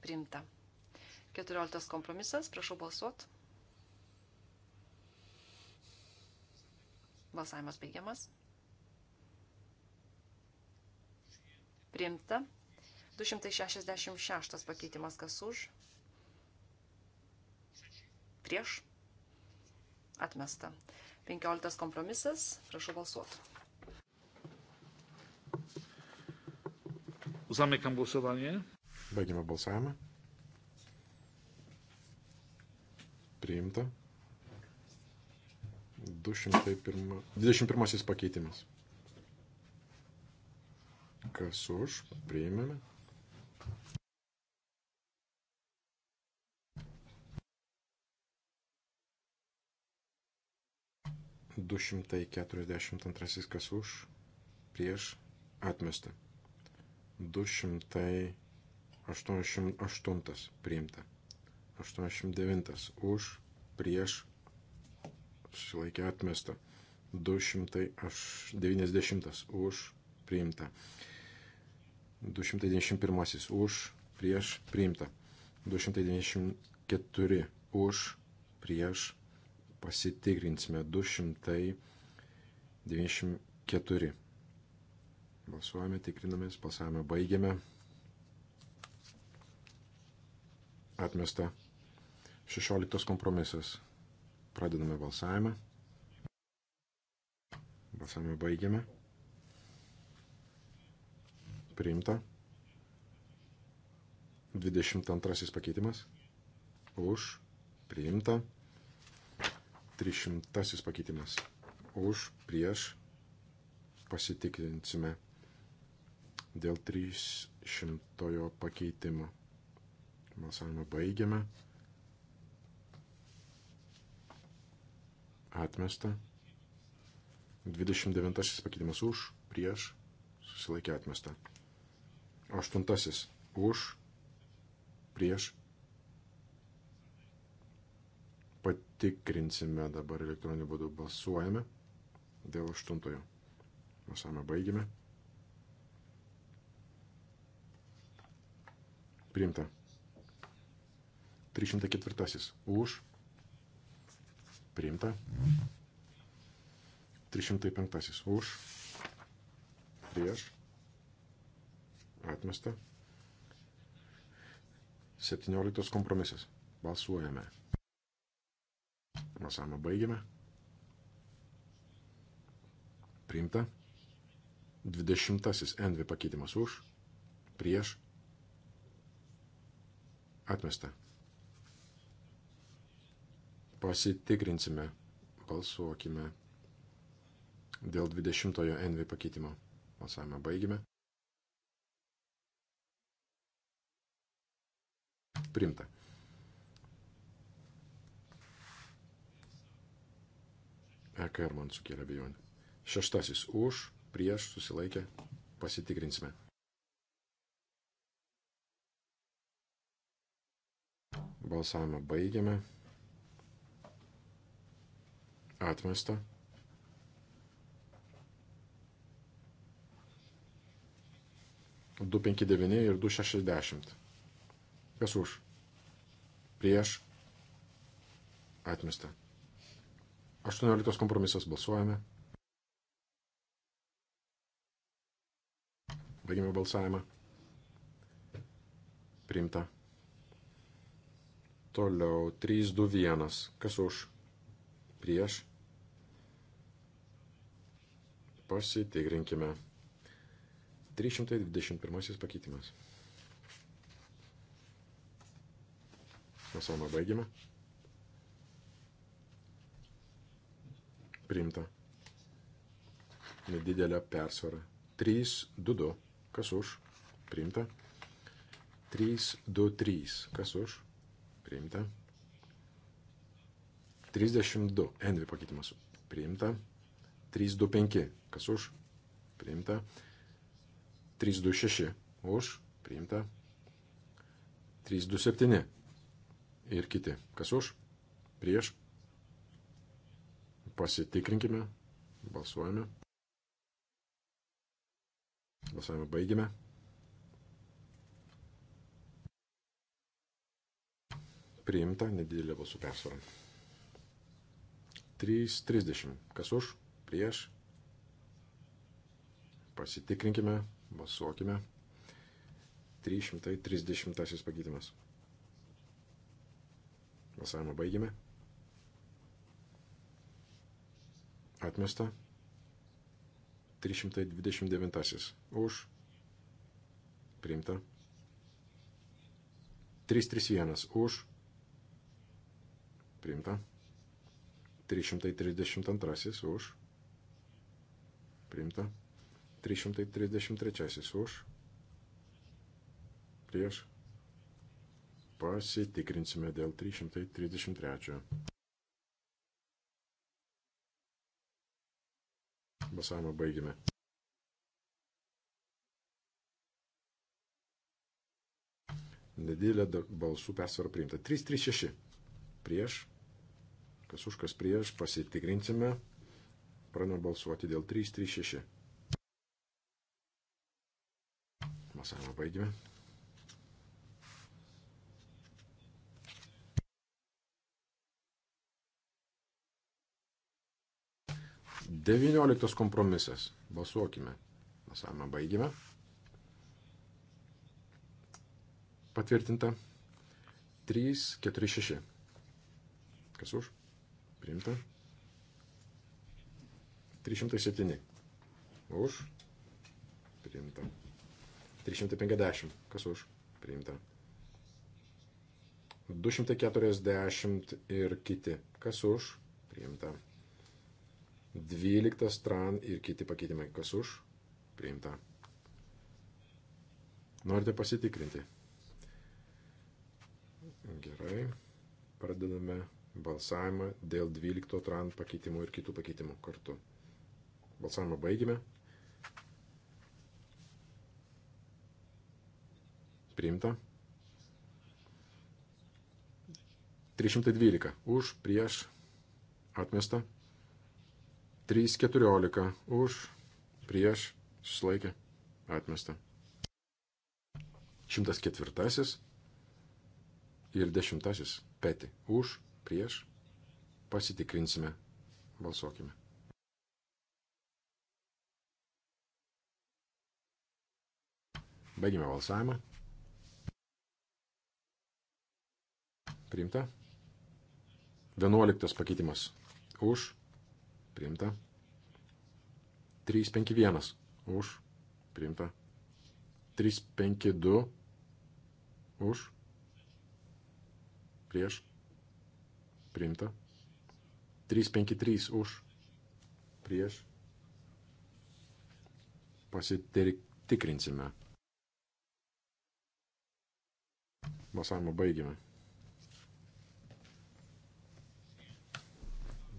Priimta. 14 kompromisas, prašau balsuot. Balsavimas baigiamas. Priimta. 266 pakeitimas kas už, prieš, atmesta. 15 kompromisas, prašau balsuoti. Zamykam głosowanie. Baigėme balsavimą. Priimta. 221 pakeitimas. Kas už? Priėmėme. 242 kas už, prieš atmestą. 288 priimta. 89 už, prieš susilaikė atmestą. 290 už, priimta. 291 už, prieš priimta. 294 už, prieš pasitikrinsime 294. Balsuojame, tikrinamės, balsavimą baigiame. Atmesta. 16 kompromisas. Pradedame balsavimą. Balsavimą baigiame. Priimta. 22 pakeitimas. Už. Priimta. 300 pakeitimas. Už, prieš, pasitikrinsime dėl 300 pakeitimo. Balsavimą baigiame. Atmesta. 29 pakeitimas už, prieš, susilaikė atmesta. 8 už, prieš, Tikrinsime dabar elektroniniu būdu. Balsuojame dėl aštuntojo. Balsavimą baigime. Priimta. 304. Už. Priimta. 305. Už. Prieš. Atmesta. 17 kompromisas. Balsuojame. Balsavimą baigiame. Priimta. 20 NV pakeitimas už, prieš, atmesta. Pasitikrinsime, balsuokime dėl 20 NV pakeitimo. Balsavimą baigime. Primta. EKR man sukėlė abejonių. Šeštasis už, prieš, susilaikė, pasitikrinsime. Balsavimą baigiame. Atmesta. Du penki devyni ir du šešiasdešimt. Kas už? Prieš. Atmesta. 18 kompromisas balsuojame. Baigime balsavimą. Primta. Toliau 321. Kas už? Prieš. Pasitikrinkime. 321 pakeitimas. Mes savo baigėme. priimta. Nedidelė persvara. 3, 2, 2. Kas už? Priimta. 3, 2, 3. Kas už? Priimta. 32. Envi pakeitimas. Priimta. 3, 2, 5. Kas už? Priimta. 3, 2, 6. Už? Priimta. 3, 2, 7. Ir kiti. Kas už? Prieš? Pasitikrinkime. Balsuojame. Balsavimą baigime. Priimta nedidelė balsų persvara. 3.30. Kas už? Prieš? Pasitikrinkime, balsuokime. 330 pakeitimas. Balsavimą baigime. Atmesta. 329 už. Priimta. 331 už. Priimta. 332 už. Priimta. 333 už. Prieš. Pasitikrinsime dėl 333. Basavimą baigime. Nedėlė balsų persvara priimta. 336. Prieš. Kas už, kas prieš. Pasitikrinsime. Pradame balsuoti dėl 336. Basavimą baigime. 19 kompromisas. Balsuokime. Balsavimą baigime. Patvirtinta. 3, 4, 6. Kas už? Priimta. 307. Už. Priimta. 350. Kas už? Priimta. 240 ir kiti. Kas už? Priimta. 12 tran ir kiti pakeitimai. Kas už? Priimta. Norite pasitikrinti? Gerai. Pradedame balsavimą dėl 12 tran pakeitimų ir kitų pakeitimų kartu. Balsavimą baigime. Priimta. 312. Už, prieš, atmesta. 3.14 už, prieš, susilaikė, atmesta. 104 ir 10 peti už, prieš, pasitikrinsime, balsuokime. Baigime balsavimą. Priimta. 11 pakeitimas. Už, priimta. 351 už, priimta. 352 už, prieš, priimta. 353 už, prieš. Pasitikrinsime. Balsavimą baigime.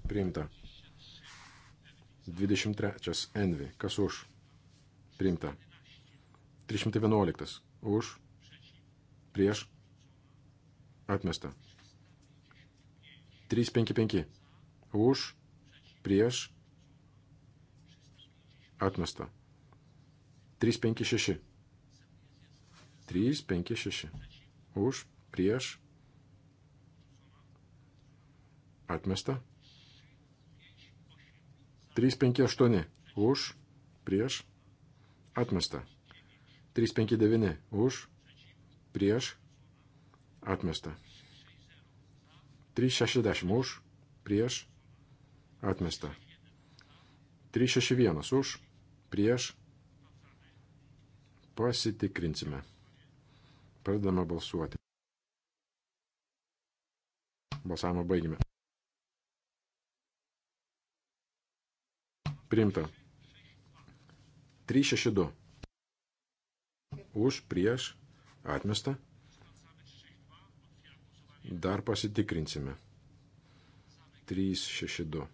Priimta. 23 Envy. Kas už? Priimta. 311 už. Prieš. Atmesta. 355 už. Prieš. Atmesta. 356. 356. Už. Prieš. Atmesta. 358 už, prieš, atmesta. 359 už, prieš, atmesta. 360 už, prieš, atmesta. 361 už, prieš, pasitikrinsime. Pradedame balsuoti. Balsavimą baigime. Priimta. 362. Už, prieš, atmesta. Dar pasitikrinsime. 362.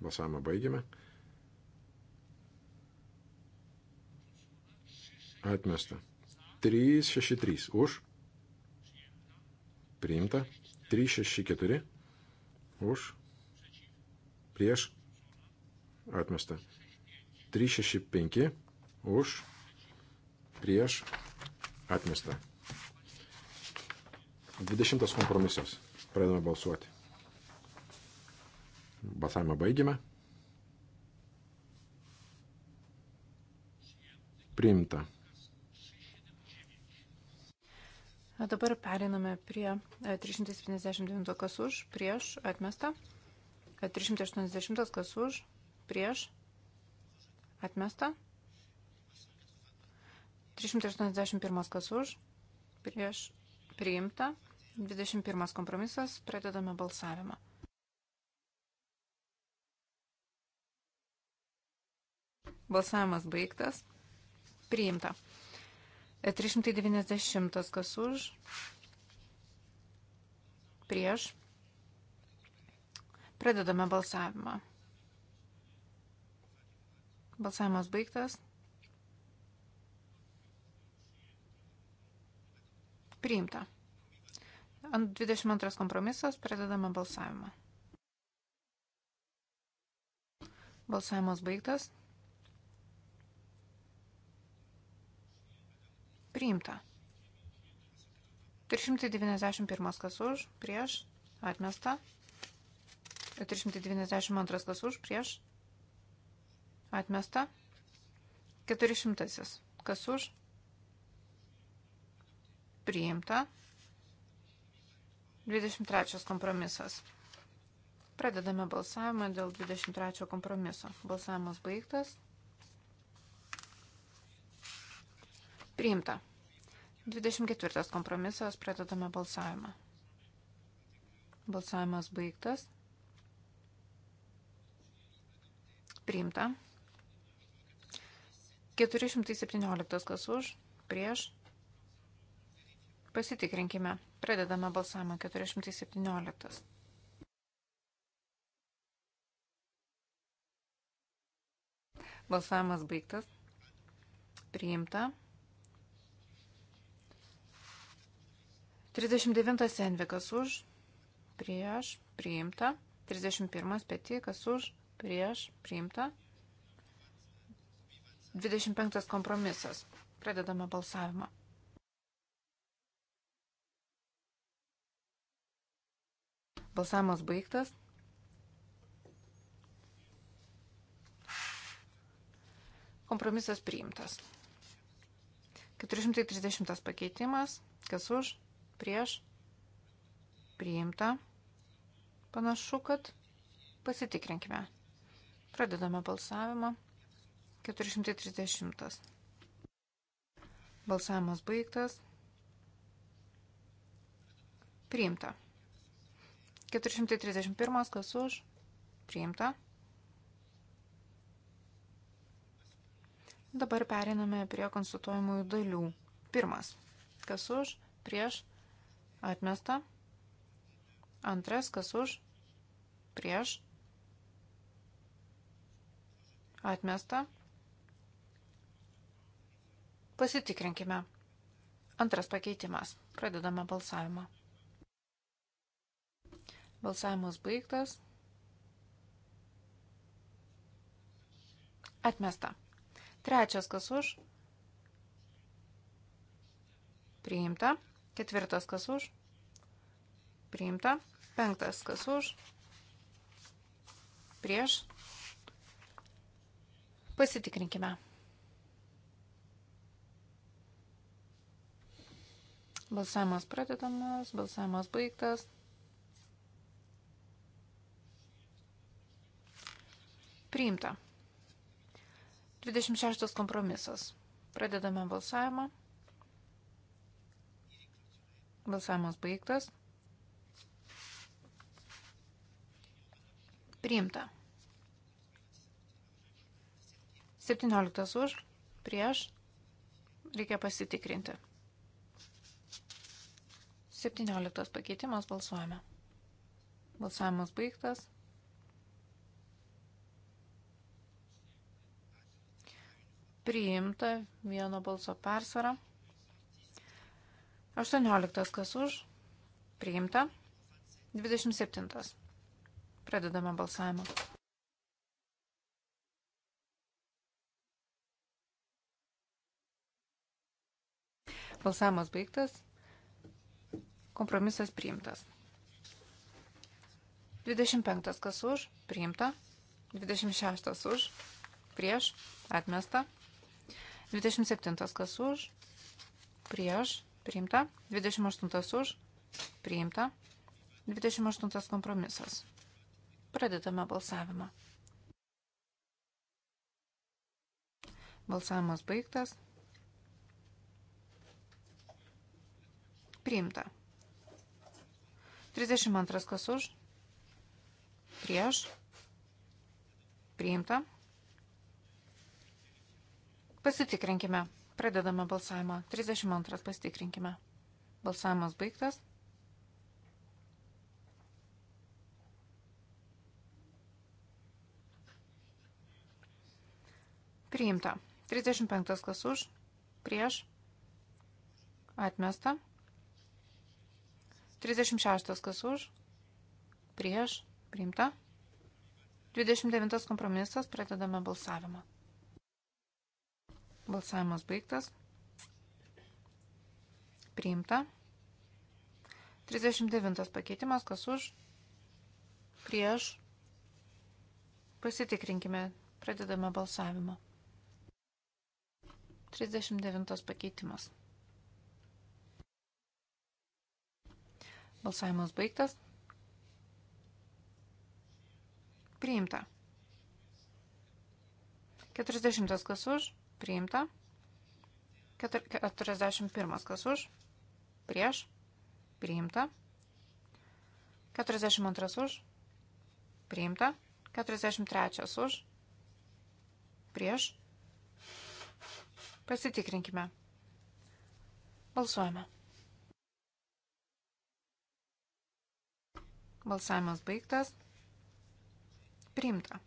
Balsavimą baigiame. Atmesta. 363. Už. Priimta. 364. Už. Prieš atmesta. 365 už, prieš, atmesta. 20 kompromisas. Pradedame balsuoti. Balsavimą baigime. Priimta. O dabar periname prie 379 e, kas už, prieš, atmesta. 380 e, kas už, prieš, atmesta. 381 kas už, prieš, priimta. 21 kompromisas, pradedame balsavimą. Balsavimas baigtas. Priimta. 390 kas už. Prieš. Pradedame balsavimą. Balsavimas baigtas. Priimta. Ant 22 kompromisas pradedame balsavimą. Balsavimas baigtas. Priimta. 391 kas už, prieš, atmesta. 392 kas už, prieš, Atmesta. 400. Kas už? Priimta. 23 kompromisas. Pradedame balsavimą dėl 23 kompromiso. Balsavimas baigtas. Priimta. 24 kompromisas. Pradedame balsavimą. Balsavimas baigtas. Priimta. 417 kas už, prieš. Pasitikrinkime. Pradedame balsavimą 417. Balsavimas baigtas. Priimta. 39 senvikas už, prieš, priimta. 31 petikas už, prieš, priimta. 25 kompromisas. Pradedame balsavimą. Balsavimas baigtas. Kompromisas priimtas. 430 pakeitimas. Kas už? Prieš? Priimta. Panašu, kad pasitikrinkime. Pradedame balsavimą. 430. Balsavimas baigtas. Priimta. 431. Kas už? Priimta. Dabar periname prie konsultuojamųjų dalių. Pirmas. Kas už? Prieš. Atmesta. Antras. Kas už? Prieš. Atmesta. Pasitikrinkime. Antras pakeitimas. Pradedame balsavimą. Balsavimas baigtas. Atmesta. Trečias kas už. Priimta. Ketvirtas kas už. Priimta. Penktas kas už. Prieš. Pasitikrinkime. Balsavimas pradedamas, balsavimas baigtas. Priimta. 26 kompromisas. Pradedame balsavimą. Balsavimas baigtas. Priimta. 17 už, prieš, reikia pasitikrinti. 17 pakeitimas balsuojame. Balsavimas baigtas. Priimta vieno balso persvara. 18 kas už. Priimta. 27. Pradedame balsavimą. Balsavimas baigtas. Kompromisas priimtas. 25 kas už, priimta. 26 už, prieš, atmesta. 27 kas už, prieš, priimta. 28 už, priimta. 28 kompromisas. Pradedame balsavimą. Balsavimas baigtas. Priimta. 32 kas už, prieš, priimta. Pasitikrinkime. Pradedame balsavimą. 32 pasitikrinkime. Balsavimas baigtas. Priimta. 35 kas už, prieš, atmesta. 36 kas už, prieš, priimta. 29 kompromisas, pradedame balsavimą. Balsavimas baigtas. Priimta. 39 pakeitimas, kas už, prieš. Pasitikrinkime, pradedame balsavimą. 39 pakeitimas. Balsavimas baigtas. Priimta. 40 kas už, priimta. 41 kas už, prieš, priimta. 42 už, priimta. 43 už, prieš. Pasitikrinkime. Balsuojame. Balsavimas baigtas. Priimta.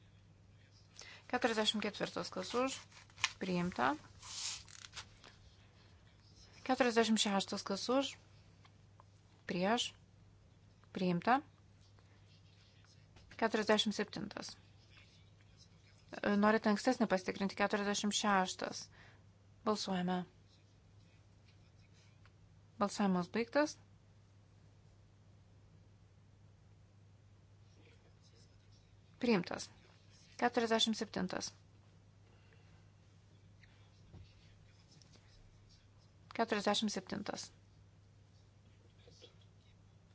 44 kas už. Priimta. 46 kas už. Prieš. Priimta. 47. Norite ankstesnį pasitikrinti 46. Balsuojame. Balsavimas baigtas. Priimtas. 47. 47.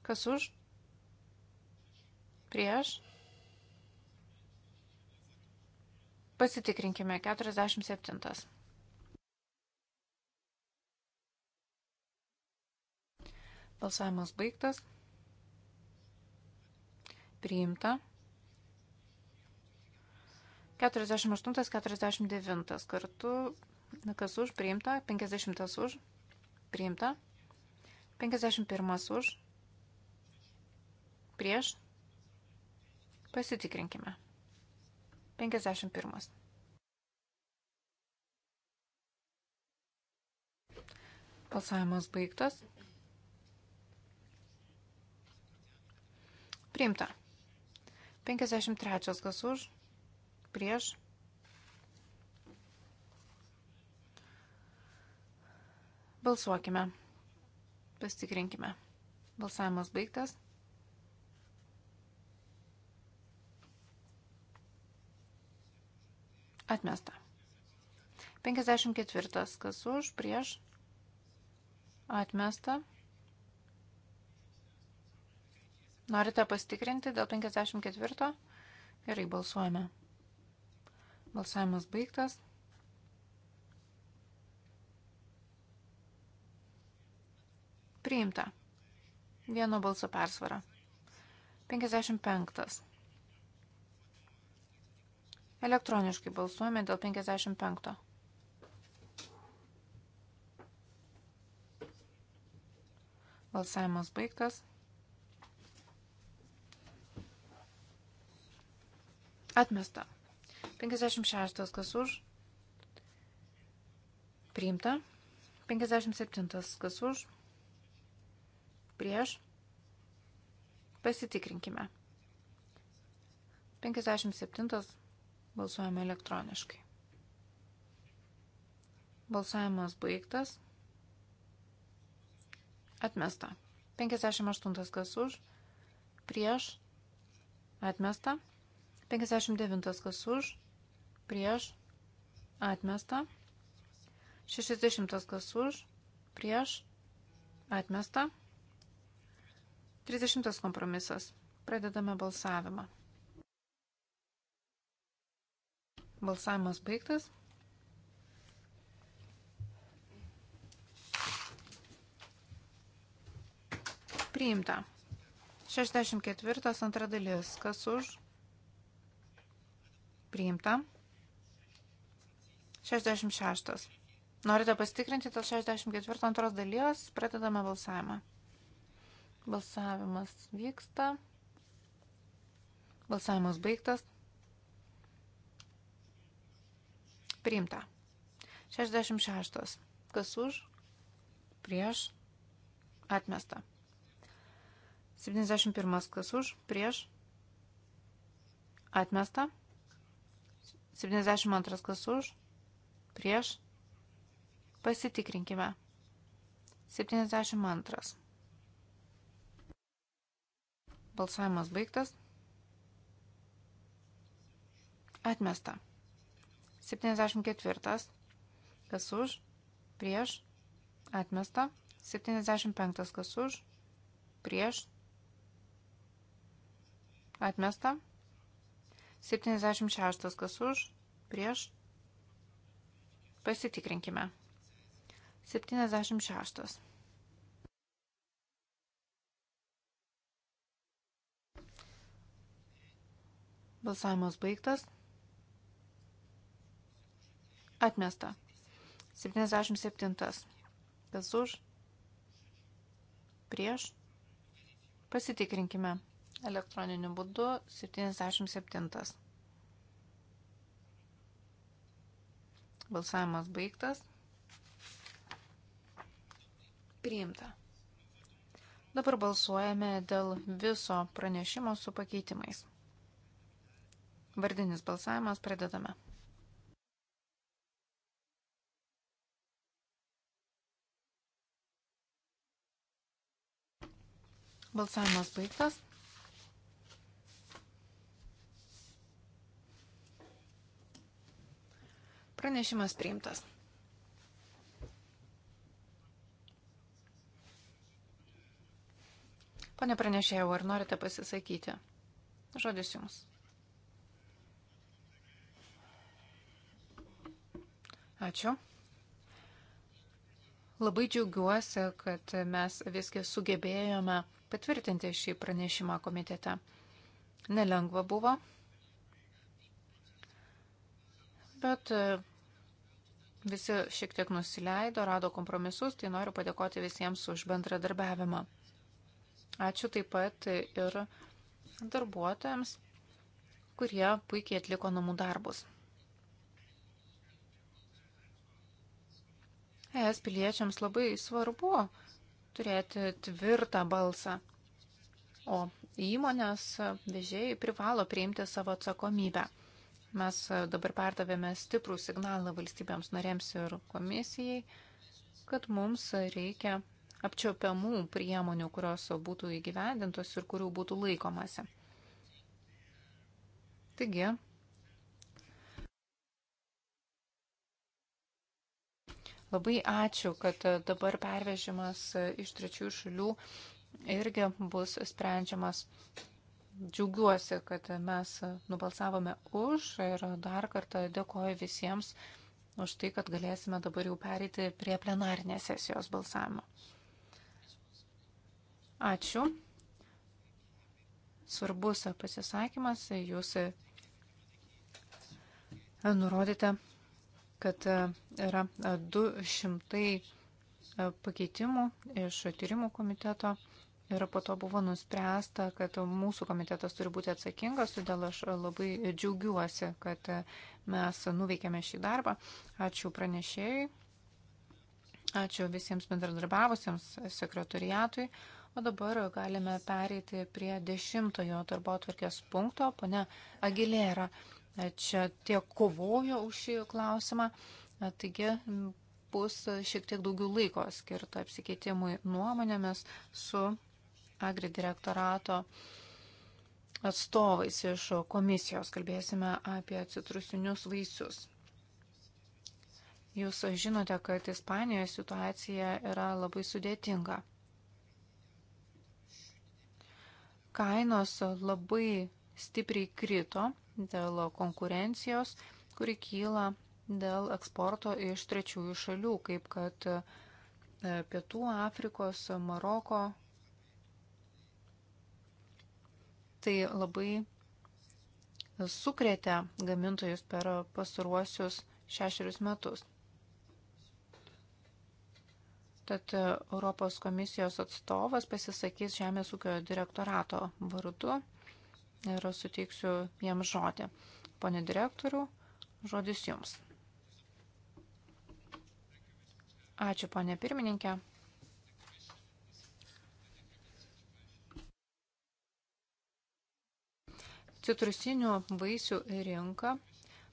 Kas už? Prieš? Pasitikrinkime 47. Balsavimas baigtas. Priimta. 48-49 kartu, kas už, priimta, 50 už, priimta, 51 už, prieš, pasitikrinkime. 51. Balsavimas baigtas. Priimta. 53 kas už, prieš. Balsuokime. Pastikrinkime. Balsavimas baigtas. Atmesta. 54. Kas už, prieš. Atmesta. Norite pastikrinti dėl 54? Gerai, balsuojame. Balsavimas baigtas. Priimta. Vieno balso persvara. 55. Elektroniškai balsuojame dėl 55. Balsavimas baigtas. Atmesta. 56 kas už. Priimta. 57 kas už. Prieš. Pasitikrinkime. 57 balsuojame elektroniškai. Balsavimas baigtas. Atmesta. 58 kas už. Prieš. Atmesta. 59 kas už prieš, atmesta. 60 kas už, prieš, atmesta. 30 kompromisas. Pradedame balsavimą. Balsavimas baigtas. Priimta. 64 antra dalis. Kas už? Priimta. 66. Norite pastikrinti dėl 64 antros dalies, pradedame balsavimą. Balsavimas vyksta. Balsavimas baigtas. Priimta. 66. Kas už? Prieš. Atmesta. 71. Kas už? Prieš. Atmesta. 72. Kas už? prieš, pasitikrinkime. 72. Balsavimas baigtas. Atmesta. 74. Kas už, prieš, atmesta. 75. Kas už, prieš, atmesta. 76. Kas už, prieš, Pasitikrinkime. 76. Balsavimas baigtas. Atmesta. 77. Kas už? Prieš? Pasitikrinkime. Elektroniniu būdu 77. Balsavimas baigtas. Priimta. Dabar balsuojame dėl viso pranešimo su pakeitimais. Vardinis balsavimas pradedame. Balsavimas baigtas. Pranešimas priimtas. Pane pranešėjau, ar norite pasisakyti? Žodis jums. Ačiū. Labai džiaugiuosi, kad mes visgi sugebėjome patvirtinti šį pranešimą komitete. Nelengva buvo, bet e, visi šiek tiek nusileido, rado kompromisus, tai noriu padėkoti visiems už bendradarbiavimą. Ačiū taip pat ir darbuotojams, kurie puikiai atliko namų darbus. Es piliečiams labai svarbu turėti tvirtą balsą, o įmonės vežėjai privalo priimti savo atsakomybę. Mes e, dabar perdavėme stiprų signalą valstybėms narėms ir komisijai, kad mums reikia apčiopiamų priemonių, kurios būtų įgyvendintos ir kurių būtų laikomasi. Taigi, labai ačiū, kad dabar pervežimas iš trečiųjų šalių irgi bus sprendžiamas Džiaugiuosi, kad mes nubalsavome už ir dar kartą dėkoju visiems už tai, kad galėsime dabar jau pereiti prie plenarinės sesijos balsavimo. Ačiū. Svarbus pasisakymas. Jūs e, nurodėte, kad e, yra 200 e, pakeitimų iš tyrimų komiteto Ir po to buvo nuspręsta, kad mūsų komitetas turi būti atsakingas, todėl aš labai džiaugiuosi, kad mes nuveikėme šį darbą. Ačiū pranešėjai, ačiū visiems bendradarbiavusiems sekretoriatui. O dabar galime pereiti prie dešimtojo darbo atvarkės punkto. Pane Agilėra čia tiek kovojo už šį klausimą, taigi bus šiek tiek daugiau laiko skirta apsikeitimui nuomonėmis su Agri direktorato atstovais iš komisijos. Kalbėsime apie citrusinius vaisius. Jūs žinote, kad Ispanijoje situacija yra labai sudėtinga. Kainos labai stipriai krito dėl konkurencijos, kuri kyla dėl eksporto iš trečiųjų šalių, kaip kad e, Pietų Afrikos, Maroko, tai labai sukrėtė gamintojus per pastaruosius šešerius metus. Tad Europos komisijos atstovas pasisakys Žemės ūkio direktorato vardu ir suteiksiu jam žodį. Pone direktorių, žodis jums. Ačiū, ponė pirmininkė. Citrusinių vaisių rinka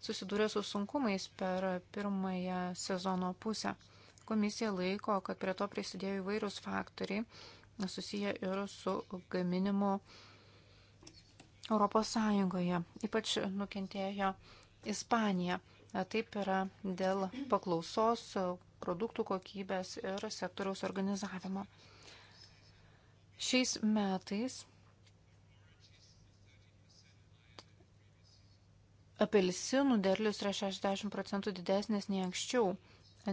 susidūrė su sunkumais per pirmąją sezono pusę. Komisija laiko, kad prie to prisidėjo įvairūs faktoriai susiję ir su gaminimu Europos Sąjungoje. Ypač nukentėjo Ispanija. Taip yra dėl paklausos, produktų kokybės ir sektoriaus organizavimo. Šiais metais apelsinų derlius yra 60 procentų didesnis nei anksčiau.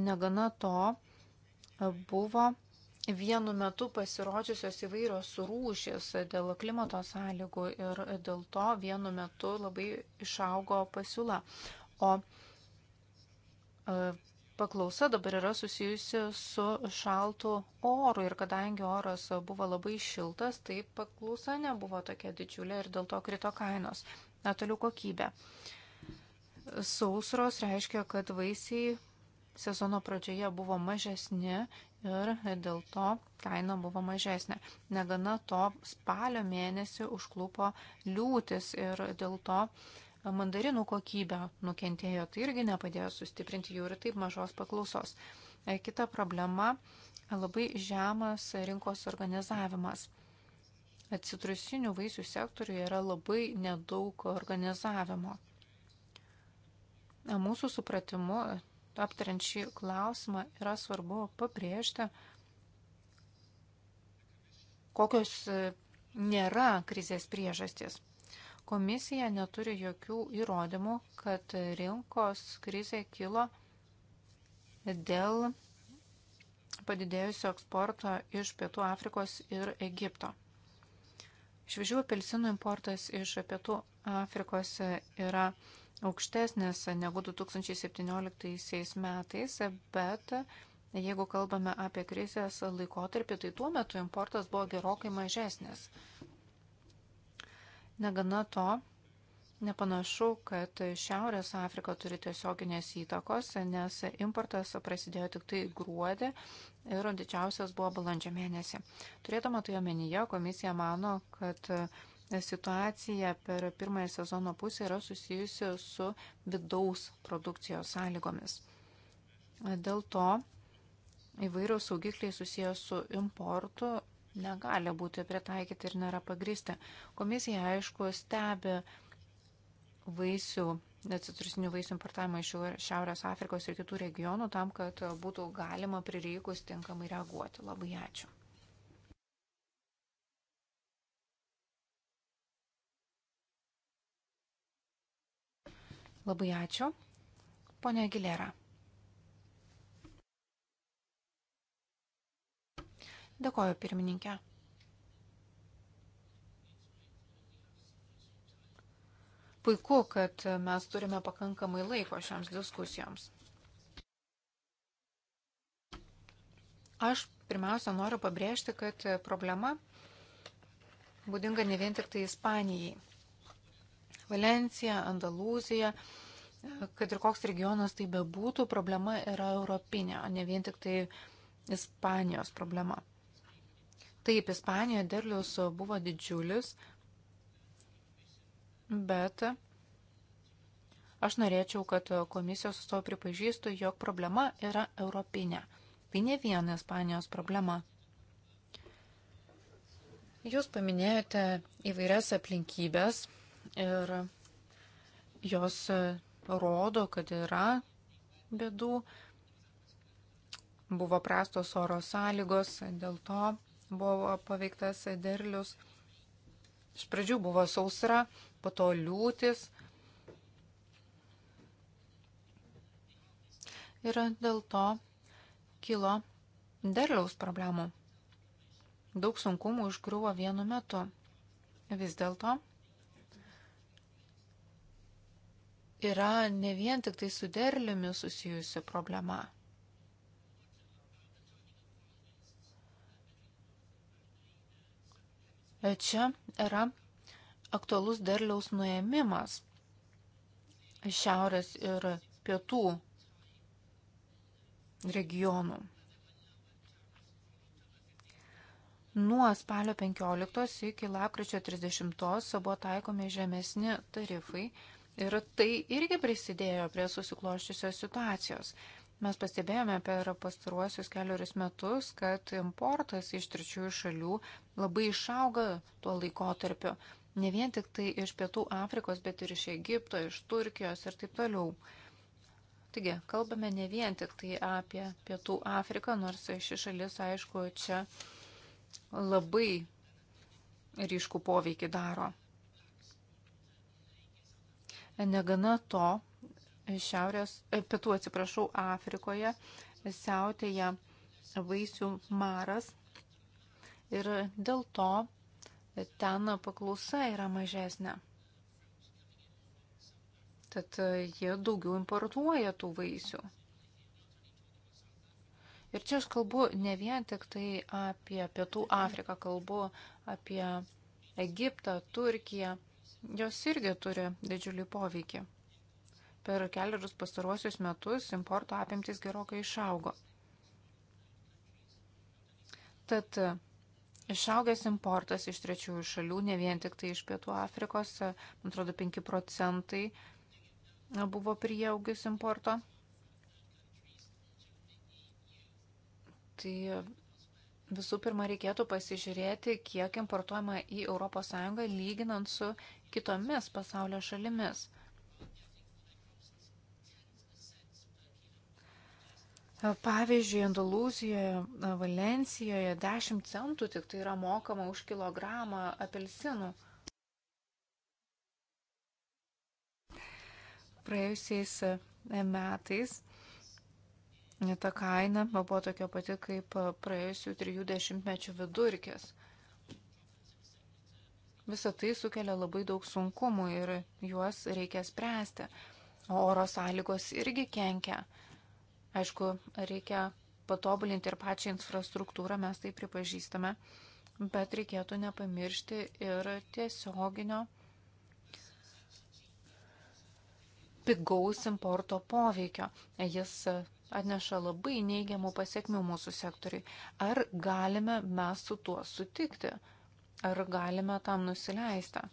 Negana to, buvo vienu metu pasirodžiusios įvairios rūšis dėl klimato sąlygų ir dėl to vienu metu labai išaugo pasiūla. O e, paklausa dabar yra susijusi su šaltu oru ir kadangi oras buvo labai šiltas, tai paklausa nebuvo tokia didžiulė ir dėl to krito kainos na, toliau kokybę. Sausros reiškia, kad vaisiai sezono pradžioje buvo mažesni ir dėl to kaina buvo mažesnė. Negana to, spalio mėnesį užklupo liūtis ir dėl to mandarinų kokybė nukentėjo. Tai irgi nepadėjo sustiprinti jų ir taip mažos paklausos. Kita problema - labai žemas rinkos organizavimas. Citrusinių vaisių sektoriuje yra labai nedaug organizavimo. Mūsų supratimu, aptariant šį klausimą, yra svarbu pabrėžti, kokios e, nėra krizės priežastys. Komisija neturi jokių įrodymų, kad rinkos krizė kilo dėl padidėjusio eksporto iš Pietų Afrikos ir Egipto. Šviežių apelsinų importas iš Pietų Afrikos yra aukštesnis negu 2017 metais, bet jeigu kalbame apie krizės laikotarpį, tai tuo metu importas buvo gerokai mažesnis. Negana to, Nepanašu, kad Šiaurės Afrika turi tiesioginės įtakos, nes importas prasidėjo tik tai gruodį ir didžiausias buvo balandžio mėnesį. Turėdama tai omenyje, komisija mano, kad situacija per pirmąją sezono pusę yra susijusi su vidaus produkcijos sąlygomis. Dėl to įvairiaus saugikliai susijęs su importu negali būti pritaikyti ir nėra pagristi. Komisija, aišku, stebi vaisių, citrusinių vaisių importavimą iš Šiaurės Afrikos ir kitų regionų tam, kad būtų galima prireikus tinkamai reaguoti. Labai ačiū. Labai ačiū. Pone Gilera. Dėkoju pirmininkė. Puiku, kad mes turime pakankamai laiko šiams diskusijoms. Aš pirmiausia noriu pabrėžti, kad problema būdinga ne vien tik tai Ispanijai. Valencija, Andalūzija, kad ir koks regionas tai bebūtų, problema yra europinė, o ne vien tik tai Ispanijos problema. Taip, Ispanijoje derlius buvo didžiulis, bet aš norėčiau, kad komisijos atstovai pripažįstų, jog problema yra europinė. Tai ne viena Ispanijos problema. Jūs paminėjote įvairias aplinkybės ir jos rodo, kad yra bėdų. Buvo prastos oro sąlygos, dėl to buvo paveiktas derlius. Iš pradžių buvo sausra, po to liūtis. Ir dėl to kilo derliaus problemų. Daug sunkumų užgriuvo vienu metu. Vis dėlto yra ne vien tik tai su derliumi susijusi problema. Čia yra aktualus derliaus nuėmimas šiaurės ir pietų regionų. Nuo spalio 15 iki lapkričio 30 buvo taikomi žemesni tarifai ir tai irgi prisidėjo prie susikloščiusios situacijos. Mes pastebėjome per pastaruosius keliarius metus, kad importas iš trečiųjų šalių labai išauga tuo laikotarpiu ne vien tik tai iš Pietų Afrikos, bet ir iš Egipto, iš Turkijos ir taip toliau. Taigi, kalbame ne vien tik tai apie Pietų Afriką, nors ši šalis, aišku, čia labai ryškų poveikį daro. Negana to, šiaurės, e, pietų atsiprašau, Afrikoje siautėja vaisių maras ir dėl to ten paklausa yra mažesnė. Tad jie daugiau importuoja tų vaisių. Ir čia aš kalbu ne vien tik tai apie Pietų Afriką, kalbu apie Egiptą, Turkiją. Jos irgi turi didžiulį poveikį. Per keliarius pastaruosius metus importo apimtis gerokai išaugo. Tad Išaugęs importas iš trečiųjų šalių, ne vien tik tai iš Pietų Afrikos, man atrodo, 5 procentai buvo prieaugis importo. Tai visų pirma, reikėtų pasižiūrėti, kiek importuojama į ES lyginant su kitomis pasaulio šalimis. E, pavyzdžiui, Andalūzijoje, e, Valencijoje 10 centų tik tai yra mokama už kilogramą apelsinų. Praėjusiais e, metais ta kaina buvo tokia pati kaip praėjusių 30 mečių vidurkis. Visą tai sukelia labai daug sunkumų ir juos reikia spręsti. O oro sąlygos irgi kenkia. Aišku, reikia patobulinti ir pačią infrastruktūrą, mes tai pripažįstame, bet reikėtų nepamiršti ir tiesioginio pigaus importo poveikio. Jis atneša labai neigiamų pasiekmių mūsų sektoriai. Ar galime mes su tuo sutikti? Ar galime tam nusileisti?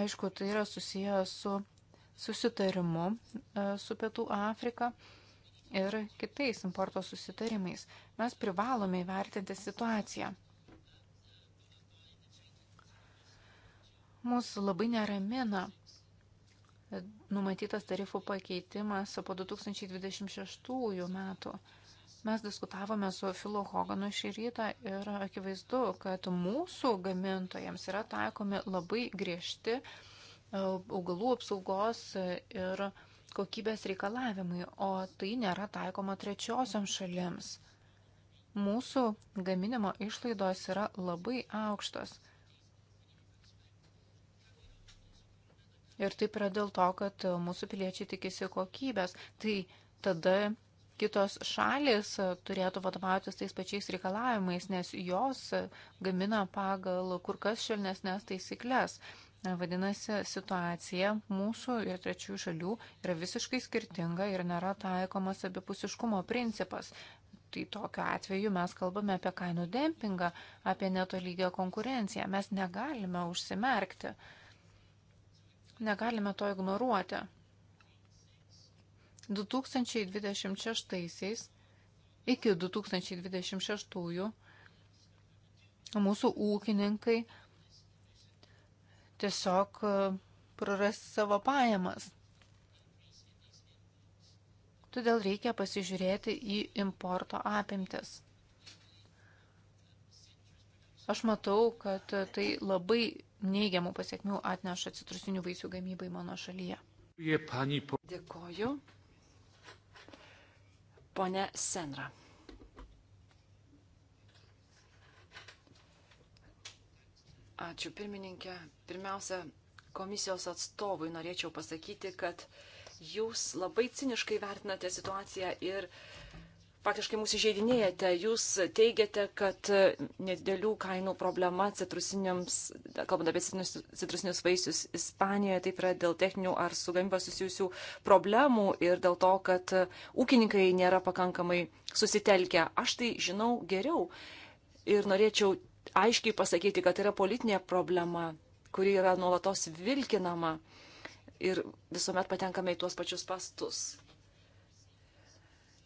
Aišku, tai yra susiję su susitarimu e, su Pietų Afrika ir kitais importo susitarimais. Mes privalome įvertinti situaciją. Mūsų labai neramina numatytas tarifų pakeitimas po 2026 metų. Mes diskutavome su Filu Hoganu šį rytą ir akivaizdu, kad mūsų gamintojams yra taikomi labai griežti uh, E, augalų apsaugos ir kokybės reikalavimai, o tai nėra taikoma trečiosiam šalims. Mūsų gaminimo išlaidos yra labai aukštos. Ir taip yra dėl to, kad mūsų piliečiai tikisi kokybės. Tai tada kitos šalis turėtų vadovautis tais pačiais reikalavimais, nes jos gamina pagal kur kas švelnesnės taisyklės. Vadinasi, situacija mūsų ir trečių šalių yra visiškai skirtinga ir nėra taikomas abipusiškumo principas. Tai tokiu atveju mes kalbame apie kainų dempingą, apie netolygę konkurenciją. Mes negalime užsimerkti, negalime to ignoruoti. 2026 iki 2026 mūsų ūkininkai tiesiog e, praras savo pajamas. Todėl reikia pasižiūrėti į importo apimtis. Aš matau, kad tai labai neigiamų pasiekmių atneša citrusinių vaisių gamybai mano šalyje. Dėkoju. Pone Senra. Ačiū pirmininkė. Pirmiausia, komisijos atstovui norėčiau pasakyti, kad jūs labai ciniškai vertinate situaciją ir faktiškai mūsų žaidinėjate. Jūs teigiate, kad nedėlių kainų problema citrusiniams, kalbant apie citrusinius vaisius Ispanijoje, taip yra dėl techninių ar su gamyba susijusių problemų ir dėl to, kad ūkininkai nėra pakankamai susitelkę. Aš tai žinau geriau ir norėčiau aiškiai pasakyti, kad yra politinė problema, kuri yra nuolatos vilkinama ir visuomet patenkame į tuos pačius pastus.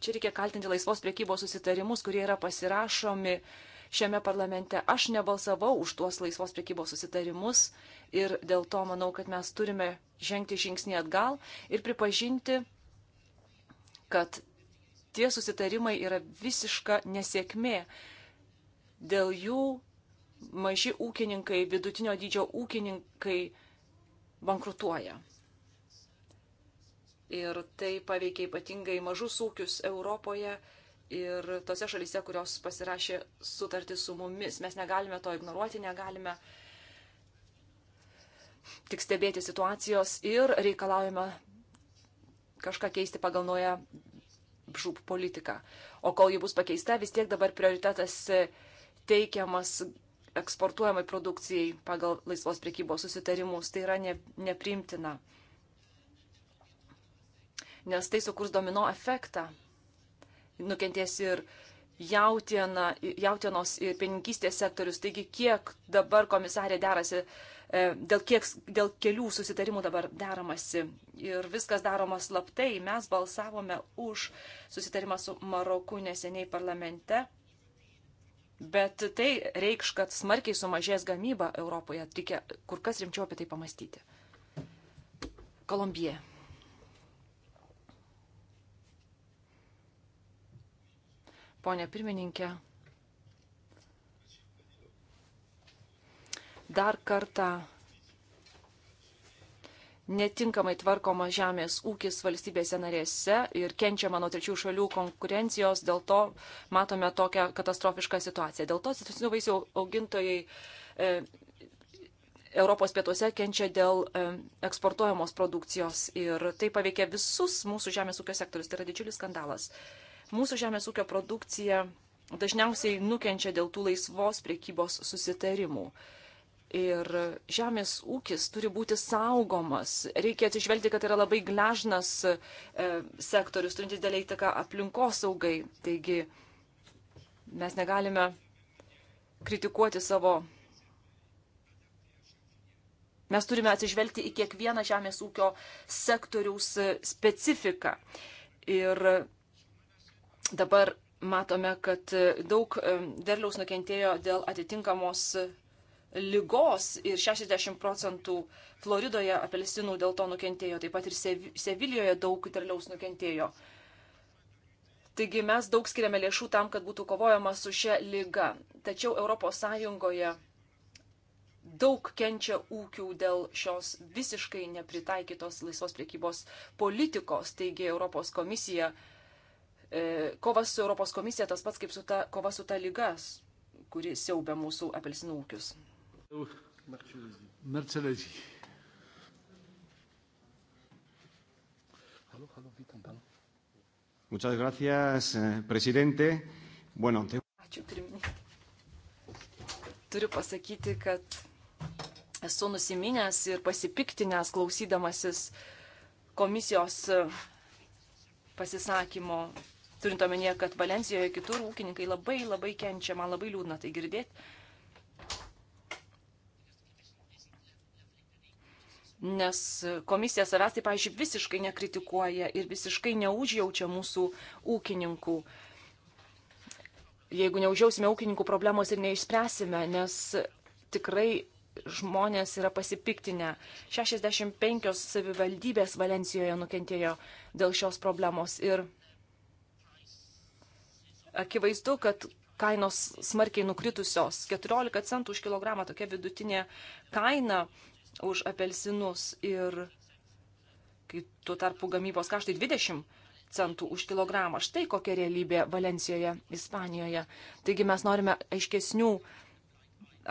Čia reikia kaltinti laisvos priekybos susitarimus, kurie yra pasirašomi šiame parlamente. Aš nebalsavau už tuos laisvos priekybos susitarimus ir dėl to manau, kad mes turime žengti žingsnį atgal ir pripažinti, kad tie susitarimai yra visiška nesėkmė. Dėl jų maži ūkininkai, vidutinio dydžio ūkininkai bankrutuoja. Ir tai paveikia ypatingai mažus ūkius Europoje ir tose šalyse, kurios pasirašė sutartį su mumis. Mes negalime to ignoruoti, negalime tik stebėti situacijos ir reikalaujame kažką keisti pagal nuoją žūp politiką. O kol ji bus pakeista, vis tiek dabar prioritetas teikiamas eksportuojamai produkcijai pagal laisvos priekybos susitarimus. Tai yra ne, neprimtina, nes tai sukurs domino efektą. Nukentės ir jautiena, jautienos ir pieninkystės sektorius. Taigi, kiek dabar komisarė derasi, e, dėl, kiek, dėl kelių susitarimų dabar deramasi. Ir viskas daroma slaptai. Mes balsavome už susitarimą su Maroku neseniai parlamente Bet tai reikš, kad smarkiai sumažės gamyba Europoje. Reikia kur kas rimčiau apie tai pamastyti. Kolumbija. Pone pirmininkė, dar kartą netinkamai tvarkoma žemės ūkis valstybėse narėse ir kenčiama nuo trečių šalių konkurencijos, dėl to matome tokią katastrofišką situaciją. Dėl to citrusinių vaisių augintojai e, Europos pietuose kenčia dėl e, eksportuojamos produkcijos ir tai paveikia visus mūsų žemės ūkio sektorius. Tai yra didžiulis skandalas. Mūsų žemės ūkio produkcija dažniausiai nukenčia dėl tų laisvos priekybos susitarimų. E, Ir žemės ūkis turi būti saugomas. Reikia atsižvelgti, kad yra labai gležnas e, sektorius, turintis didelį įtaką aplinkosaugai. Taigi mes negalime kritikuoti savo. Mes turime atsižvelgti į kiekvieną žemės ūkio sektoriaus specifiką. Ir dabar matome, kad daug e, derliaus nukentėjo dėl atitinkamos lygos ir 60 procentų Floridoje apelsinų dėl to nukentėjo, taip pat ir Sevilijoje daug terliaus nukentėjo. Taigi mes daug skiriame lėšų tam, kad būtų kovojama su šia lyga. Tačiau ES daug kenčia ūkių dėl šios visiškai nepritaikytos laisvos priekybos politikos. Taigi Europos komisija, e, kovas su Europos komisija tas pats kaip su ta, kova su ta lygas, kuri siaubia mūsų apelsinų ūkius. Marcelezi. Halo, halo, witam pana. Muchas gracias, eh, prezidente. Bueno, te... Ačiū, pirmininkė. Turiu pasakyti, kad esu nusiminęs ir pasipiktinęs klausydamasis komisijos e, pasisakymo, turint omenyje, kad Valencijoje kitur ūkininkai labai labai kenčia, man labai liūdna tai girdėti. nes komisija savęs, tai, pavyzdžiui, visiškai nekritikuoja ir visiškai neužjaučia mūsų ūkininkų. Jeigu neužjausime ūkininkų problemos ir neišspręsime, nes tikrai žmonės yra pasipiktinę. 65 savivaldybės Valencijoje nukentėjo dėl šios problemos ir akivaizdu, kad kainos smarkiai nukritusios. 14 centų už kilogramą tokia vidutinė kaina už apelsinus ir kai tuo tarpu gamybos kaštai 20 centų už kilogramą. Štai kokia realybė Valencijoje, Ispanijoje. Taigi mes norime aiškesnių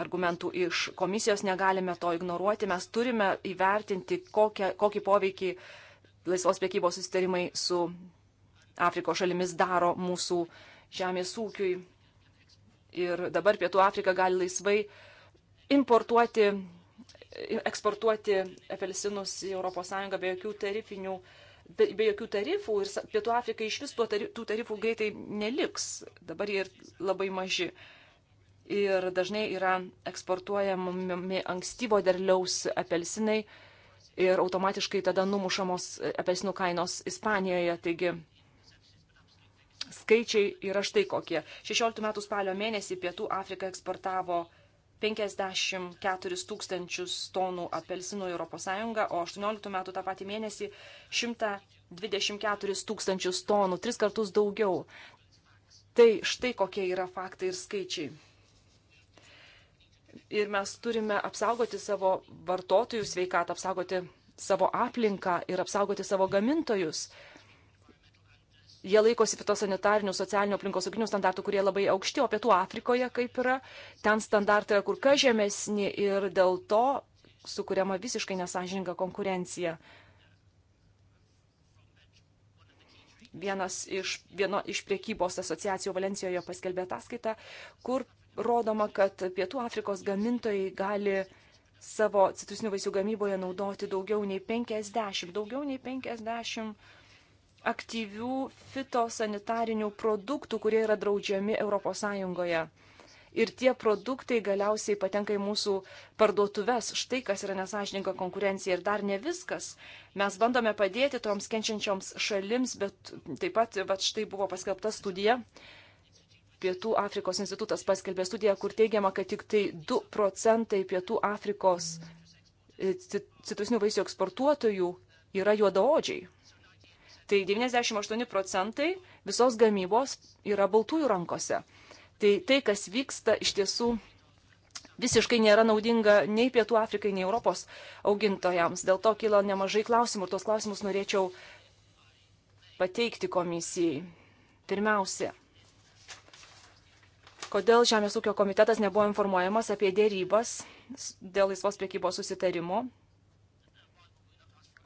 argumentų iš komisijos, negalime to ignoruoti, mes turime įvertinti, kokią, kokį poveikį laisvos priekybos susitarimai su Afrikos šalimis daro mūsų žemės ūkiui. Ir dabar Pietų Afrika gali laisvai importuoti eksportuoti apelsinus į ES be jokių tarifinių, be, be jokių tarifų ir Pietų Afrikai iš vis tarif, tų tarifų greitai neliks. Dabar jie ir labai maži. Ir dažnai yra eksportuojami ankstyvo derliaus apelsinai ir automatiškai tada numušamos apelsinų kainos Ispanijoje. Taigi skaičiai yra štai kokie. 16 metų spalio mėnesį Pietų Afrika eksportavo 54 tūkstančius tonų apelsinų į ES, o 18 metų tą patį mėnesį 124 tūkstančius tonų, tris kartus daugiau. Tai štai kokie yra faktai ir skaičiai. Ir mes turime apsaugoti savo vartotojų sveikatą, apsaugoti savo aplinką ir apsaugoti savo gamintojus jie laikosi fitosanitarinių, socialinių aplinkosauginių standartų, kurie labai aukšti, o Pietų Afrikoje kaip yra, ten standartai yra kur kas žemesni ir dėl to sukuriama visiškai nesažininga konkurencija. Vienas iš, vieno, iš priekybos asociacijų Valencijoje paskelbė ataskaitą, kur rodoma, kad Pietų Afrikos gamintojai gali savo citrusinių vaisių gamyboje naudoti daugiau nei 50, daugiau nei 50 aktyvių fitosanitarinių produktų, kurie yra draudžiami ES. Ir tie produktai galiausiai patenka į mūsų parduotuves. Štai kas yra nesažininka konkurencija. Ir dar ne viskas. Mes bandome padėti toms kenčiančioms šalims, bet taip pat, bet štai buvo paskelbta studija. Pietų Afrikos institutas paskelbė studiją, kur teigiama, kad tik tai 2 procentai Pietų Afrikos e, citrusinių vaisių eksportuotojų yra juodaodžiai tai 98 procentai visos gamybos yra baltųjų rankose. Tai tai, kas vyksta, iš tiesų visiškai nėra naudinga nei Pietų Afrikai, nei Europos augintojams. Dėl to kilo nemažai klausimų ir tuos klausimus norėčiau pateikti komisijai. Pirmiausia, kodėl Žemės ūkio komitetas nebuvo informuojamas apie dėrybas dėl laisvos priekybos susitarimo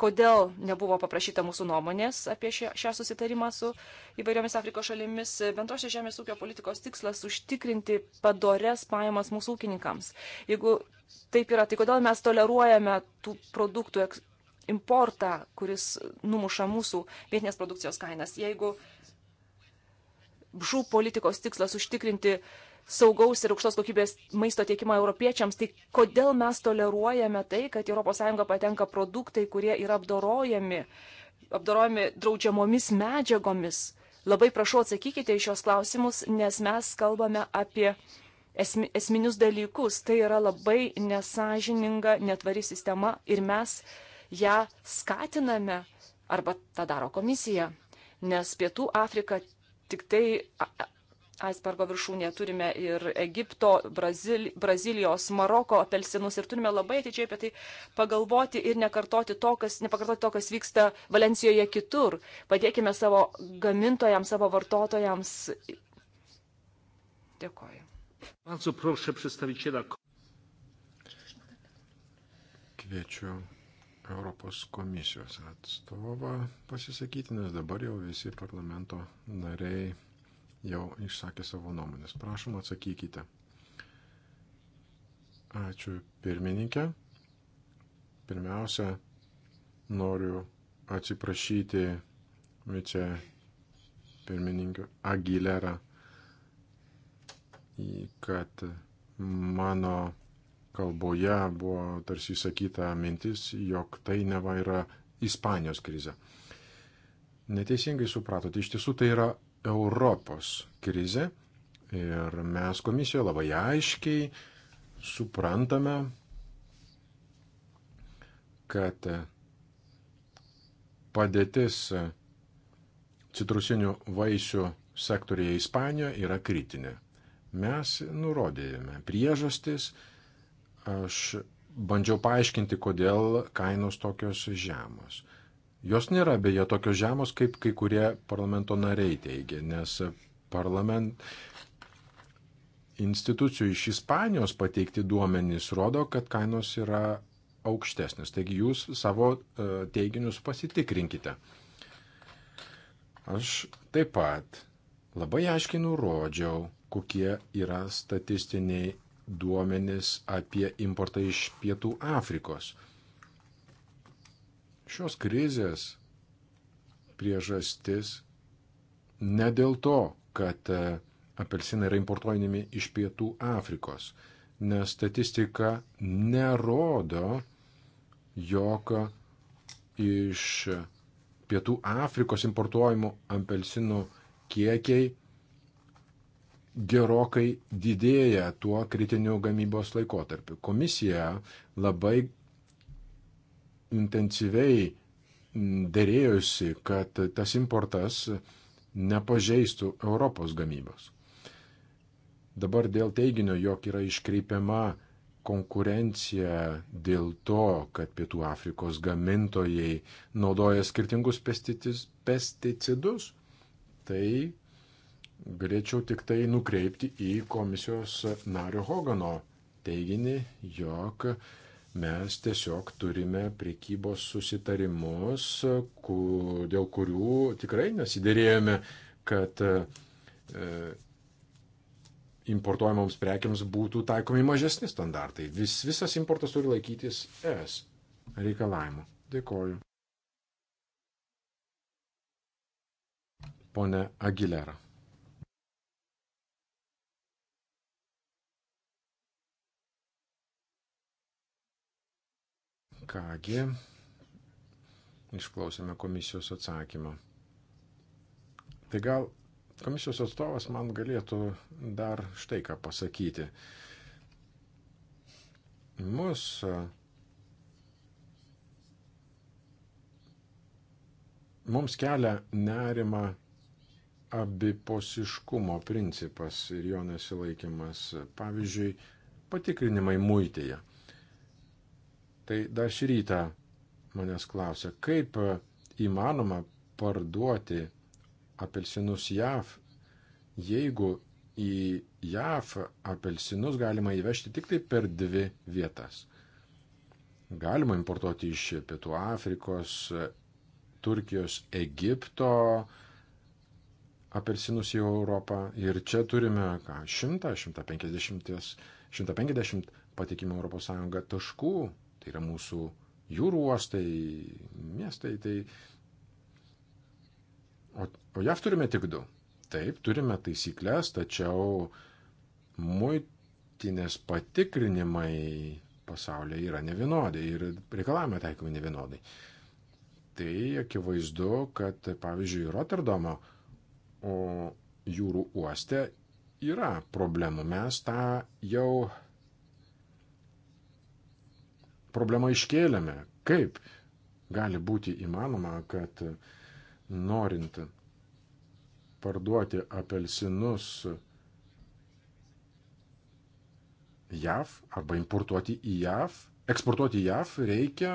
kodėl nebuvo paprašyta mūsų nuomonės apie šią, šią susitarimą su įvairiomis Afrikos šalimis. Bendrosios žemės ūkio politikos tikslas - užtikrinti padores pajamas mūsų ūkininkams. Jeigu taip yra, tai kodėl mes toleruojame tų produktų importą, kuris numuša mūsų vietinės produkcijos kainas. Jeigu žų politikos tikslas - užtikrinti uh, saugaus ir aukštos kokybės maisto tiekimą europiečiams, tai kodėl mes toleruojame tai, kad ES patenka produktai, kurie yra apdorojami, apdorojami draudžiamomis medžiagomis. Labai prašau atsakykite į šios klausimus, nes mes kalbame apie esmi, esminius dalykus. Tai yra labai nesažininga, netvari sistema ir mes ją skatiname arba tą daro komisija. Nes Pietų Afrika tik tai aisbergo viršūnė, turime ir Egipto, Brazil, Brazilijos, Maroko apelsinus ir turime labai atidžiai apie tai pagalvoti ir nekartoti to, kas, nepakartoti to, kas vyksta Valencijoje kitur. Padėkime savo gamintojams, savo vartotojams. Dėkoju. Bardzo proszę przedstawiciela. Kviečiu Europos komisijos atstovą pasisakyti, nes dabar jau visi parlamento nariai jau išsakė savo nuomonės. Prašom atsakykite. Ačiū pirmininkė. Pirmiausia, noriu atsiprašyti vice pirmininkio Agilera, kad mano kalboje buvo tarsi sakyta mintis, jog tai neva yra Ispanijos krize. Neteisingai supratote, iš tiesų tai yra Europos krizė ir mes komisijoje labai aiškiai suprantame, kad padėtis citrusinių vaisių sektorėje Ispanijoje yra kritinė. Mes nurodėjome priežastis, aš bandžiau paaiškinti, kodėl kainos tokios žemos. Jos nėra beje tokios žemos, kaip kai kurie parlamento nariai teigia, nes parlament institucijų iš Ispanijos pateikti duomenys rodo, kad kainos yra aukštesnės. Taigi jūs savo e, teiginius pasitikrinkite. Aš taip pat labai aiškiai nurodžiau, kokie yra statistiniai duomenys apie importą iš Pietų Afrikos. Šios krizės priežastis ne dėl to, kad e, apelsinai yra importuojami iš pietų Afrikos, nes statistika nerodo, jog iš pietų Afrikos importuojamų apelsinų kiekiai gerokai didėja tuo kritiniu gamybos laikotarpiu. Komisija labai intensyviai mm, dėrėjusi, kad tas importas nepažeistų Europos gamybos. Dabar dėl teiginio, jog yra iškreipiama konkurencija dėl to, kad Pietų Afrikos gamintojai naudoja skirtingus pesticidus, tai galėčiau tik tai nukreipti į komisijos nario Hogano teiginį, jog mes tiesiog turime prekybos susitarimus, kur, dėl kurių tikrai nesidėrėjome, kad e, importuojamoms prekiams būtų taikomi mažesni standartai. Vis, visas importas turi laikytis ES reikalavimų. Dėkoju. Pone Aguilera. Kągi, išklausėme komisijos atsakymą. Tai gal komisijos atstovas man galėtų dar štai ką pasakyti. Mus mums kelia nerima abiposiškumo principas ir jo nesilaikimas. Pavyzdžiui, patikrinimai muitėje. Tai dar šį rytą manęs klausia, kaip įmanoma parduoti apelsinus JAV, jeigu į JAV apelsinus galima įvežti tik tai per dvi vietas. Galima importuoti iš Pietų Afrikos, Turkijos, Egipto apelsinus į Europą. Ir čia turime ką, 100, 150, 150 patikimų ES taškų Tai yra mūsų jūrų uostai, miestai. Tai... O, o jav turime tik du. Taip, turime taisyklės, tačiau muitinės patikrinimai pasaulyje yra nevienodai ir reikalavimai taikomi nevienodai. Tai akivaizdu, kad pavyzdžiui Rotterdamo jūrų uoste yra problemų. Mes tą jau problemą iškėlėme. Kaip gali būti įmanoma, kad norint parduoti apelsinus JAV arba importuoti į JAV, eksportuoti į JAV reikia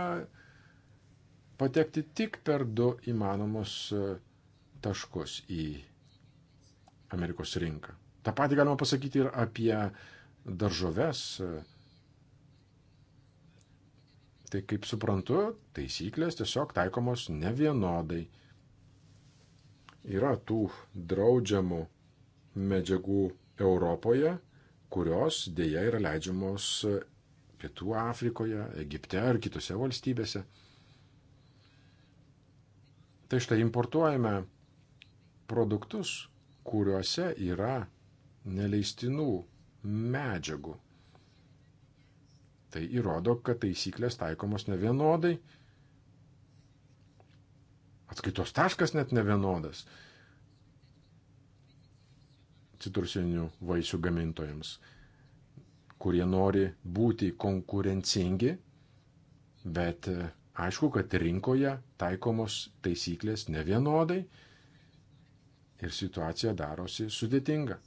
patekti tik per du įmanomus taškus į Amerikos rinką. Ta pati galima pasakyti ir apie daržoves, Tai kaip suprantu, taisyklės tiesiog taikomos nevienodai. Yra tų draudžiamų medžiagų Europoje, kurios dėja yra leidžiamos Pietų Afrikoje, Egipte ar kitose valstybėse. Tai štai importuojame produktus, kuriuose yra neleistinų medžiagų. Tai įrodo, kad taisyklės taikomos nevienodai. Atskaitos taškas net nevienodas citrusinių vaisių gamintojams, kurie nori būti konkurencingi, bet e, aišku, kad rinkoje taikomos taisyklės nevienodai ir situacija darosi sudėtinga.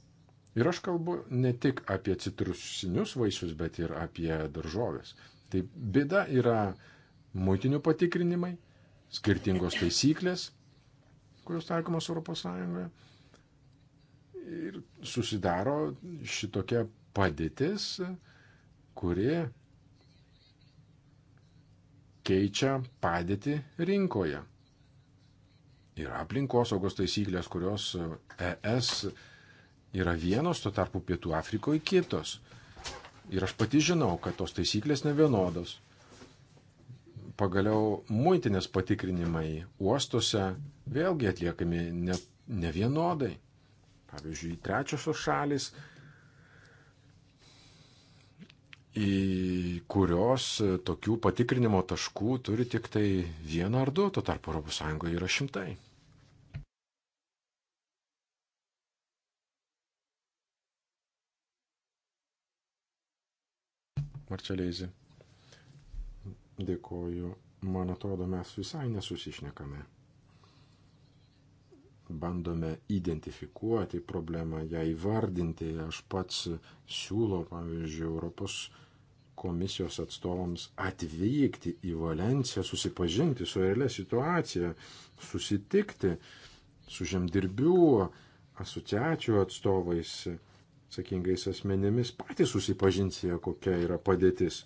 Ir aš kalbu ne tik apie citrusinius vaisius, bet ir apie daržovės. Tai bėda yra muitinių patikrinimai, skirtingos taisyklės, kurios taikomos ES. Ir susidaro šitokia padėtis, kuri keičia padėtį rinkoje. Yra aplinkosaugos taisyklės, kurios ES yra vienos, tuo tarpu Pietų Afrikoje kitos. Ir aš pati žinau, kad tos taisyklės nevienodos. Pagaliau muitinės patikrinimai uostuose vėlgi atliekami ne, ne vienodai. Pavyzdžiui, trečiosios šalis, į kurios tokių patikrinimo taškų turi tik tai vieną ar du, tuo tarpu ES yra šimtai. Marčelėzi. Dėkoju. Man atrodo, mes visai nesusišnekame. Bandome identifikuoti problemą, ją įvardinti. Aš pats siūlau, pavyzdžiui, Europos komisijos atstovams atvykti į Valenciją, susipažinti su realia situacija, susitikti su žemdirbių asociacijų atstovais, atsakingais asmenėmis patys susipažinsite, kokia yra padėtis.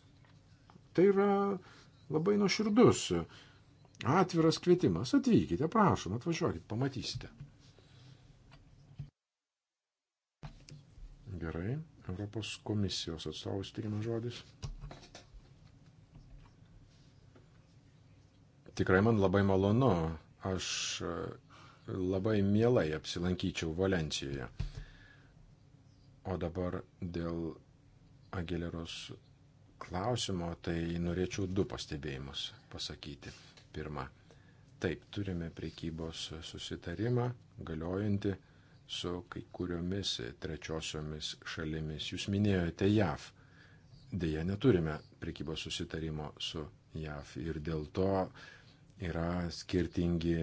Tai yra labai nuoširdus, atviras kvietimas. Atvykite, prašom, atvažiuokit, pamatysite. Gerai, Europos komisijos atstovus tikime žodis. Tikrai man labai malonu, aš labai mielai apsilankyčiau Valencijoje. O dabar dėl Agileros klausimo, tai norėčiau du pastebėjimus pasakyti. Pirma, taip, turime priekybos susitarimą galiojantį su kai kuriomis trečiosiomis šalimis. Jūs minėjote JAV. Deja, neturime priekybos susitarimo su JAV ir dėl to yra skirtingi,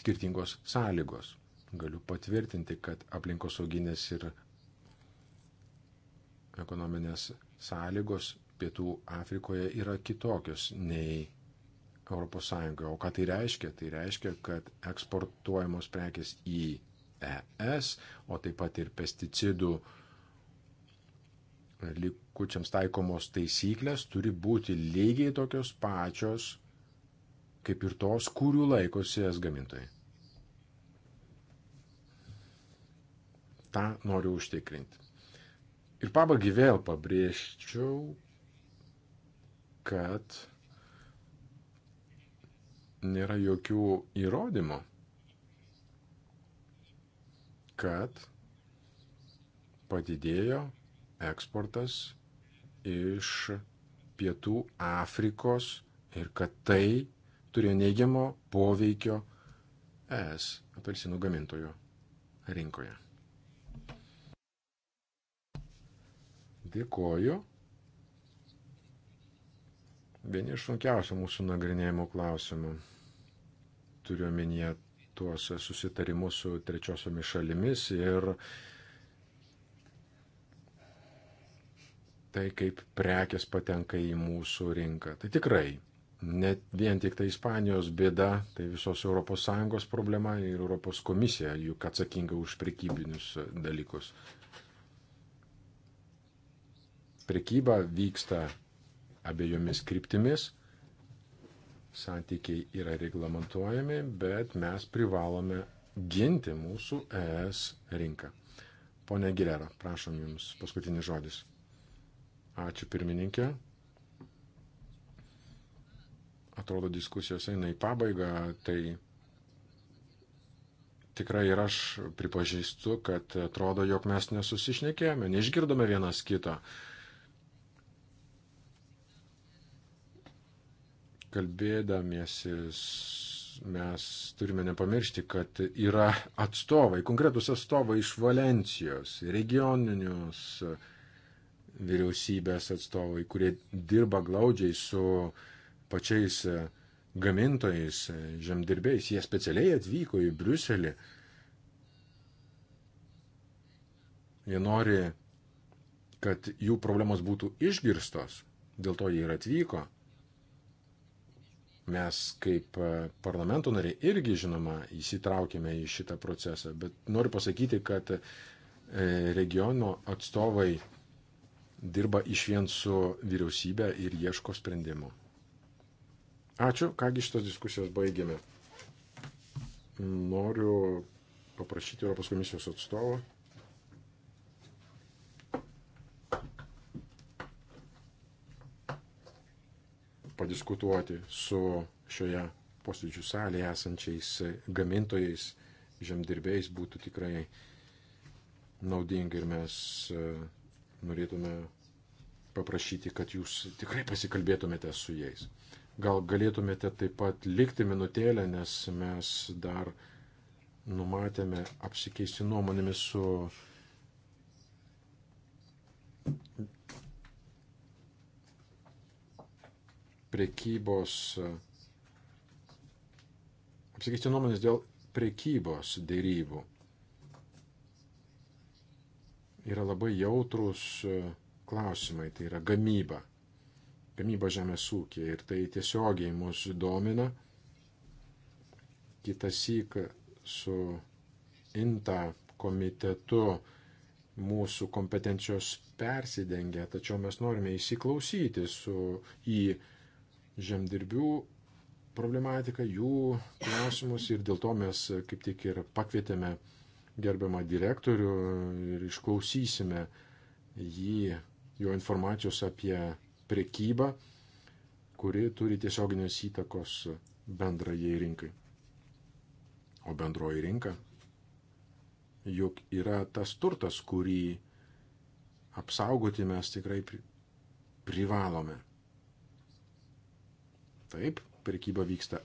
skirtingos sąlygos. Galiu patvirtinti, kad aplinkosauginės ir ekonominės sąlygos Pietų Afrikoje yra kitokios nei ES. O ką tai reiškia? Tai reiškia, kad eksportuojamos prekes į ES, o taip pat ir pesticidų likučiams taikomos taisyklės turi būti lygiai tokios pačios, kaip ir tos, kurių laikosi es gamintojai. tą noriu užtikrinti. Ir pabaigai vėl pabrėžčiau, kad nėra jokių įrodymų, kad padidėjo eksportas iš Pietų Afrikos ir kad tai turėjo neigiamo poveikio ES apelsinų gamintojų rinkoje. Dėkoju. Vieni iš sunkiausių mūsų nagrinėjimų klausimų. Turiu omenyje tuos susitarimus su trečiosiomis šalimis ir tai, kaip prekes patenka į mūsų rinką. Tai tikrai net vien tik tai Ispanijos bėda, tai visos ES problema ir ES komisija juk atsakinga už prekybinius dalykus. Prekyba vyksta abiejomis kryptimis, santykiai yra reglamentuojami, bet mes privalome ginti mūsų ES rinką. Pone Gilera, prašom Jums paskutinis žodis. Ačiū pirmininkė. Atrodo, diskusijos eina į pabaigą, tai tikrai ir aš pripažįstu, kad atrodo, jog mes nesusišnekėjome, neišgirdome vienas kito. kalbėdamiesi mes turime nepamiršti, kad yra atstovai, konkretus atstovai iš Valencijos, regioninius vyriausybės atstovai, kurie dirba glaudžiai su pačiais gamintojais, žemdirbėjais. Jie specialiai atvyko į Briuselį. Jie nori, kad jų problemos būtų išgirstos, dėl to jie ir atvyko. Mes kaip e, parlamento nariai irgi, žinoma, įsitraukėme į šitą procesą, bet noriu pasakyti, kad e, regiono atstovai dirba iš vien su vyriausybė ir ieško sprendimų. Ačiū, kągi šitas diskusijas baigėme. Noriu paprašyti Europos komisijos atstovo padiskutuoti su šioje posėdžių salėje esančiais gamintojais, žemdirbėjais būtų tikrai naudinga ir mes e, norėtume paprašyti, kad jūs tikrai pasikalbėtumėte su jais. Gal galėtumėte taip pat likti minutėlę, nes mes dar numatėme apsikeisti nuomonėmis su prekybos, apsikeisti nuomonės dėl prekybos dėrybų. Yra labai jautrus e, klausimai, tai yra gamyba. Gamyba žemės ūkija ir tai tiesiogiai mus domina. Kitas syk su INTA komitetu mūsų kompetencijos persidengia, tačiau mes norime įsiklausyti su, į žemdirbių problematiką, jų klausimus ir dėl to mes kaip tik ir pakvietėme gerbiamą direktorių ir išklausysime jį, jo informacijos apie prekybą, kuri turi tiesioginės įtakos bendrajai rinkai. O bendroji rinka juk yra tas turtas, kurį apsaugoti mes tikrai privalome. Taip, prekyba vyksta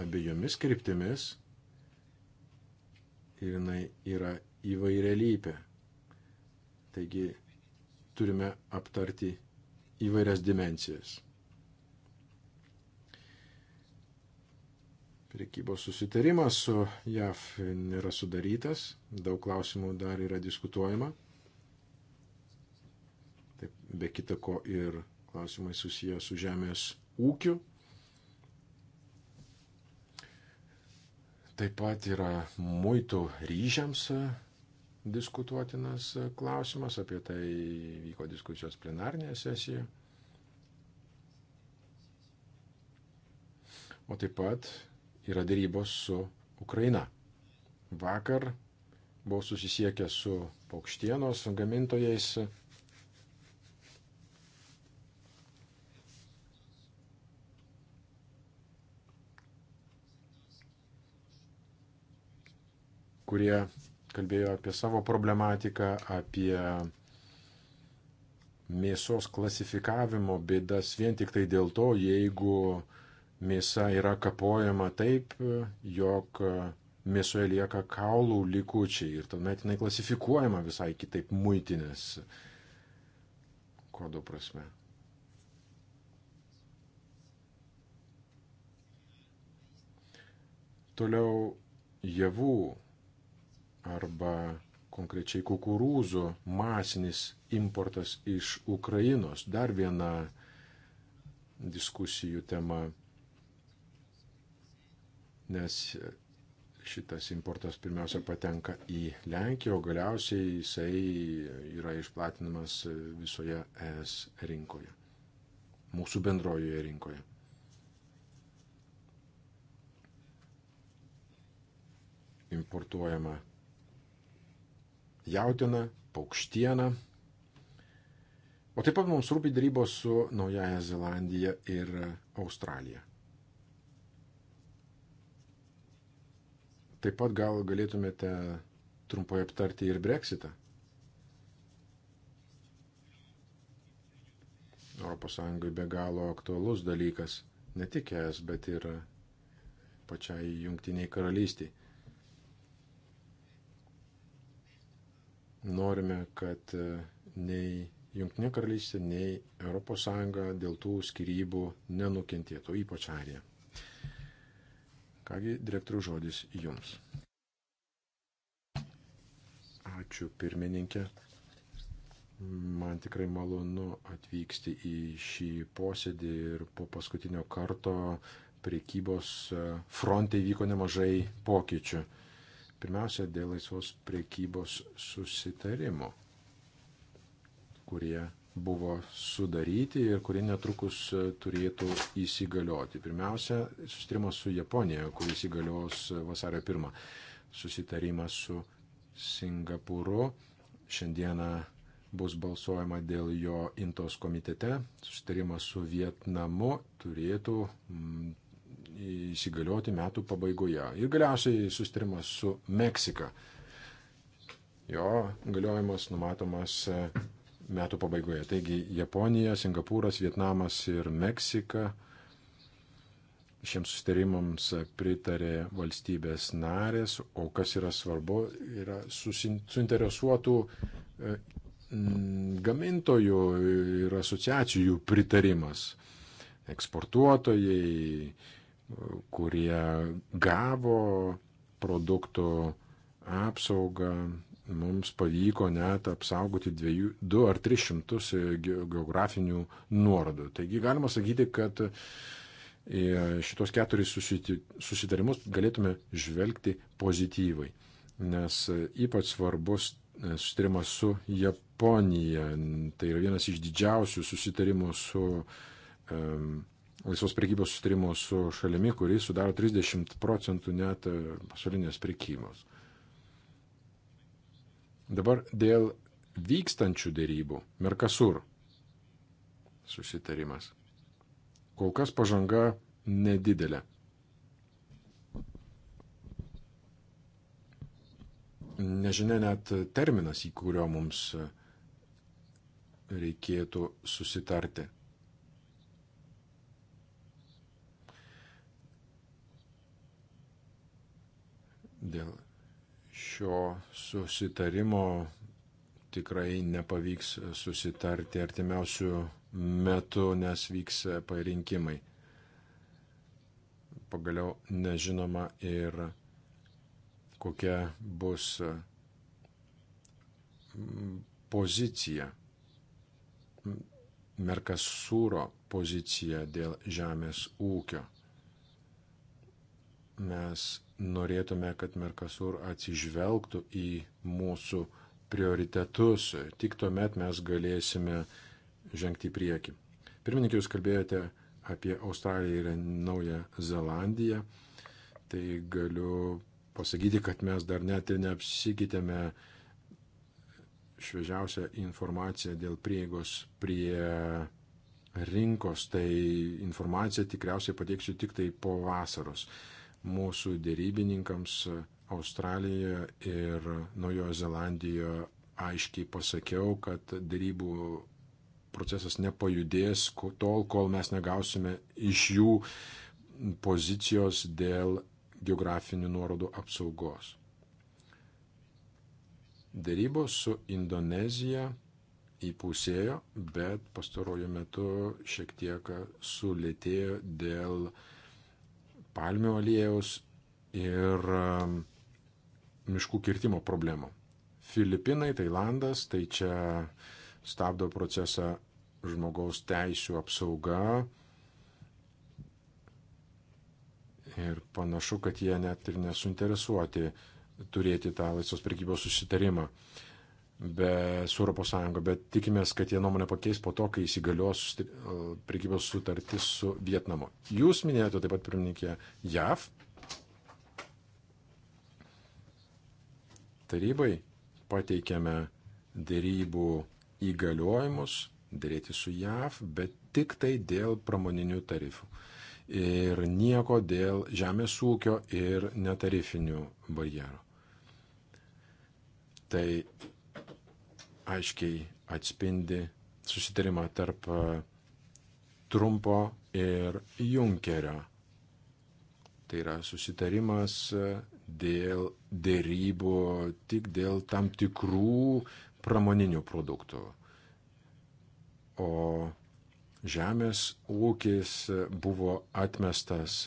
abiejomis kryptimis ir jinai yra įvairialypė. Taigi turime aptarti įvairias dimencijas. Prekybos susitarimas su JAV nėra sudarytas, daug klausimų dar yra diskutuojama. Taip, be kita ko ir klausimai susiję su žemės ūkiu. Taip pat yra muitų ryžiams diskutuotinas klausimas, apie tai vyko diskusijos plenarnėje sesijoje. O taip pat yra dėrybos su Ukraina. Vakar buvau susisiekęs su paukštienos gamintojais kurie kalbėjo apie savo problematiką, apie mėsos klasifikavimo bėdas vien tik tai dėl to, jeigu mėsa yra kapojama taip, jog mėsoje lieka kaulų likučiai ir tuomet jinai klasifikuojama visai kitaip muitinės kodo prasme. Toliau javų arba konkrečiai kukurūzų masinis importas iš Ukrainos. Dar viena diskusijų tema, nes šitas importas pirmiausia patenka į Lenkiją, o galiausiai jisai yra išplatinamas visoje ES rinkoje, mūsų bendrojoje rinkoje. Importuojama jautiną, paukštieną. O taip pat mums rūpi darybos su Naujaja Zelandija ir Australija. Taip pat gal galėtumėte trumpai aptarti ir breksitą. ES be galo aktualus dalykas, ne tik es, bet ir pačiai jungtiniai karalystiai. norime, kad e, nei Junktinė karalystė, nei ES dėl tų skirybų nenukentėtų, ypač Airija. Kągi, direktorių žodis jums. Ačiū pirmininkė. Man tikrai malonu atvykti į šį posėdį ir po paskutinio karto priekybos e, fronte įvyko nemažai pokyčių. Pirmiausia, dėl laisvos priekybos susitarimų, kurie buvo sudaryti ir kurie netrukus e, turėtų įsigalioti. Pirmiausia, susitarimas su Japonija, kuris įgalios vasario 1. Susitarimas su Singapūru. Šiandieną bus balsuojama dėl jo intos komitete. Susitarimas su Vietnamu turėtų įsigalioti metų pabaigoje. Ir galiausiai sustarimas su Meksika. Jo galiojimas numatomas e, metų pabaigoje. Taigi Japonija, Singapūras, Vietnamas ir Meksika šiems sustarimams pritarė valstybės narės, o kas yra svarbu, yra suinteresuotų e, gamintojų ir asociacijų pritarimas. Eksportuotojai, kurie gavo produktų apsaugą. Mums pavyko net apsaugoti 2 ar 300 e, geografinių nuorodų. Taigi galima sakyti, kad e, šitos keturis susitarimus galėtume žvelgti pozityvai, nes ypač svarbus e, susitarimas su Japonija. Tai yra vienas iš didžiausių susitarimų su um, laisvos prekybos sustarimo su šalimi, kuris sudaro 30 procentų net e, pasaulinės prekybos. Dabar dėl vykstančių dėrybų Merkasur susitarimas. Kol kas pažanga nedidelė. Nežinia net terminas, į kurio mums reikėtų susitarti. Dėl šio susitarimo tikrai nepavyks susitarti artimiausių metų, nes vyks parinkimai. Pagaliau nežinoma ir kokia bus pozicija, Merkasūro pozicija dėl žemės ūkio. Mes norėtume, kad Merkasur atsižvelgtų į mūsų prioritetus. Tik tuomet mes galėsime žengti į priekį. Pirmininkai, jūs kalbėjote apie Australiją ir Naują Zelandiją. Tai galiu pasakyti, kad mes dar net ir neapsikitėme šviežiausią informaciją dėl prieigos prie rinkos. Tai informaciją tikriausiai pateiksiu tik tai po vasaros mūsų dėrybininkams Australijoje ir Naujojo Zelandijoje aiškiai pasakiau, kad dėrybų procesas nepajudės tol, kol mes negausime iš jų pozicijos dėl geografinių nuorodų apsaugos. Dėrybos su Indonezija įpusėjo, bet pastaruoju metu šiek tiek sulėtėjo dėl uh, palmių aliejaus ir um, miškų kirtimo problemų. Filipinai, Tailandas, tai čia stabdo procesą žmogaus teisų apsauga. Ir panašu, kad jie net ir nesuinteresuoti turėti tą laisvos prekybos susitarimą. Uh, be, su ES, bet tikimės, kad jie nuomonę pakeis po to, kai įsigalios e, prekybos sutartis su Vietnamu. Jūs minėjote taip pat pirmininkė JAV. Tarybai pateikėme dėrybų įgaliojimus dėrėti su JAV, bet tik tai dėl pramoninių tarifų. Ir nieko dėl žemės ūkio ir netarifinių barjerų. Tai aiškiai atspindi susitarimą tarp e, Trumpo ir Junkerio. Tai yra susitarimas e, dėl dėrybų tik dėl tam tikrų pramoninių produktų. O žemės ūkis buvo atmestas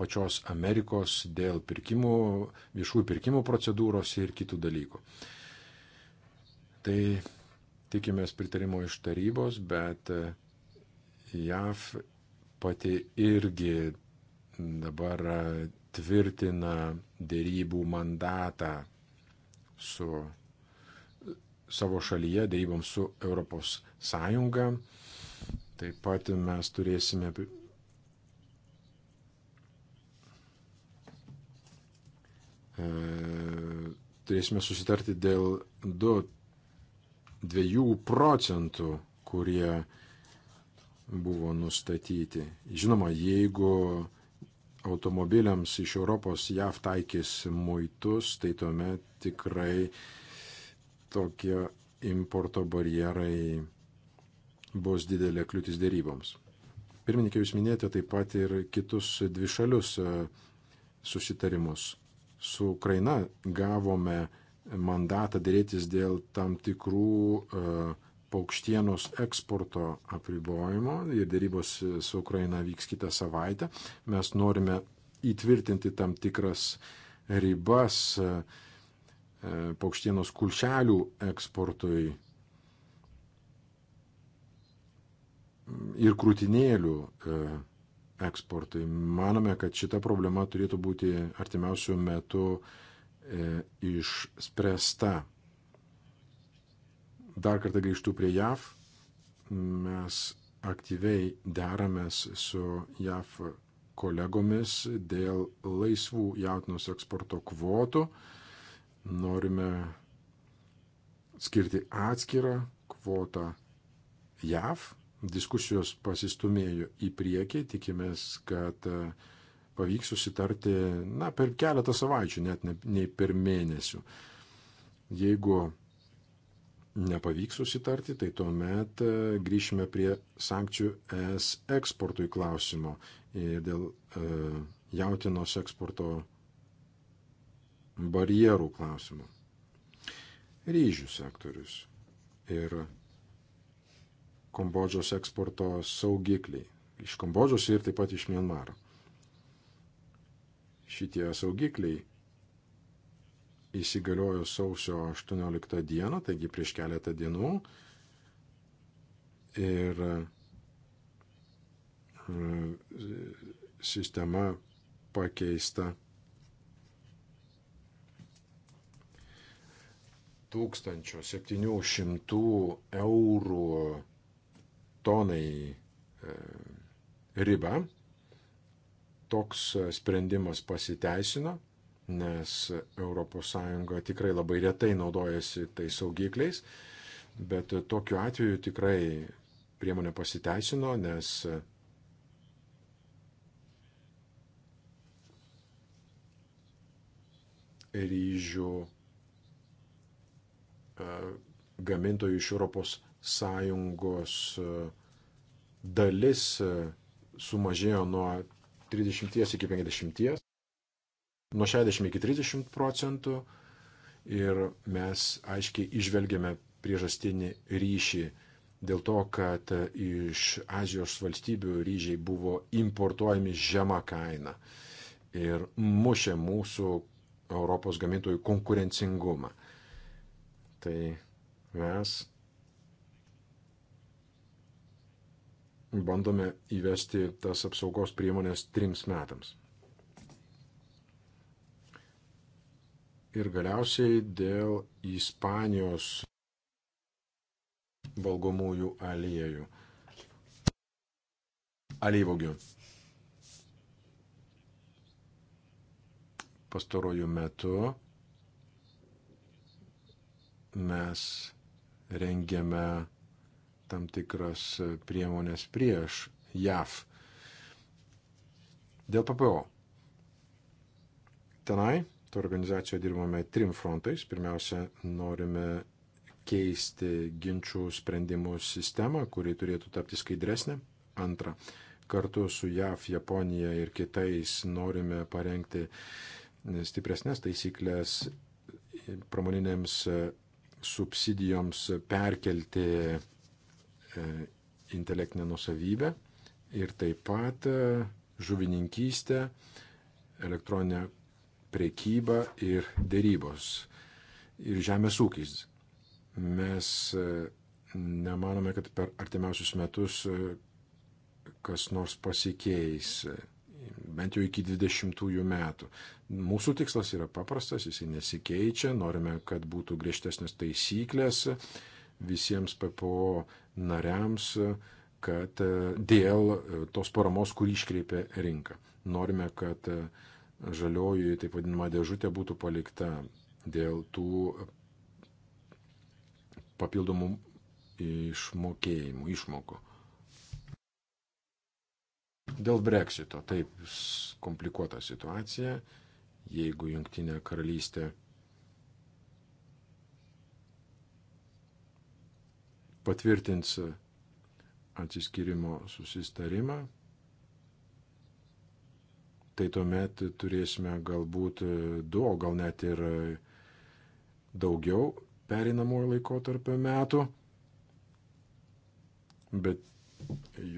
pačios Amerikos dėl pirkimų, viešųjų pirkimų procedūros ir kitų dalykų. Tai tikimės pritarimo iš tarybos, bet e, JAV pati irgi dabar tvirtina dėrybų mandatą su savo šalyje, dėryboms su Europos Sąjunga. Taip pat mes turėsime e, turėsime susitarti dėl du 2 procentų, kurie buvo nustatyti. Žinoma, jeigu automobiliams iš Europos JAV taikys muitus, tai tuomet tikrai tokie importo barjerai bus didelė kliūtis dėryboms. Pirmininkai, jūs minėjote taip pat ir kitus dvišalius e, susitarimus. Su Ukraina gavome mandatą dėrėtis dėl tam tikrų e, paukštienos eksporto apribojimo ir dėrybos su Ukraina vyks kitą savaitę. Mes norime įtvirtinti tam tikras ribas e, e, paukštienos kulšelių eksportui ir krūtinėlių eksportui. Manome, kad šita problema turėtų būti artimiausių metų uh, E, išspręsta. Dar kartą grįžtų prie JAV. Mes aktyviai deramės su JAV kolegomis dėl laisvų jautinos eksporto kvotų. Norime skirti atskirą kvotą JAV. Diskusijos pasistumėjo į priekį, tikimės, kad uh, pavyks susitarti, na, per keletą savaičių, net ne, nei per mėnesių. Jeigu nepavyks susitarti, tai tuomet e, grįšime prie sankcijų es eksportui klausimo ir dėl e, jautinos eksporto barjerų klausimo. Ryžių sektorius ir Kambodžos eksporto saugikliai. Iš Kambodžos ir taip pat iš Mianmaro šitie saugikliai įsigaliojo sausio 18 dieną, taigi prieš keletą dienų. Ir e, sistema pakeista 1700 eurų tonai e, ribą toks e, sprendimas pasiteisino, nes ES tikrai labai retai naudojasi tais saugikliais, bet tokiu atveju tikrai priemonė pasiteisino, nes e, ryžių e, gamintojų iš ES dalis sumažėjo nuo 30 iki 50, nuo 60 iki 30 procentų ir mes aiškiai išvelgiame priežastinį ryšį dėl to, kad iš Azijos valstybių ryžiai buvo importuojami žema kaina ir mušė mūsų Europos gamintojų konkurencingumą. Tai mes bandome įvesti tas apsaugos priemonės trims metams. Ir galiausiai dėl Ispanijos valgomųjų aliejų. Alyvogių. Pastarojų metu mes rengiame tam tikras e, priemonės prieš JAV. Dėl PPO. Tenai, to organizacijoje dirbame trim frontais. Pirmiausia, norime keisti ginčių sprendimų sistemą, kuri turėtų tapti skaidresnė. Antra, kartu su JAV, Japonija ir kitais norime parengti e, stipresnės taisyklės e, pramoninėms subsidijoms perkelti E, intelektinę nusavybę ir taip pat e, žuvininkystę, elektroninę priekybą ir dėrybos ir žemės ūkis. Mes e, nemanome, kad per artimiausius metus kas nors pasikeis, bent jau iki 20 metų. Mūsų tikslas yra paprastas, jisai nesikeičia, norime, kad būtų griežtesnės taisyklės, visiems PPO nariams, kad e, dėl e, tos paramos, kurį iškreipia rinka. Norime, kad e, žalioji, taip vadinama, dėžutė būtų palikta dėl tų papildomų išmokėjimų, išmokų. Dėl breksito, taip komplikuota situacija, jeigu jungtinė karalystė patvirtins atsiskirimo susistarimą, tai tuomet turėsime galbūt du, o gal net ir daugiau perinamojo laikotarpio metų, bet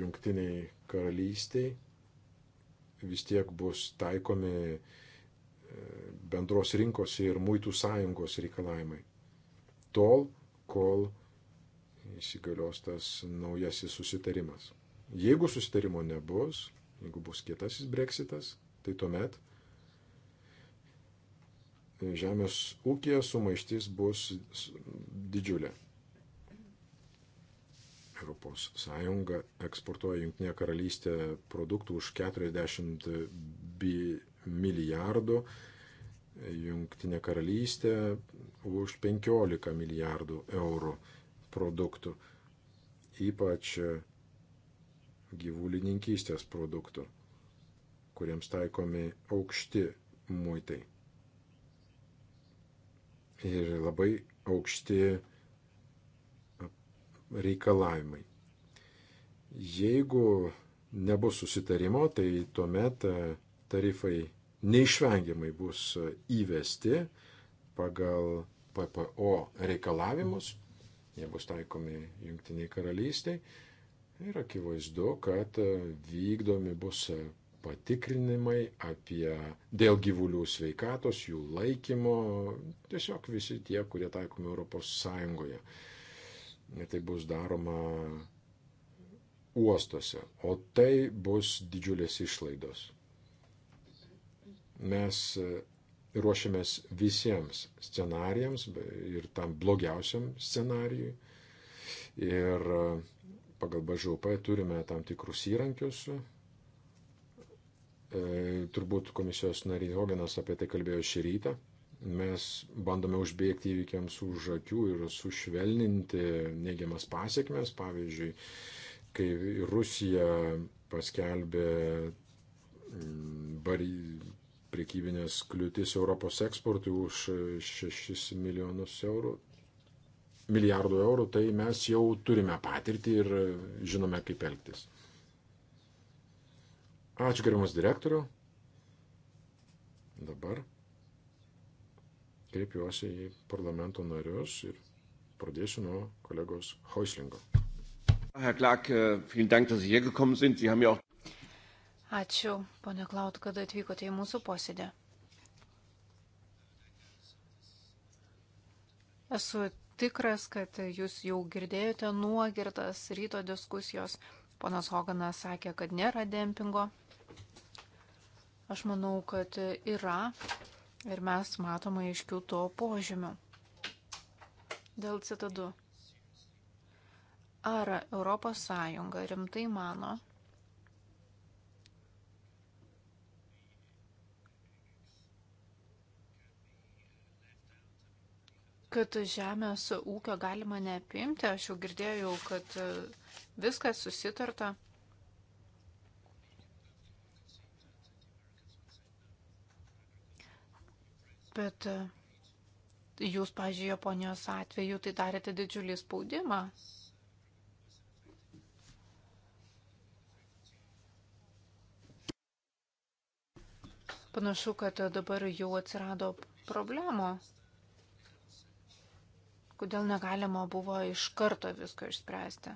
jungtiniai karalystiai vis tiek bus taikomi e, bendros rinkos ir muitų sąjungos reikalavimai. Tol, kol įsigalios tas naujasis susitarimas. Jeigu susitarimo nebus, jeigu bus kietasis breksitas, tai tuomet žemės ūkija sumaištis bus didžiulė. Europos Sąjunga eksportuoja Junktinė karalystė produktų už 40 milijardų, Junktinė karalystė už 15 milijardų eurų produktų, ypač gyvulininkystės produktų, kuriems taikomi aukšti muitai. Ir labai aukšti reikalavimai. Jeigu nebus susitarimo, tai tuomet e, tarifai neišvengiamai bus įvesti pagal PPO reikalavimus. Mm jie bus taikomi jungtiniai karalystiai. Ir akivaizdu, kad e, vykdomi bus e, patikrinimai apie dėl gyvulių sveikatos, jų laikymo, tiesiog visi tie, kurie taikomi Europos Sąjungoje. Ir tai bus daroma uostuose, o tai bus didžiulės išlaidos. Mes e, ruošiamės visiems scenarijams ir tam blogiausiam scenarijui. Ir e, pagal BŽUP turime tam tikrus įrankius. E, turbūt komisijos narys Hogenas apie tai kalbėjo šį rytą. Mes bandome užbėgti įvykiams už akių ir sušvelninti neigiamas pasiekmes. Pavyzdžiui, kai Rusija paskelbė bari, priekybinės kliūtis Europos eksportui už 6 milijonus eurų, milijardų eurų, tai mes jau turime patirtį ir žinome, kaip elgtis. Ačiū gerimas direktoriu. Dabar kreipiuosi į parlamento narius ir pradėsiu nuo kolegos Hoislingo. Herr Clark, äh, vielen Dank, dass Sie hergekommen sind. Sie haben ja auch Ačiū, ponė Klaut, kad atvykote į mūsų posėdį. Esu tikras, kad jūs jau girdėjote nuogirdas ryto diskusijos. Ponas Hoganas sakė, kad nėra dempingo. Aš manau, kad yra ir mes matome aiškių to požymių. Dėl citadų. Ar ES rimtai mano, kad žemės ūkio galima neapimti. Aš jau girdėjau, kad e, viskas susitarta. Bet e, jūs, pažiūrėjau, Japonijos atveju tai darėte didžiulį spaudimą. Panašu, kad e, dabar jau atsirado problemų kodėl negalima buvo iš karto visko išspręsti.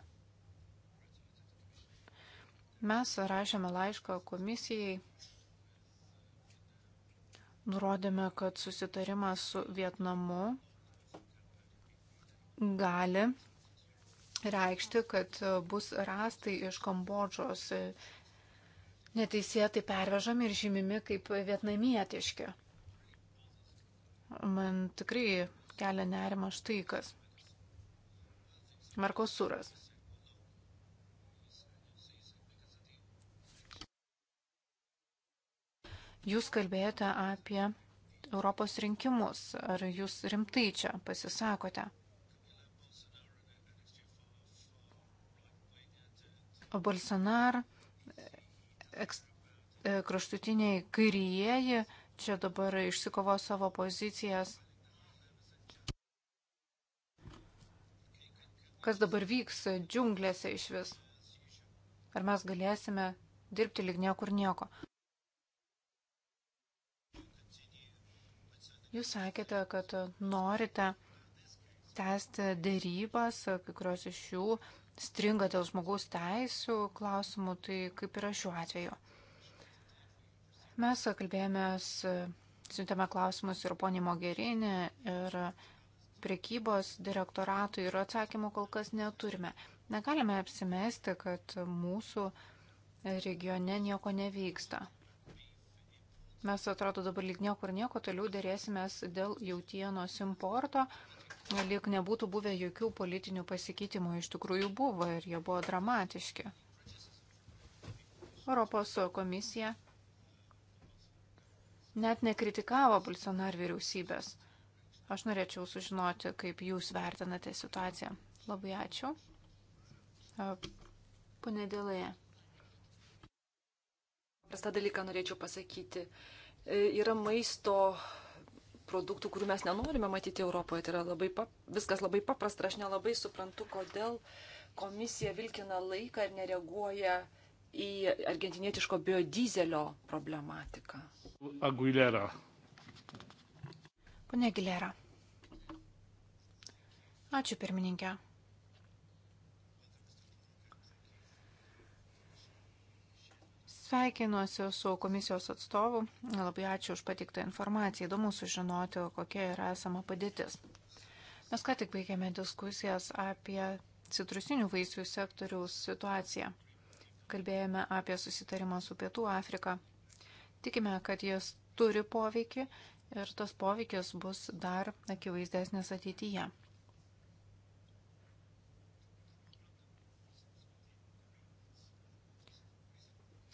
Mes rašėme laišką komisijai, nurodėme, kad susitarimas su Vietnamu gali reikšti, kad bus rastai iš Kambodžos neteisėtai pervežami ir žymimi kaip vietnamietiški. Man tikrai kelia nerima štai kas. Merkosuras. Jūs kalbėjote apie Europos rinkimus. Ar jūs rimtai čia pasisakote? O Bolsonar, e, kraštutiniai kairieji čia dabar išsikovo savo pozicijas. kas dabar vyks džiunglėse iš vis. Ar mes galėsime dirbti lyg niekur nieko. Jūs sakėte, kad norite tęsti dėrybas, kai kurios iš jų stringa dėl žmogaus teisų klausimų, tai kaip yra šiuo atveju. Mes kalbėjomės, siuntėme klausimus ir ponį Mogerinį, ir prekybos direktoratui ir atsakymų kol kas neturime. Negalime apsimesti, kad mūsų regione nieko nevyksta. Mes atrodo dabar lyg niekur nieko, toliau dėrėsimės dėl jautienos importo, lyg nebūtų buvę jokių politinių pasikeitimų, iš tikrųjų buvo ir jie buvo dramatiški. Europos komisija net nekritikavo Bolsonar vyriausybės. Aš norėčiau sužinoti, kaip jūs vertinate situaciją. Labai ačiū. Pane Dėlėje. Prastą dalyką norėčiau pasakyti. E, yra maisto produktų, kurių mes nenorime matyti Europoje. Tai yra labai pap... viskas labai paprasta. Aš nelabai suprantu, kodėl komisija vilkina laiką ir nereaguoja į argentinietiško biodizelio problematiką. Aguilera. Pone Gilera. Ačiū pirmininkė. Sveikinuosiu su komisijos atstovu. Labai ačiū už patiktą informaciją. Įdomu sužinoti, kokia yra esama padėtis. Mes ką tik baigėme diskusijas apie citrusinių vaisių sektoriaus situaciją. Kalbėjome apie susitarimą su Pietų Afrika. Tikime, kad jis turi poveikį ir tas poveikis bus dar akivaizdesnis ateityje.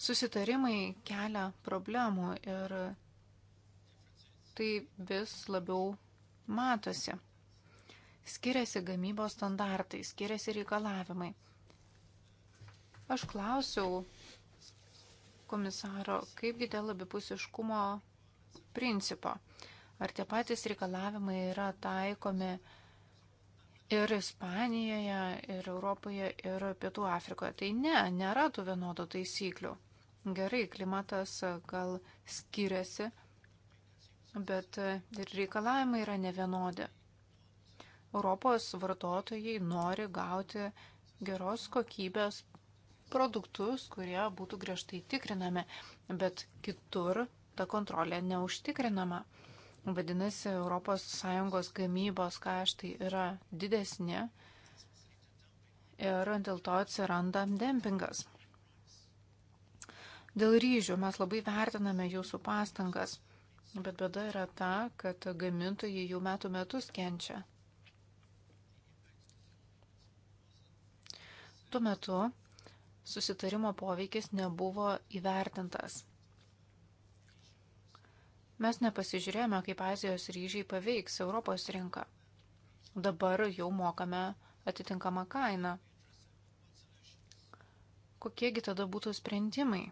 Susitarimai kelia problemų ir tai vis labiau matosi. Skiriasi gamybos standartai, skiriasi reikalavimai. Aš klausiau komisaro, kaipgi dėl abipusiškumo principo. Ar tie patys reikalavimai yra taikomi ir Ispanijoje, ir Europoje, ir Pietų Afrikoje? Tai ne, nėra tų vienodų taisyklių. Gerai, klimatas gal skiriasi, bet ir reikalavimai yra nevienodi. Europos vartotojai nori gauti geros kokybės produktus, kurie būtų griežtai tikrinami, bet kitur ta kontrolė neužtikrinama. Vadinasi, ES gamybos kaštai yra didesni ir dėl to atsiranda dempingas. Dėl ryžių mes labai vertiname jūsų pastangas, bet bėda yra ta, kad gamintojai jau metų metus kenčia. Tuo metu susitarimo poveikis nebuvo įvertintas. Mes nepasižiūrėjome, kaip Azijos ryžiai paveiks Europos rinką. Dabar jau mokame atitinkamą kainą. Kokiegi tada būtų sprendimai?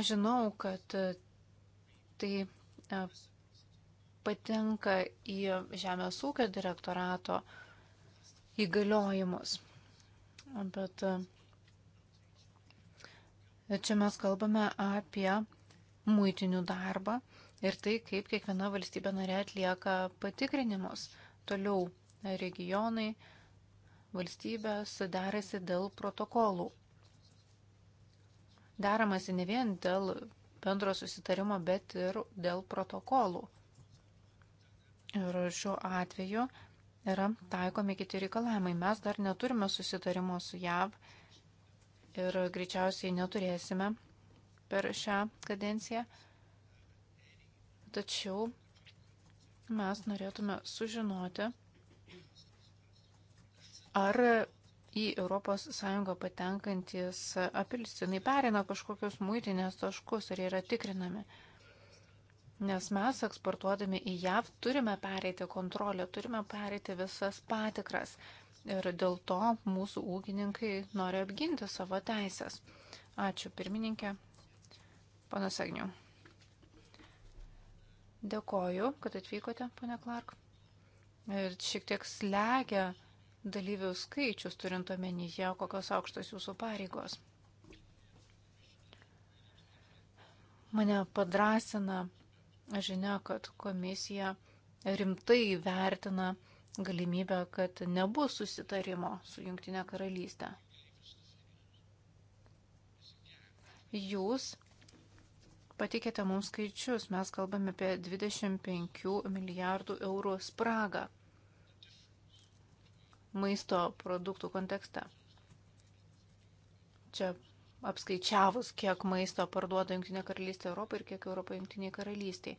Aš žinau, kad e, tai e, patenka į Žemės ūkio direktorato įgaliojimus. Bet e, Čia mes kalbame apie muitinių darbą ir tai, kaip kiekviena valstybė narė atlieka patikrinimus. Toliau regionai, valstybės derasi dėl protokolų. Deramasi ne vien dėl bendro susitarimo, bet ir dėl protokolų. Ir šiuo atveju yra taikomi kiti reikalavimai. Mes dar neturime susitarimo su JAV ir greičiausiai neturėsime per šią kadenciją. Tačiau mes norėtume sužinoti, ar į ES patenkantis apelsinai perina kažkokius muitinės taškus, ar yra tikrinami. Nes mes eksportuodami į JAV turime pereiti kontrolę, turime pereiti visas patikras ir dėl to mūsų ūkininkai nori apginti savo teisės. Ačiū pirmininkė, panas Agniu. Dėkoju, kad atvykote, pane Clark. Ir šiek tiek slegia dalyvių skaičius, turint omenyje, kokios aukštos jūsų pareigos. Mane padrasina žinia, kad komisija rimtai vertina uh, galimybę, kad nebus susitarimo su Junktinė karalystė. Jūs patikėte mums skaičius, mes kalbame apie 25 milijardų eurų spragą maisto produktų kontekste. Čia apskaičiavus, kiek maisto parduoda Junktinė karalystė Europai ir kiek Europai Junktiniai karalystiai.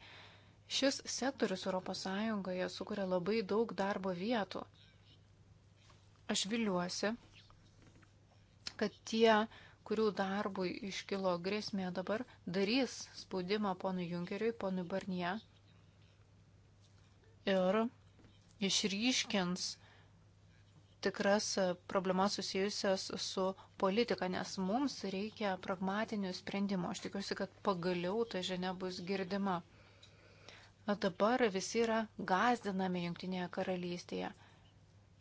Šis sektorius ES sukuria labai daug darbo vietų. Aš viliuosi, kad tie, kurių darbui iškilo grėsmė dabar, darys spaudimą ponui Junkeriui, ponui Barnie ir išryškins tikras problemas susijusias su politika, nes mums reikia pragmatinių sprendimų. Aš tikiuosi, kad pagaliau ta žinia bus girdima dabar visi yra gazdinami Junktinėje karalystėje.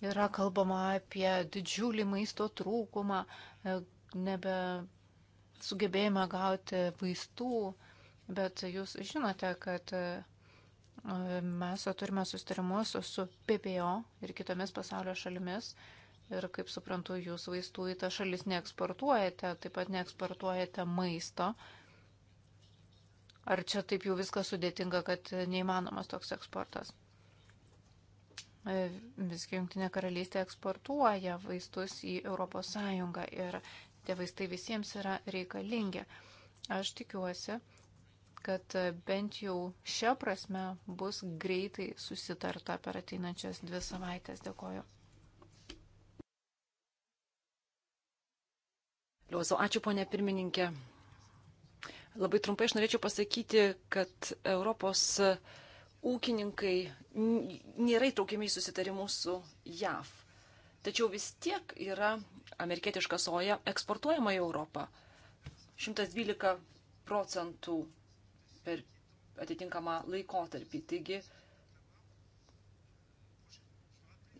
Yra kalbama apie didžiulį maisto trūkumą, e, nebe sugebėjimą gauti vaistų, bet jūs žinote, kad e, mes turime sustarimus su PPO ir kitomis pasaulio šalimis. Ir kaip suprantu, jūs vaistų į tą šalis neeksportuojate, taip pat neeksportuojate maisto. Uh, Ar čia taip jau viskas sudėtinga, kad neįmanomas toks eksportas? E, visgi Junktinė karalystė eksportuoja vaistus į ES ir tie vaistai visiems yra reikalingi. Aš tikiuosi, kad bent jau šią prasme bus greitai susitarta per ateinančias dvi savaitės. Dėkoju. Liuozo, ačiū ponė pirmininkė. Labai trumpai aš norėčiau pasakyti, kad Europos ūkininkai nėra įtraukiami į susitarimus su JAV. Tačiau vis tiek yra amerikietiška soja eksportuojama į Europą. 112 procentų per atitinkamą laikotarpį. Taigi,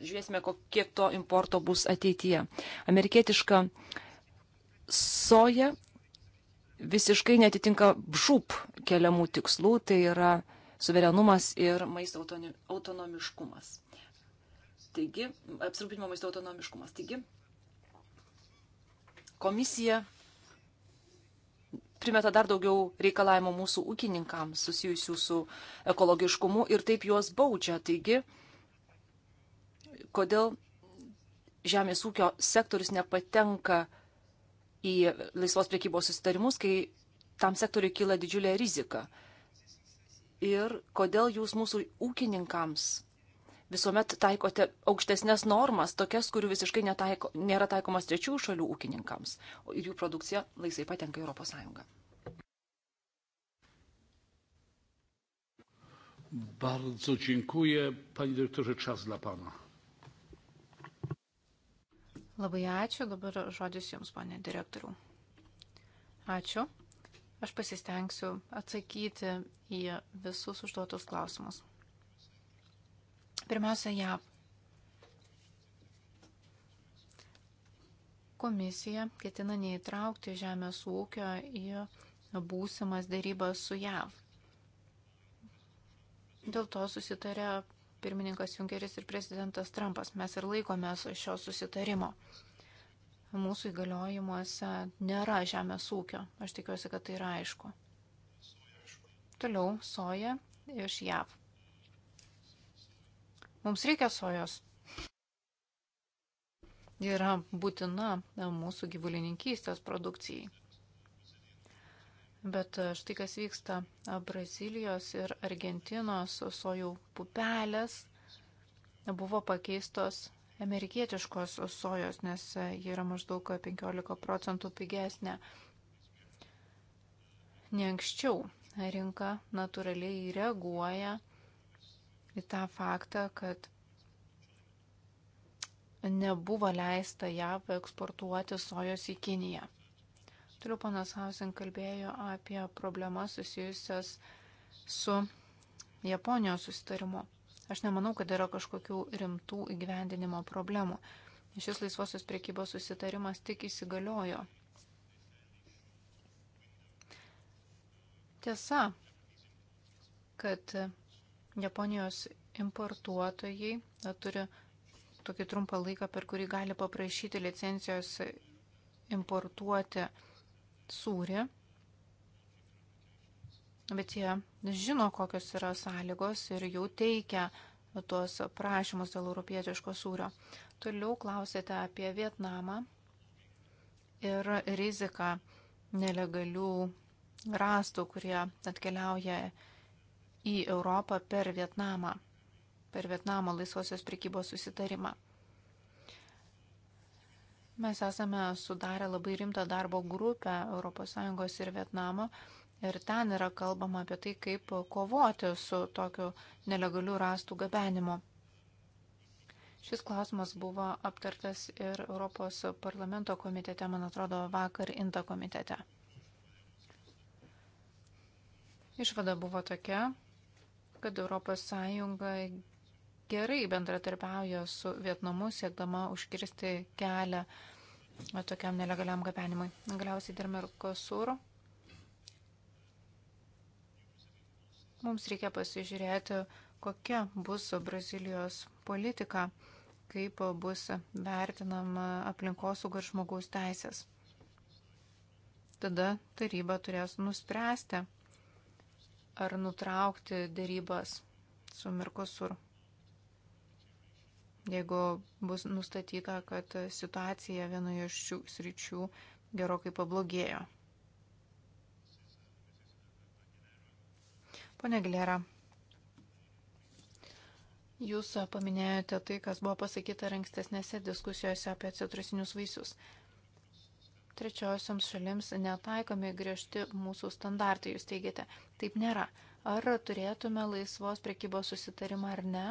žiūrėsime, kiek to importo bus ateityje. Amerikietiška soja visiškai netitinka žūp keliamų tikslų, tai yra suverenumas ir maisto autonomiškumas. Taigi, apsirūpinimo maisto autonomiškumas. Taigi, komisija primeta dar daugiau reikalavimų mūsų ūkininkams susijusių su ekologiškumu ir taip juos baudžia. Taigi, kodėl žemės ūkio sektorius nepatenka į į laisvos priekybos susitarimus, kai tam sektoriui kyla didžiulė rizika. Ir kodėl jūs mūsų ūkininkams visuomet taikote aukštesnės normas, tokias, kurių visiškai netaiko, nėra taikomas trečių šalių ūkininkams, ir jų produkcija laisvai patenka į ES. Bardzo dziękuję. Panie dyrektorze, czas dla Pana. Labai ačiū. Dabar žodis Jums, ponė direktorių. Ačiū. Aš pasistengsiu atsakyti į visus užduotus klausimus. Pirmiausia, JAV. Komisija ketina neįtraukti žemės ūkio į būsimas dėrybas su JAV. Dėl to susitarė pirmininkas Junkeris ir prezidentas Trumpas. Mes ir laikomės šio susitarimo. Mūsų įgaliojimuose nėra žemės ūkio. Aš tikiuosi, kad tai yra aišku. Toliau soja iš JAV. Mums reikia sojos. Yra būtina mūsų gyvulininkystės produkcijai. Bet e, štai kas vyksta e, Brazilijos ir Argentinos sojų pupelės buvo pakeistos amerikietiškos sojos, nes e, ji yra maždaug 15 procentų pigesnė. Ne anksčiau rinka natūraliai reaguoja į tą faktą, kad nebuvo leista JAV eksportuoti sojos į Kiniją. Toliau panas Hausen kalbėjo apie problemas susijusias su Japonijos susitarimu. Aš nemanau, kad yra kažkokių rimtų įgyvendinimo problemų. Šis laisvosios priekybos susitarimas tik įsigaliojo. Tiesa, kad Japonijos importuotojai na, turi tokį trumpą laiką, per kurį gali paprašyti licencijos importuoti sūrį, bet jie žino, kokios yra sąlygos ir jau teikia tuos prašymus dėl europietiško sūrio. Toliau klausėte apie Vietnamą ir riziką nelegalių rastų, kurie atkeliauja į Europą per Vietnamą, per Vietnamo laisvosios prekybos susitarimą. Mes esame sudarę labai rimtą darbo grupę ES ir Vietnamo ir ten yra kalbama apie tai, kaip kovoti su tokiu nelegaliu rastų gabenimu. Šis klausimas buvo aptartas ir Europos parlamento komitete, man atrodo, vakar INTA komitete. Išvada buvo tokia, kad ES gerai bendratarpiauja su Vietnamu, siekdama užkirsti kelią tokiam nelegaliam gabenimui. Galiausiai dėl Merkosūro. Mums reikia pasižiūrėti, kokia bus Brazilijos politika, kaip bus vertinama aplinkosauga ir žmogaus teisės. Tada taryba turės nuspręsti, ar nutraukti dėrybas su Merkosūru jeigu bus nustatyta, kad situacija vienoje iš šių sričių gerokai pablogėjo. Pone Glera, jūs paminėjote tai, kas buvo pasakyta ankstesnėse diskusijose apie citrusinius vaisius trečiosioms šalims netaikomi griežti mūsų standartai, jūs teigiate. Taip nėra. Ar turėtume laisvos prekybos susitarimą ar ne,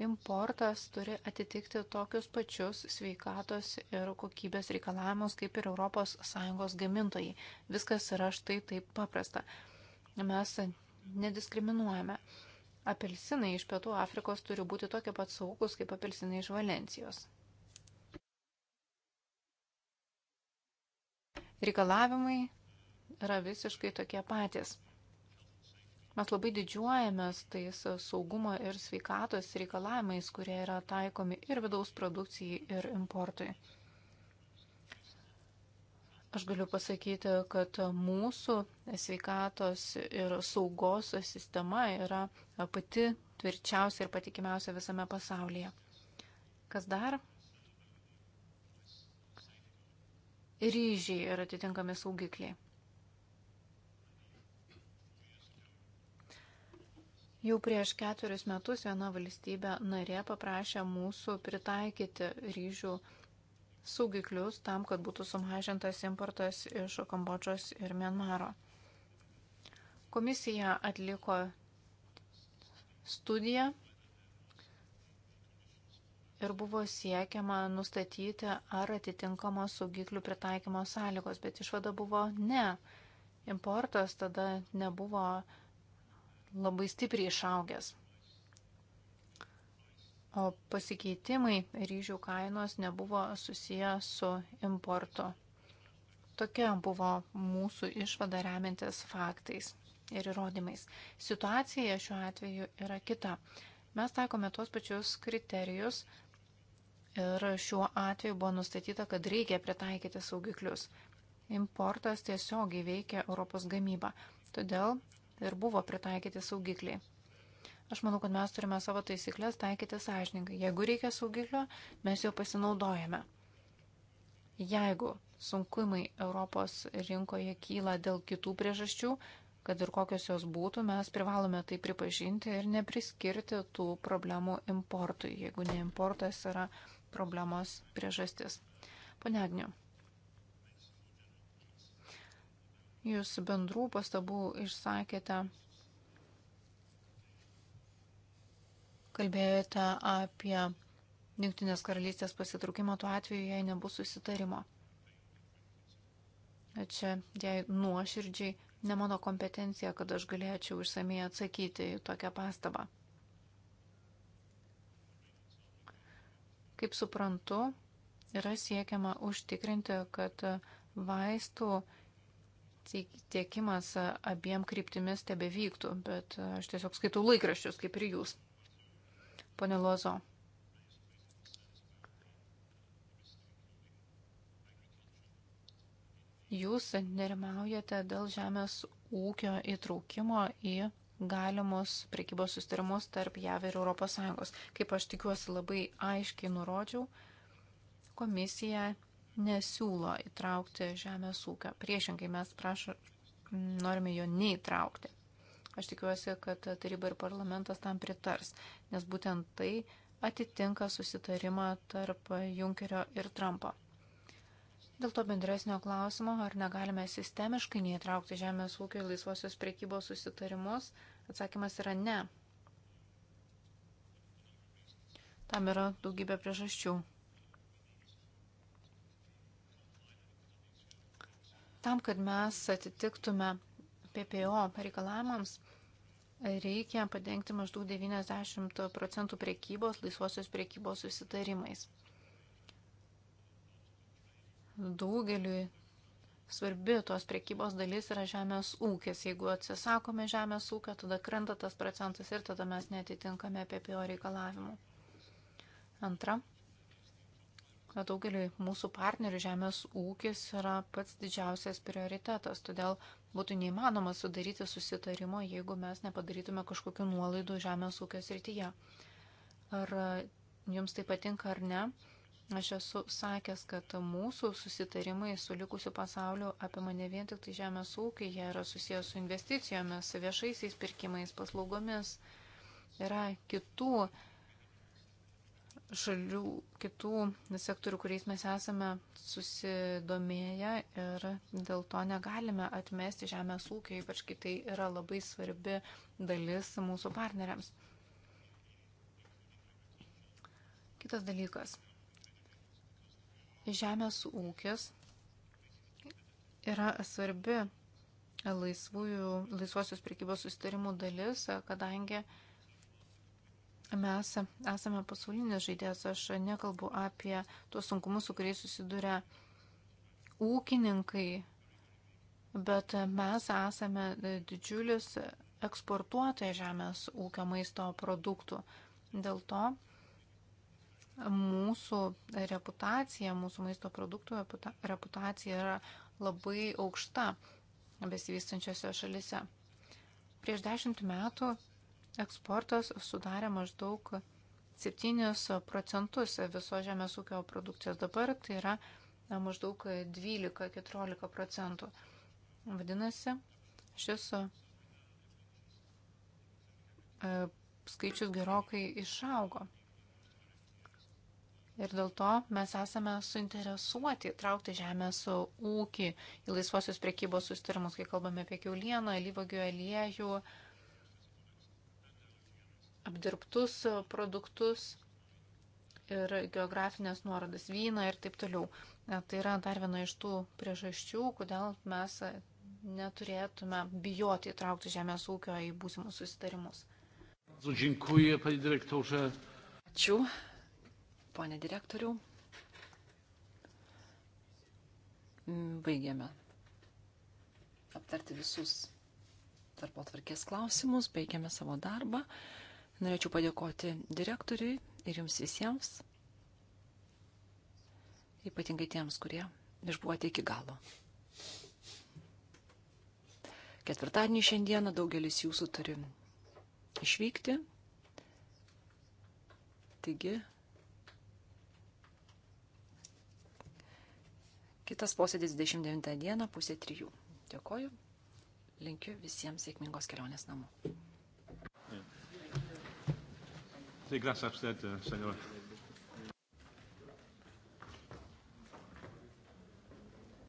importas turi atitikti tokius pačius sveikatos ir kokybės reikalavimus kaip ir ES gamintojai. Viskas yra štai taip paprasta. Mes nediskriminuojame. Apelsinai iš Pietų Afrikos turi būti tokie pat saugus kaip apelsinai iš Valencijos. Reikalavimai yra visiškai tokie patys. Mes labai didžiuojamės tais saugumo ir sveikatos reikalavimais, kurie yra taikomi ir vidaus produkcijai, ir importui. Aš galiu pasakyti, kad mūsų sveikatos ir saugos sistema yra pati tvirčiausia ir patikimiausia visame pasaulyje. Kas dar? Ryžiai ir atitinkami saugikliai. Jau prieš keturis metus viena valstybė narė paprašė mūsų pritaikyti ryžių saugiklius tam, kad būtų sumažintas importas iš Kambodžos ir Mienmaro. Komisija atliko studiją ir buvo siekiama nustatyti, ar atitinkamos saugiklių pritaikymo sąlygos, bet išvada buvo ne. Importas tada nebuvo labai stipriai išaugęs. O pasikeitimai ryžių kainos nebuvo susiję su importu. Tokia buvo mūsų išvada remintis faktais ir įrodymais. Situacija šiuo atveju yra kita. Mes taikome tuos pačius kriterijus ir šiuo atveju buvo nustatyta, kad reikia pritaikyti saugiklius importas tiesiogiai veikia Europos gamybą. Todėl ir buvo pritaikyti saugikliai. Aš manau, kad mes turime savo taisyklės taikyti sąžininkai. Jeigu reikia saugiklio, mes jo pasinaudojame. Jeigu sunkumai Europos rinkoje kyla dėl kitų priežasčių, kad ir kokios jos būtų, mes privalome tai pripažinti ir nepriskirti tų problemų importui, jeigu ne importas yra problemos priežastis. Pane Agniu. Jūs bendrų pastabų išsakėte. Kalbėjote apie Junktinės karalystės pasitraukimą tuo atveju, jei nebus susitarimo. Čia, jei nuoširdžiai, ne mano kompetencija, kad aš galėčiau išsamei atsakyti į tokią pastabą. Kaip suprantu, yra siekiama užtikrinti, kad vaistų tiekimas abiem kryptimis tebe vyktų, bet aš tiesiog skaitau laikraščius, kaip ir jūs. Pone Lozo. Jūs nerimaujate dėl žemės ūkio įtraukimo į galimus prekybos sustarimus tarp JAV ir ES. Kaip aš tikiuosi labai aiškiai nurodžiau, komisija nesiūlo įtraukti žemės ūkio. Priešingai mes prašo, norime jo neįtraukti. Aš tikiuosi, kad taryba ir parlamentas tam pritars, nes būtent tai atitinka susitarimą tarp Junkerio ir Trumpo. Dėl to bendresnio klausimo, ar negalime sistemiškai neįtraukti žemės ūkio į laisvosios priekybos susitarimus, atsakymas yra ne. Tam yra daugybė priežasčių. Tam, kad mes atitiktume PPO reikalavimams, reikia padengti maždaug 90 procentų priekybos laisvosios priekybos susitarimais. Daugeliui svarbi tos priekybos dalis yra žemės ūkis. Jeigu atsisakome žemės ūkio, tada krenta tas procentas ir tada mes netitinkame PPO reikalavimų. Antra, daugeliui mūsų partnerių žemės ūkis yra pats didžiausias prioritetas, todėl būtų neįmanoma sudaryti susitarimo, jeigu mes nepadarytume kažkokių nuolaidų žemės ūkio srityje. Ar jums tai patinka ar ne? Aš esu sakęs, kad mūsų susitarimai su likusiu pasauliu apima ne vien tik tai žemės ūkį, jie yra susijęs su investicijomis, viešaisiais pirkimais, paslaugomis. Yra kitų šalių, kitų sektorių, kuriais mes esame susidomėję ir dėl to negalime atmesti žemės ūkio, ypač kai tai yra labai svarbi dalis mūsų partneriams. Kitas dalykas. Žemės ūkis yra svarbi laisvųjų, laisvosios prekybos sustarimų dalis, kadangi mes esame pasaulinis žaidėjas. Aš nekalbu apie tuos sunkumus, su kuriais susiduria ūkininkai, bet mes esame didžiulis eksportuotoja žemės ūkio maisto produktų. Dėl to mūsų reputacija, mūsų maisto produktų reputacija yra labai aukšta besivystančiose šalise. Prieš dešimt metų eksportas sudarė maždaug 7 procentus viso žemės ūkio produkcijos. Dabar tai yra maždaug 12-14 procentų. Vadinasi, šis e, skaičius gerokai išaugo. Ir dėl to mes esame suinteresuoti traukti žemės ūkį į laisvosios priekybos sustarimus, kai kalbame apie keulieną, lyvagių aliejų, aliejų apdirbtus e, produktus ir geografinės nuorodas vyną ir taip toliau. E, tai yra dar viena iš tų priežasčių, kodėl mes e, neturėtume bijoti įtraukti žemės ūkio į būsimus susitarimus. Ačiū, ponė direktoriau. Baigėme aptarti visus darbo tvarkės klausimus, baigėme savo darbą. Norėčiau padėkoti direktoriui ir jums visiems, ypatingai tiems, kurie išbuvote iki galo. Ketvirtadienį šiandieną daugelis jūsų turi išvykti. Taigi, kitas posėdis 29 dieną pusė trijų. Dėkoju, linkiu visiems sėkmingos kelionės namo. Sí, gracias a usted, señor